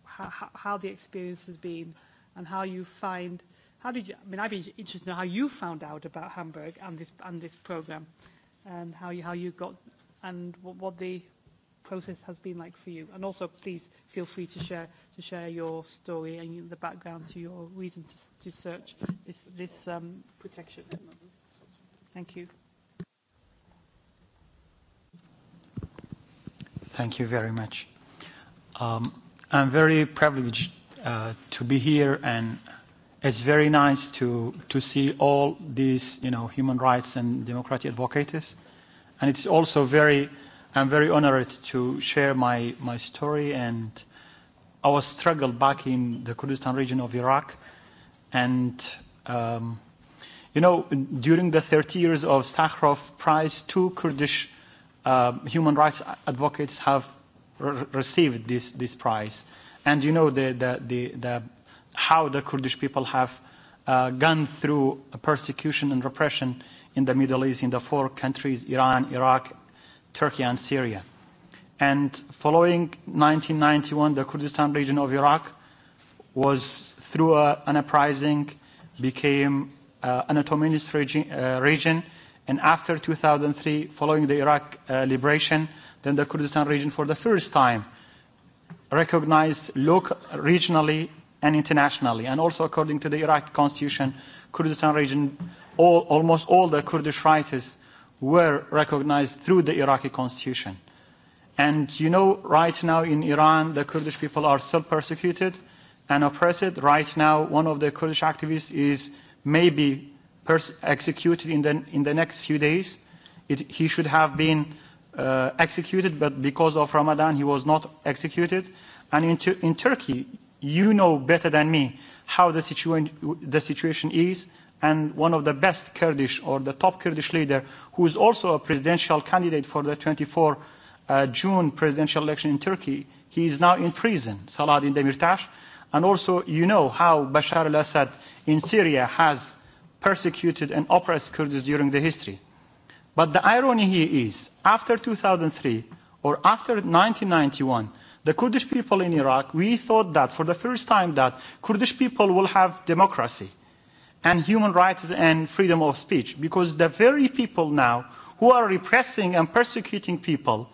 how, how the experience has been, and how you find. How did you? I mean, I'd be interested to know how you found out about Hamburg and this and this program, and how you how you got, and what, what the process has been like for you. And also, please feel free to share to share your story and the background to your reason to, to search this this um, protection. Thank you. Thank you very much. Um, I'm very privileged uh, to be here, and it's very nice to to see all these, you know, human rights and democratic advocates, and it's also very I'm very honored to share my, my story and our struggle back in the Kurdistan region of Iraq. And, um, you know, during the 30 years of Sakharov Prize, two Kurdish uh, human rights advocates have received this, this prize. And, you know, the, the, the, the, how the Kurdish people have uh, gone through persecution and repression in the Middle East, in the four countries, Iran, Iraq, Turkey and Syria. And following 1991, the Kurdistan region of Iraq was, through an uprising, became an autonomous region. And after 2003, following the Iraq liberation, then the Kurdistan region for the first time recognized regionally and internationally. And also according to the Iraq constitution, Kurdistan region, all, almost all the Kurdish writers were recognized through the Iraqi constitution. And you know, right now in Iran, the Kurdish people are still persecuted and oppressed. Right now, one of the Kurdish activists is maybe executed in the, in the next few days. It, he should have been executed, but because of Ramadan, he was not executed. And in, in Turkey, you know better than me how the, situation the situation is and one of the best Kurdish or the top Kurdish leader who is also a presidential candidate for the 24 June presidential election in Turkey. He is now in prison, Saladin Demirtas. And also you know how Bashar al-Assad in Syria has persecuted and oppressed Kurds during the history. But the irony here is, after 2003 or after 1991, the Kurdish people in Iraq, we thought that for the first time that Kurdish people will have democracy and human rights and freedom of speech because the very people now who are repressing and persecuting people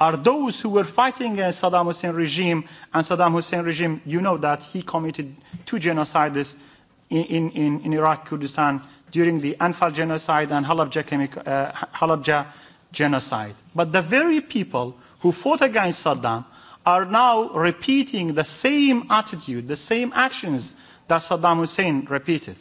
are those who were fighting against Saddam Hussein regime and Saddam Hussein regime you know that he committed two genocides in in in Iraq Kurdistan during the Anfal genocide and Halabja Halabja genocide but the very people who fought against Saddam are now repeating the same attitude the same actions that Saddam Hussein repeated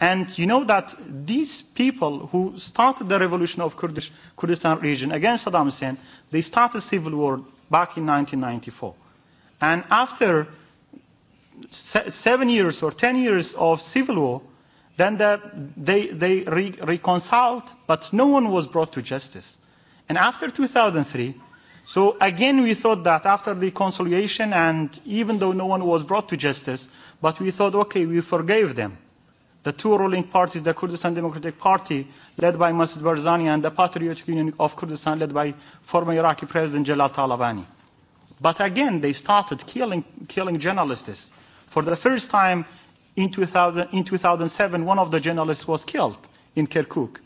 And you know that these people who started the revolution of Kurdish Kurdistan region against Saddam Hussein, they started civil war back in 1994. And after seven years or ten years of civil war, then they, they re reconciled, but no one was brought to justice. And after 2003, so again we thought that after the conciliation and even though no one was brought to justice, but we thought, okay, we forgave them. The two ruling parties, the Kurdistan Democratic Party, led by Masud Barzani, and the Patriotic Union of Kurdistan, led by former Iraqi President Jalal Talabani. But again, they started killing, killing journalists. For the first time in, 2000, in 2007, one of the journalists was killed in Kirkuk,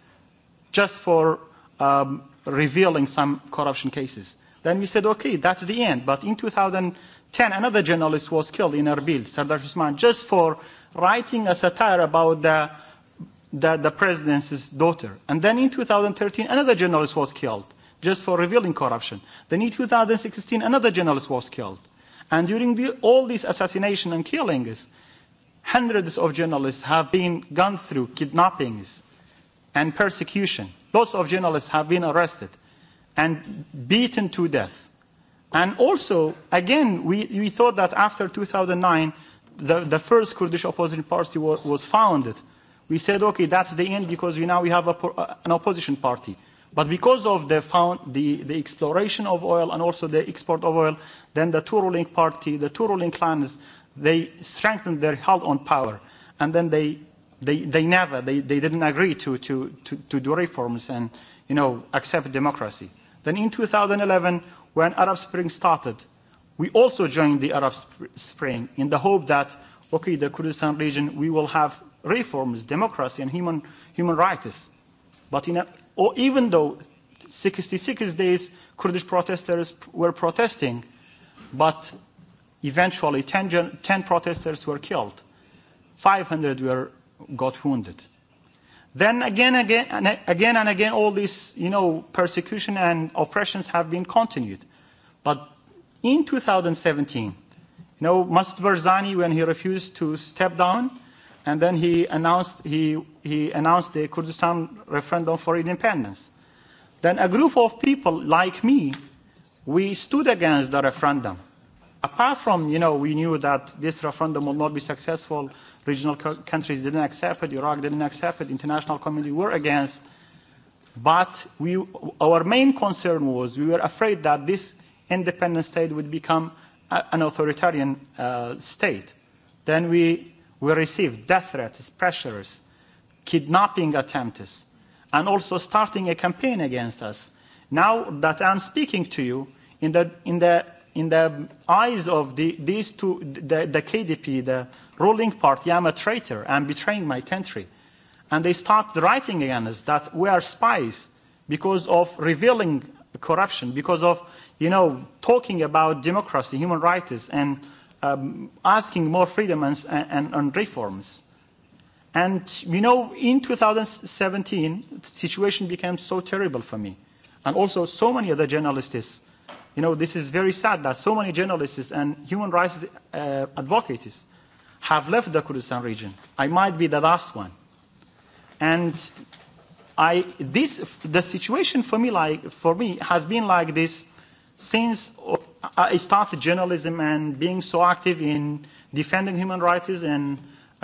just for um, revealing some corruption cases. Then we said, okay, that's the end. But in 2010, another journalist was killed in Erbil, Sardar Usman, just for writing a satire about the the president's daughter. And then in 2013, another journalist was killed just for revealing corruption. Then in 2016, another journalist was killed. And during all these assassination and killings, hundreds of journalists have been gone through kidnappings and persecution. Lots of journalists have been arrested and beaten to death. And also, again, we, we thought that after 2009, the first Kurdish opposition party was founded, we said, okay, that's the end because we now we have an opposition party. But because of the found the the exploration of oil and also the export of oil, then the two ruling party, the two ruling clans, they strengthened their hold on power, and then they they they never they they didn't agree to to to do reforms and you know accept democracy. Then in 2011, when Arab Spring started We also joined the Arab Spring in the hope that, okay, the Kurdistan region, we will have reforms, democracy, and human, human rights. But in a, or even though 66 days Kurdish protesters were protesting, but eventually 10, 10 protesters were killed. 500 were got wounded. Then again, again, and again, and again, all this, you know, persecution and oppressions have been continued. But in 2017. You know, Masud Barzani, when he refused to step down, and then he announced, he, he announced the Kurdistan referendum for independence. Then a group of people like me, we stood against the referendum. Apart from, you know, we knew that this referendum will not be successful, regional countries didn't accept it, Iraq didn't accept it, international community were against. But we, our main concern was we were afraid that this independent state would become an authoritarian state. Then we we receive death threats, pressures, kidnapping attempts, and also starting a campaign against us. Now that I'm speaking to you, in the, in the, in the eyes of the, these two, the, the KDP, the ruling party, I'm a traitor, I'm betraying my country. And they start writing against us that we are spies because of revealing corruption, because of you know, talking about democracy, human rights, and asking more freedom and, and, and reforms. And, you know, in 2017, the situation became so terrible for me. And also so many other journalists. You know, this is very sad that so many journalists and human rights advocates have left the Kurdistan region. I might be the last one. And I, this, the situation for me, like, for me has been like this Since I started journalism and being so active in defending human rights and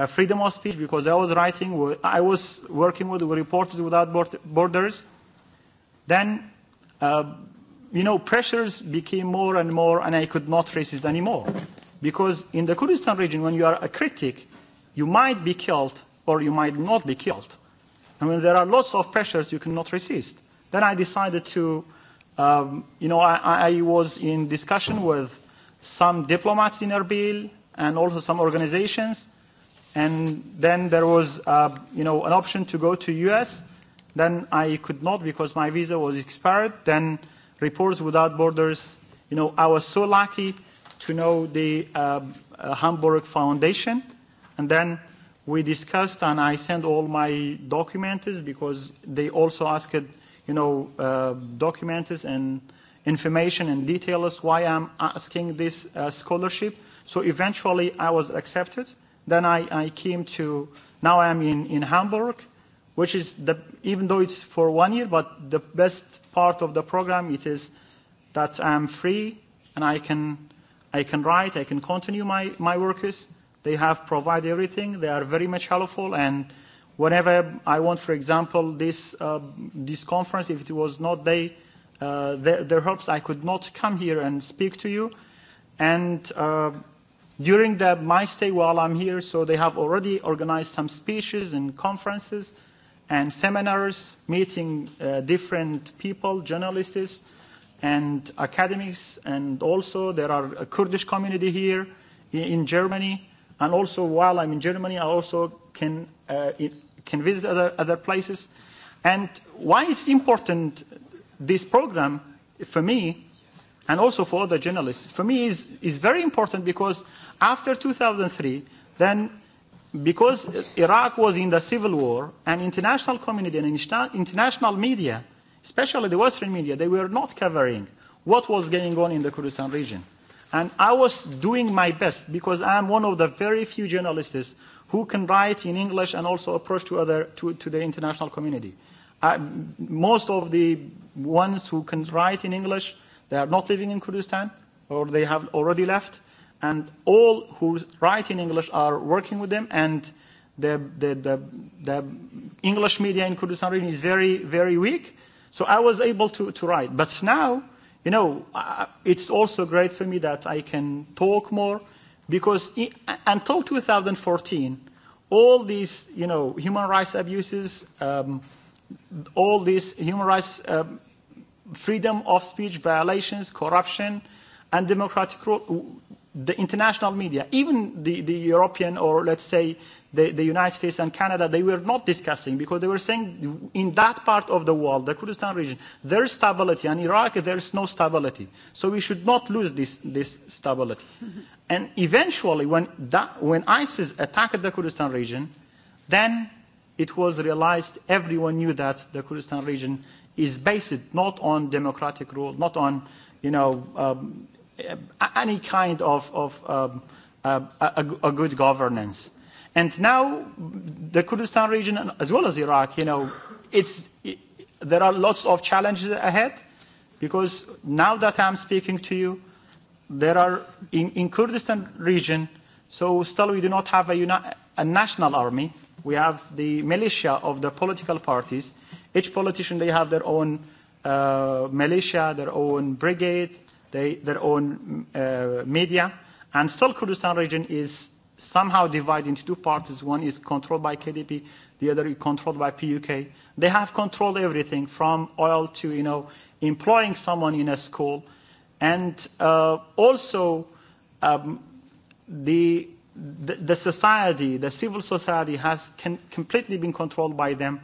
freedom of speech, because I was writing, I was working with Reporters Without Borders, then, you know, pressures became more and more, and I could not resist anymore. Because in the Kurdistan region, when you are a critic, you might be killed or you might not be killed. And when there are lots of pressures, you cannot resist. Then I decided to You know, I was in discussion with some diplomats in Erbil and also some organizations, and then there was, you know, an option to go to U.S. Then I could not because my visa was expired. Then reports Without Borders, you know, I was so lucky to know the Hamburg Foundation, and then we discussed and I sent all my documents because they also asked you know, documents and information and details why I'm asking this scholarship. So eventually I was accepted. Then I, I came to, now I am in, in Hamburg, which is, the, even though it's for one year, but the best part of the program, it is that I'm free and I can, I can write, I can continue my, my workers. They have provided everything. They are very much helpful and whenever I want, for example, this this conference, if it was not they, their helps, I could not come here and speak to you. And during the my stay while I'm here, so they have already organized some speeches and conferences and seminars, meeting different people, journalists and academics, and also there are a Kurdish community here in Germany. And also while I'm in Germany, I also can can visit other other places. And why it's important this program for me and also for other journalists for me is is very important because after 2003 then because Iraq was in the civil war and international community and international media especially the western media they were not covering what was going on in the Kurdistan region and I was doing my best because I am one of the very few journalists who can write in English and also approach to other to, to the international community. most of the ones who can write in English, they are not living in Kurdistan or they have already left. And all who write in English are working with them and the, the, the, the English media in Kurdistan region is very, very weak. So I was able to, to write. But now, you know, it's also great for me that I can talk more Because until 2014, all these, you know, human rights abuses, all these human rights, freedom of speech violations, corruption, and democratic, the international media, even the European or let's say the United States and Canada, they were not discussing because they were saying in that part of the world, the Kurdistan region, there is stability, and Iraq, there is no stability. So we should not lose this, this stability. and eventually, when, that, when ISIS attacked the Kurdistan region, then it was realized everyone knew that the Kurdistan region is based not on democratic rule, not on, you know, um, any kind of, of um, a, a good governance And now the Kurdistan region, as well as Iraq, you know, it's, there are lots of challenges ahead because now that I'm speaking to you, there are in, in Kurdistan region, so still we do not have a, a national army. We have the militia of the political parties. Each politician, they have their own uh, militia, their own brigade, they, their own uh, media. And still Kurdistan region is somehow divided into two parties. One is controlled by KDP, the other is controlled by PUK. They have controlled everything from oil to, you know, employing someone in a school. And also the the society, the civil society has completely been controlled by them.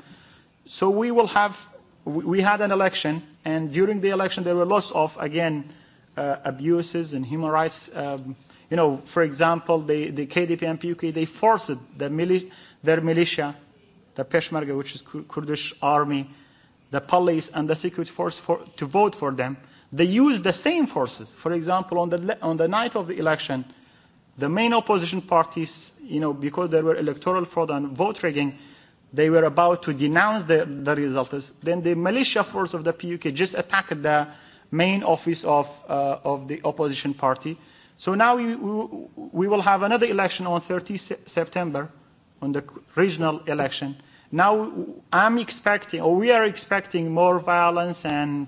So we will have, we had an election and during the election there were lots of, again, abuses and human rights You know, for example, the, the KDP and PUK, they forced the their militia, the Peshmerga, which is Kurdish army, the police and the security force for, to vote for them. They used the same forces. For example, on the, on the night of the election, the main opposition parties, you know, because there were electoral fraud and vote rigging, they were about to denounce the, the results. Then the militia force of the PUK just attacked the main office of, uh, of the opposition party So now we will have another election on 30 September, on the regional election. Now I'm expecting, or we are expecting more violence, and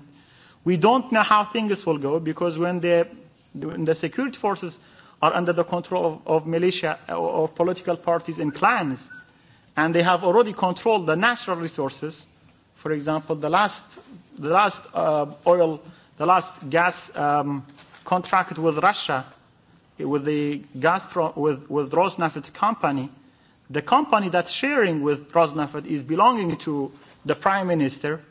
we don't know how things will go because when the when the security forces are under the control of militia or political parties and clans, and they have already controlled the natural resources. For example, the last the last oil, the last gas contract with Russia with the Gazprom, with, with company, the company that's sharing with Rosneft is belonging to the prime minister.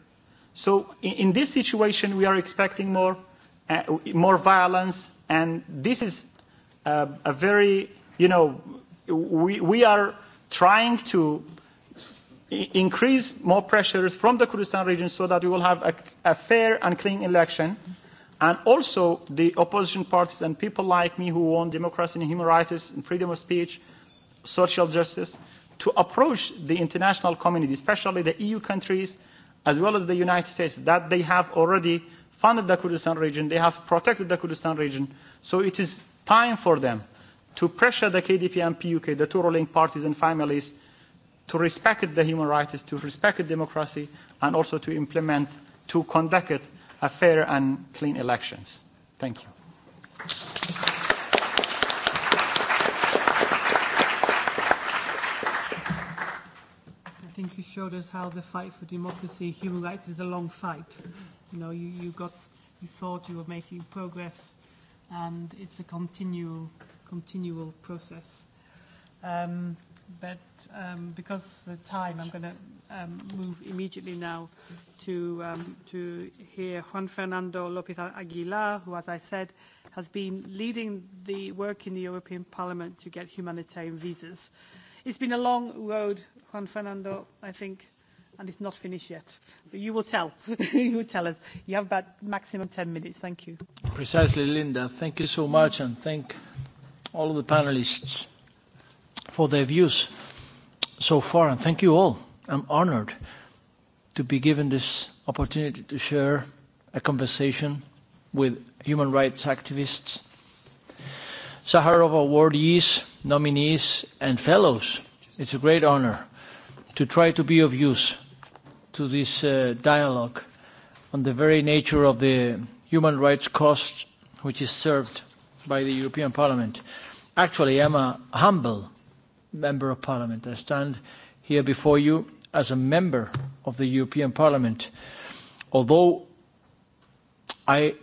So in, in this situation, we are expecting more, uh, more violence, and this is a, a very, you know, we, we are trying to increase more pressures from the Kurdistan region so that we will have a, a fair and clean election and also the opposition parties and people like me who want democracy and human rights and freedom of speech, social justice, to approach the international community, especially the EU countries, as well as the United States, that they have already funded the Kurdistan region, they have protected the Kurdistan region. So it is time for them to pressure the KDP and PUK, the two ruling parties and families, to respect the human rights, to respect democracy, and also to implement, to conduct it a fair and clean elections. Thank you. I think you showed us how the fight for democracy, human rights is a long fight. You know, you, you got, you thought you were making progress, and it's a continual, continual process. Um, but um, because of the time, I'm going to move immediately now to to hear Juan Fernando López Aguilar, who, as I said, has been leading the work in the European Parliament to get humanitarian visas. It's been a long road, Juan Fernando, I think, and it's not finished yet. But you will tell. you will tell us. You have about maximum 10 minutes. Thank you. Precisely, Linda. Thank you so much, and thank all of the panelists for their views so far, and thank you all I'm honored to be given this opportunity to share a conversation with human rights activists, Sakharov awardees, nominees, and fellows. It's a great honor to try to be of use to this dialogue on the very nature of the human rights cost which is served by the European Parliament. Actually, I'm a humble member of Parliament. I stand here before you as a member of the European Parliament, although I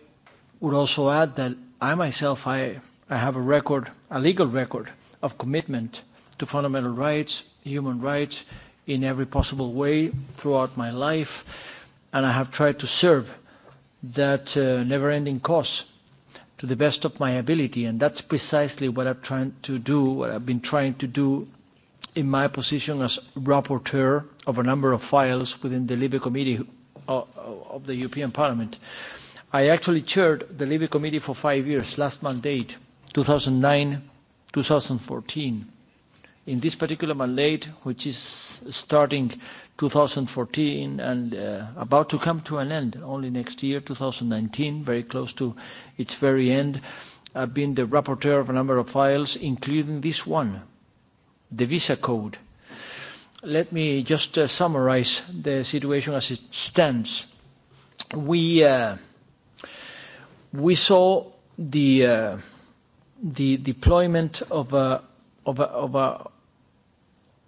would also add that I myself, I have a record, a legal record of commitment to fundamental rights, human rights, in every possible way throughout my life, and I have tried to serve that never-ending cause to the best of my ability, and that's precisely what I've tried to do, what I've been trying to do in my position as rapporteur of a number of files within the LIBE Committee of the European Parliament. I actually chaired the LIBE Committee for five years, last mandate, 2009-2014. In this particular mandate, which is starting 2014 and about to come to an end only next year, 2019, very close to its very end, I've been the rapporteur of a number of files, including this one the visa code. Let me just summarize the situation as it stands. We we saw the the deployment of a of a of a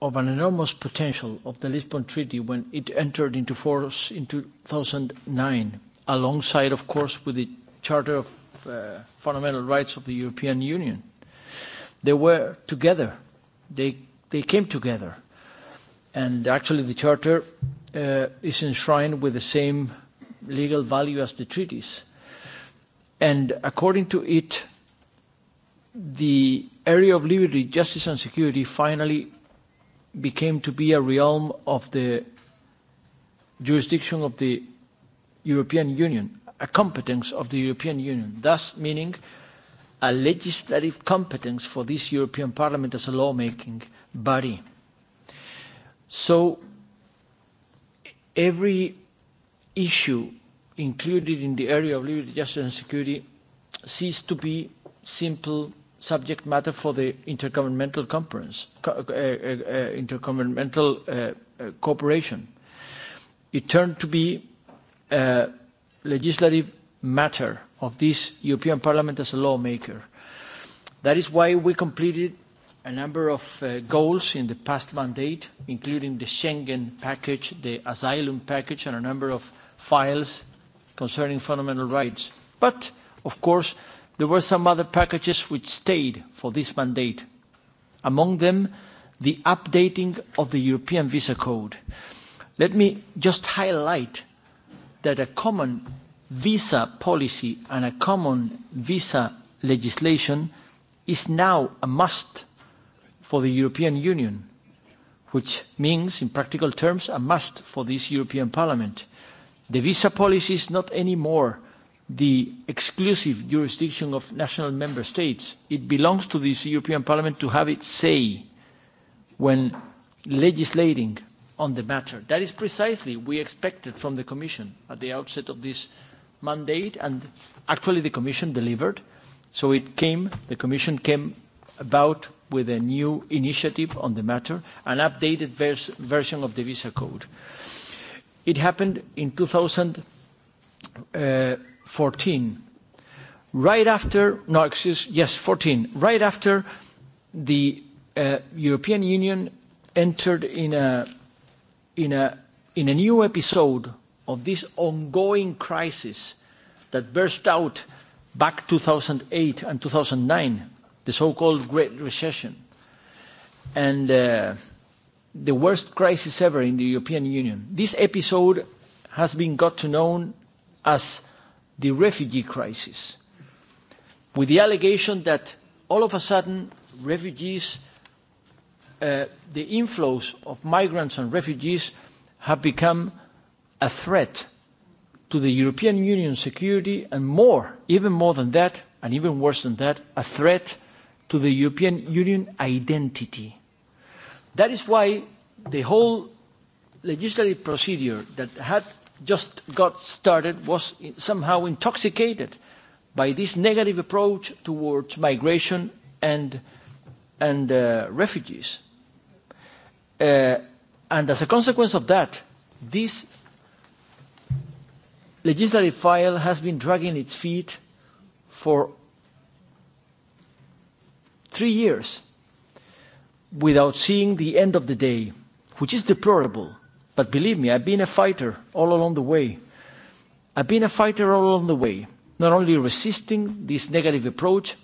of an enormous potential of the Lisbon Treaty when it entered into force in 2009, alongside, of course, with the Charter of Fundamental Rights of the European Union. They were together they they came together. And actually the Charter is enshrined with the same legal value as the treaties. And according to it, the area of liberty, justice and security finally became to be a realm of the jurisdiction of the European Union, a competence of the European Union, thus meaning a legislative competence for this European Parliament as a lawmaking body. So every issue included in the area of liberty, justice and security ceased to be simple subject matter for the intergovernmental conference, intergovernmental cooperation. It turned to be a legislative matter of this European Parliament as a lawmaker. That is why we completed a number of goals in the past mandate, including the Schengen package, the asylum package, and a number of files concerning fundamental rights. But, of course, there were some other packages which stayed for this mandate. Among them, the updating of the European Visa Code. Let me just highlight that a common visa policy and a common visa legislation is now a must for the European Union, which means, in practical terms, a must for this European Parliament. The visa policy is not anymore the exclusive jurisdiction of national member states. It belongs to this European Parliament to have its say when legislating on the matter. That is precisely we expected from the Commission at the outset of this mandate, and actually the Commission delivered. So it came, the Commission came about with a new initiative on the matter, an updated version of the Visa Code. It happened in 2014, right after, no, excuse, yes, 14, right after the European Union entered in a in a in a new episode of this ongoing crisis that burst out back 2008 and 2009, the so-called Great Recession, and the worst crisis ever in the European Union. This episode has been got to known as the refugee crisis, with the allegation that all of a sudden refugees, the inflows of migrants and refugees have become a threat to the European Union security and more, even more than that, and even worse than that, a threat to the European Union identity. That is why the whole legislative procedure that had just got started was somehow intoxicated by this negative approach towards migration and and refugees. And as a consequence of that, this legislative file has been dragging its feet for three years without seeing the end of the day, which is deplorable. But believe me, I've been a fighter all along the way. I've been a fighter all along the way, not only resisting this negative approach,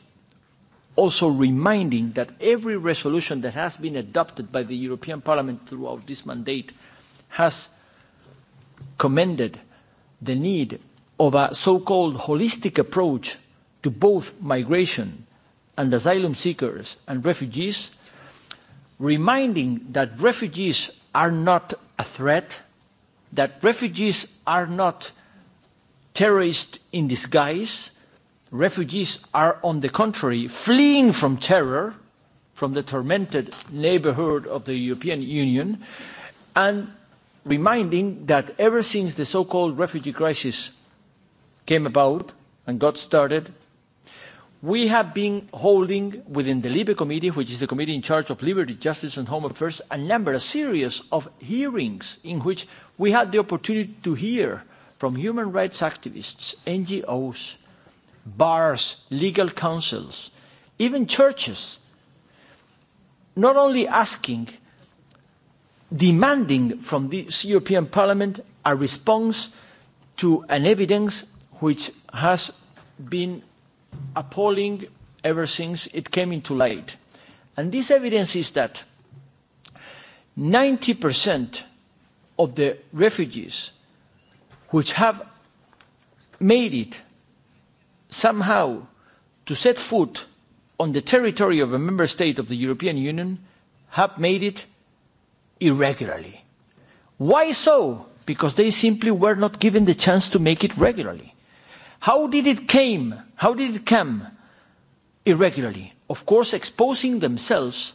also reminding that every resolution that has been adopted by the European Parliament throughout this mandate has commended the need of a so-called holistic approach to both migration and asylum seekers and refugees, reminding that refugees are not a threat, that refugees are not terrorists in disguise. Refugees are, on the contrary, fleeing from terror, from the tormented neighborhood of the European Union, and reminding that ever since the so-called refugee crisis came about and got started, we have been holding within the LIBE Committee, which is the committee in charge of liberty, justice and home affairs, a number, a series of hearings in which we had the opportunity to hear from human rights activists, NGOs, bars, legal councils, even churches, not only asking demanding from this European Parliament a response to an evidence which has been appalling ever since it came into light. And this evidence is that 90% of the refugees which have made it somehow to set foot on the territory of a member state of the European Union have made it irregularly. Why so? Because they simply were not given the chance to make it regularly. How did it came? How did it come? Irregularly. Of course, exposing themselves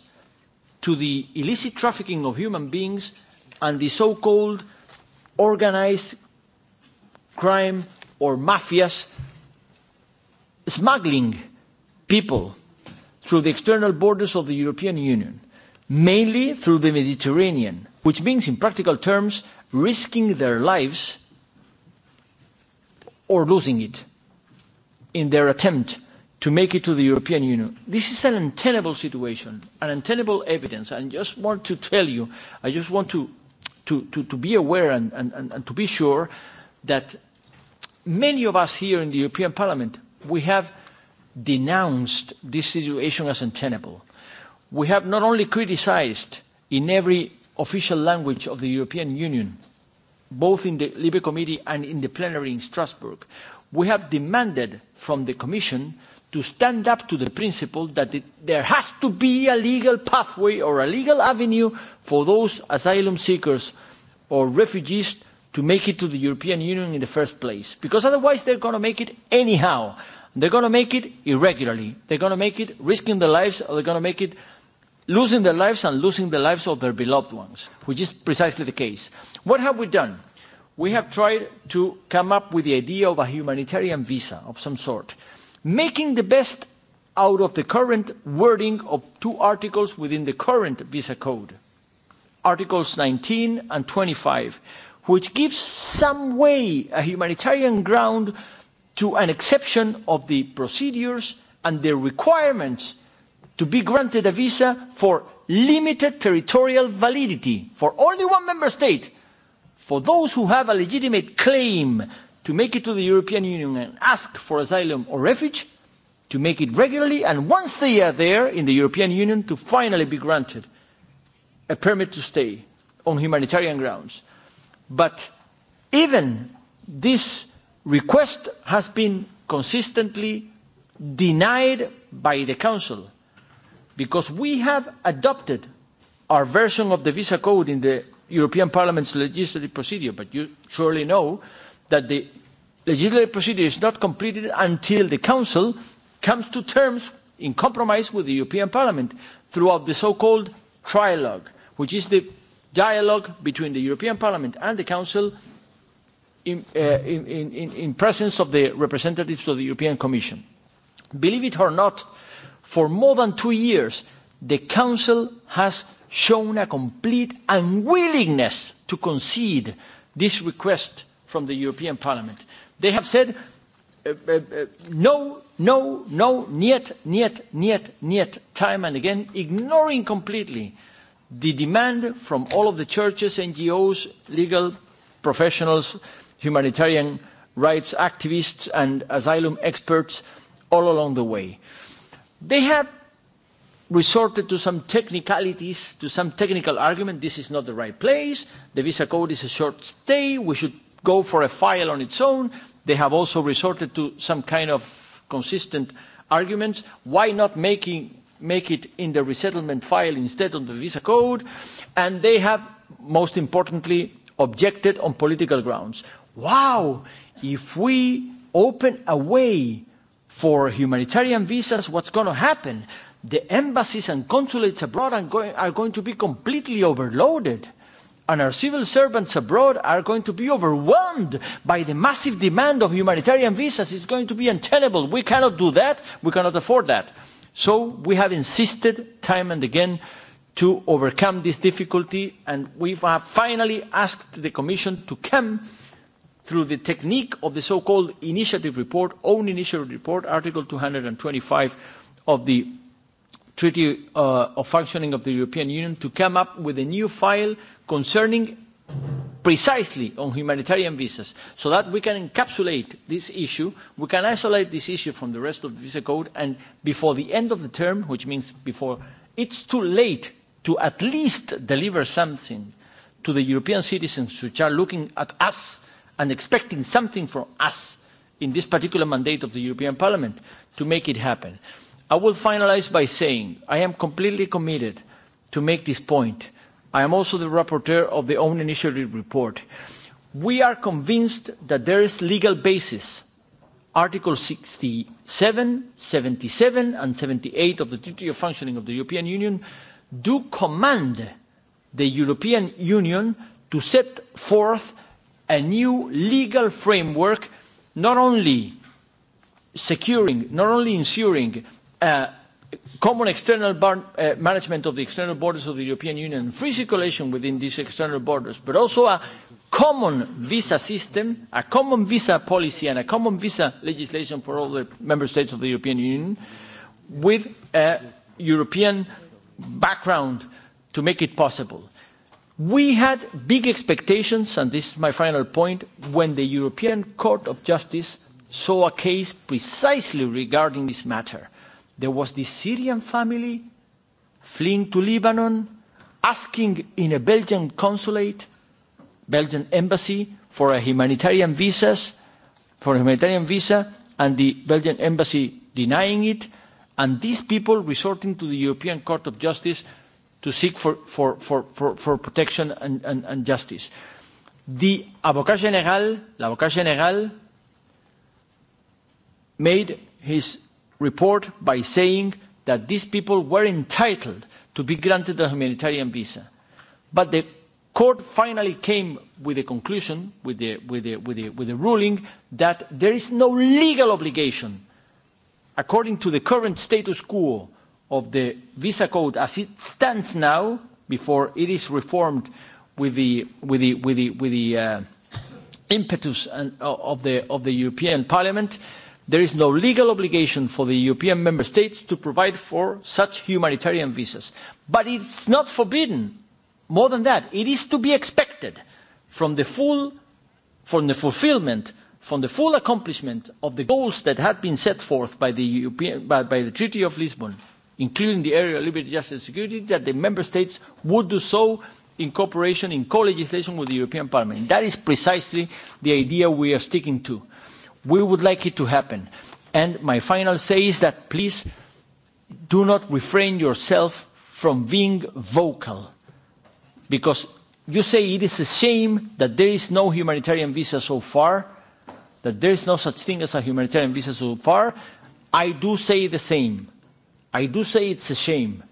to the illicit trafficking of human beings and the so-called organized crime or mafias smuggling people through the external borders of the European Union mainly through the Mediterranean, which means, in practical terms, risking their lives or losing it in their attempt to make it to the European Union. This is an untenable situation, an untenable evidence. I just want to tell you, I just want to to to be aware and and and to be sure that many of us here in the European Parliament, we have denounced this situation as untenable we have not only criticized in every official language of the European Union, both in the Libe Committee and in the plenary in Strasbourg, we have demanded from the Commission to stand up to the principle that there has to be a legal pathway or a legal avenue for those asylum seekers or refugees to make it to the European Union in the first place, because otherwise they're going to make it anyhow. They're going to make it irregularly. They're going to make it risking their lives or they're going to make it losing their lives and losing the lives of their beloved ones, which is precisely the case. What have we done? We have tried to come up with the idea of a humanitarian visa of some sort, making the best out of the current wording of two articles within the current visa code, Articles 19 and 25, which gives some way, a humanitarian ground, to an exception of the procedures and the requirements to be granted a visa for limited territorial validity for only one member state for those who have a legitimate claim to make it to the European Union and ask for asylum or refuge, to make it regularly, and once they are there in the European Union, to finally be granted a permit to stay on humanitarian grounds. But even this request has been consistently denied by the Council because we have adopted our version of the visa code in the European Parliament's legislative procedure, but you surely know that the legislative procedure is not completed until the Council comes to terms in compromise with the European Parliament throughout the so-called trilogue, which is the dialogue between the European Parliament and the Council in presence of the representatives of the European Commission. Believe it or not, for more than two years, the Council has shown a complete unwillingness to concede this request from the European Parliament. They have said, no, no, no, niet, niet, niet, niet, time and again, ignoring completely the demand from all of the churches, NGOs, legal professionals, humanitarian rights activists and asylum experts all along the way. They have resorted to some technicalities, to some technical argument. This is not the right place. The visa code is a short stay. We should go for a file on its own. They have also resorted to some kind of consistent arguments. Why not making make it in the resettlement file instead of the visa code? And they have, most importantly, objected on political grounds. Wow, if we open a way for humanitarian visas, what's going to happen? The embassies and consulates abroad are going to be completely overloaded. And our civil servants abroad are going to be overwhelmed by the massive demand of humanitarian visas. It's going to be untenable. We cannot do that. We cannot afford that. So we have insisted time and again to overcome this difficulty and we have finally asked the Commission to come through the technique of the so-called initiative report, own initiative report, Article 225 of the Treaty of Functioning of the European Union, to come up with a new file concerning precisely on humanitarian visas, so that we can encapsulate this issue, we can isolate this issue from the rest of the visa code, and before the end of the term, which means before it's too late to at least deliver something to the European citizens which are looking at us and expecting something from us in this particular mandate of the European Parliament to make it happen. I will finalise by saying I am completely committed to make this point. I am also the rapporteur of the own initiative report. We are convinced that there is legal basis, Article 67, 77 and 78 of the Treaty of Functioning of the European Union, do command the European Union to set forth a new legal framework not only securing, not only ensuring common external management of the external borders of the European Union free circulation within these external borders, but also a common visa system, a common visa policy and a common visa legislation for all the member states of the European Union with a European background to make it possible. We had big expectations, and this is my final point, when the European Court of Justice saw a case precisely regarding this matter. There was this Syrian family fleeing to Lebanon, asking in a Belgian consulate, Belgian embassy, for a humanitarian visa, for a humanitarian visa, and the Belgian embassy denying it, and these people resorting to the European Court of Justice to seek for protection and justice. The Avocat General, la General, made his report by saying that these people were entitled to be granted a humanitarian visa. But the court finally came with a conclusion, with the ruling, that there is no legal obligation, according to the current status quo, of the visa code as it stands now before it is reformed with the with the with the with the impetus of the of the European Parliament there is no legal obligation for the European member states to provide for such humanitarian visas but it's not forbidden more than that it is to be expected from the full from the fulfillment from the full accomplishment of the goals that had been set forth by the by the Treaty of Lisbon including the area of liberty, justice and security, that the Member States would do so in cooperation, in co-legislation with the European Parliament. That is precisely the idea we are sticking to. We would like it to happen. And my final say is that please do not refrain yourself from being vocal. Because you say it is a shame that there is no humanitarian visa so far, that there is no such thing as a humanitarian visa so far. I do say the same I do say it's a shame.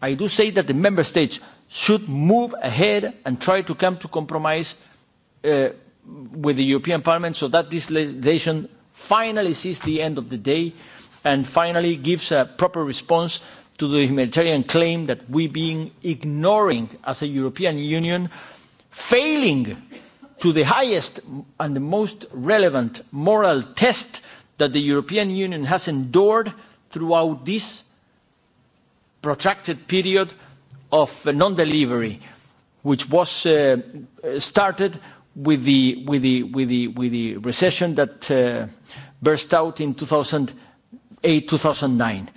I do say that the member states should move ahead and try to come to compromise with the European Parliament so that this legislation finally sees the end of the day and finally gives a proper response to the humanitarian claim that we've been ignoring as a European Union, failing to the highest and the most relevant moral test that the European Union has endured throughout this protracted period of non-delivery, which was started with the with the with the recession that burst out in 2008-2009.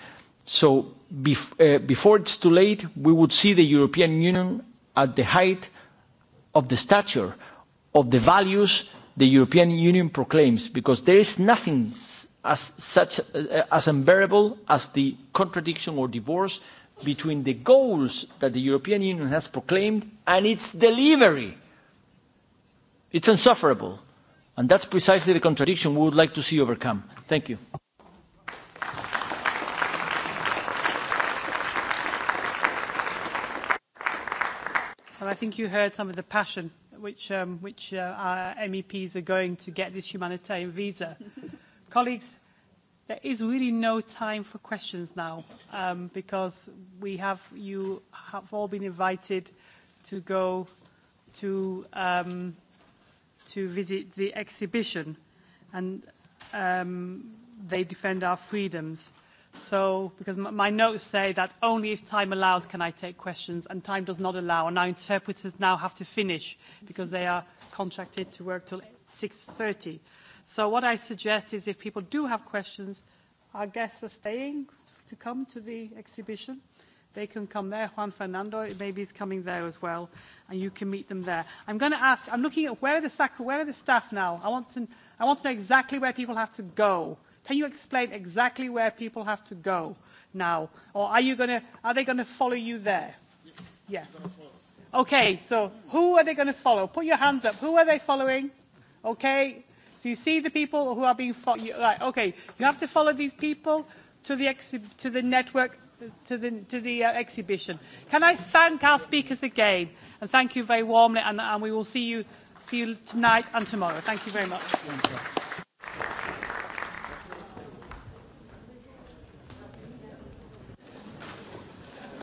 So before it's too late, we would see the European Union at the height of the stature of the values the European Union proclaims, because there is nothing as such as unbearable as the contradiction or divorce between the goals that the European Union has proclaimed and its delivery. It's insufferable. And that's precisely the contradiction we would like to see overcome. Thank you. And I think you heard some of the passion which, um, which our MEPs are going to get this humanitarian visa. Colleagues, there is really no time for questions now um, because we have you have all been invited to go to um to visit the exhibition and um they defend our freedoms. So, because my notes say that only if time allows can I take questions, and time does not allow, and our interpreters now have to finish because they are contracted to work till 6.30. So what I suggest is if people do have questions, our guests are staying to come to the exhibition. They can come there. Juan Fernando maybe is coming there as well, and you can meet them there. I'm going to ask. I'm looking at where are the where are the staff now? I want to I want to know exactly where people have to go. Can you explain exactly where people have to go now, or are you going to are they going to follow you there? Yes. Okay. So who are they going to follow? Put your hands up. Who are they following? Okay. So you see the people who are being followed. Right, okay, you have to follow these people to the, to the network, to the, to the uh, exhibition. Can I thank our speakers again? And thank you very warmly, and, and we will see you, see you tonight and tomorrow. Thank you very much.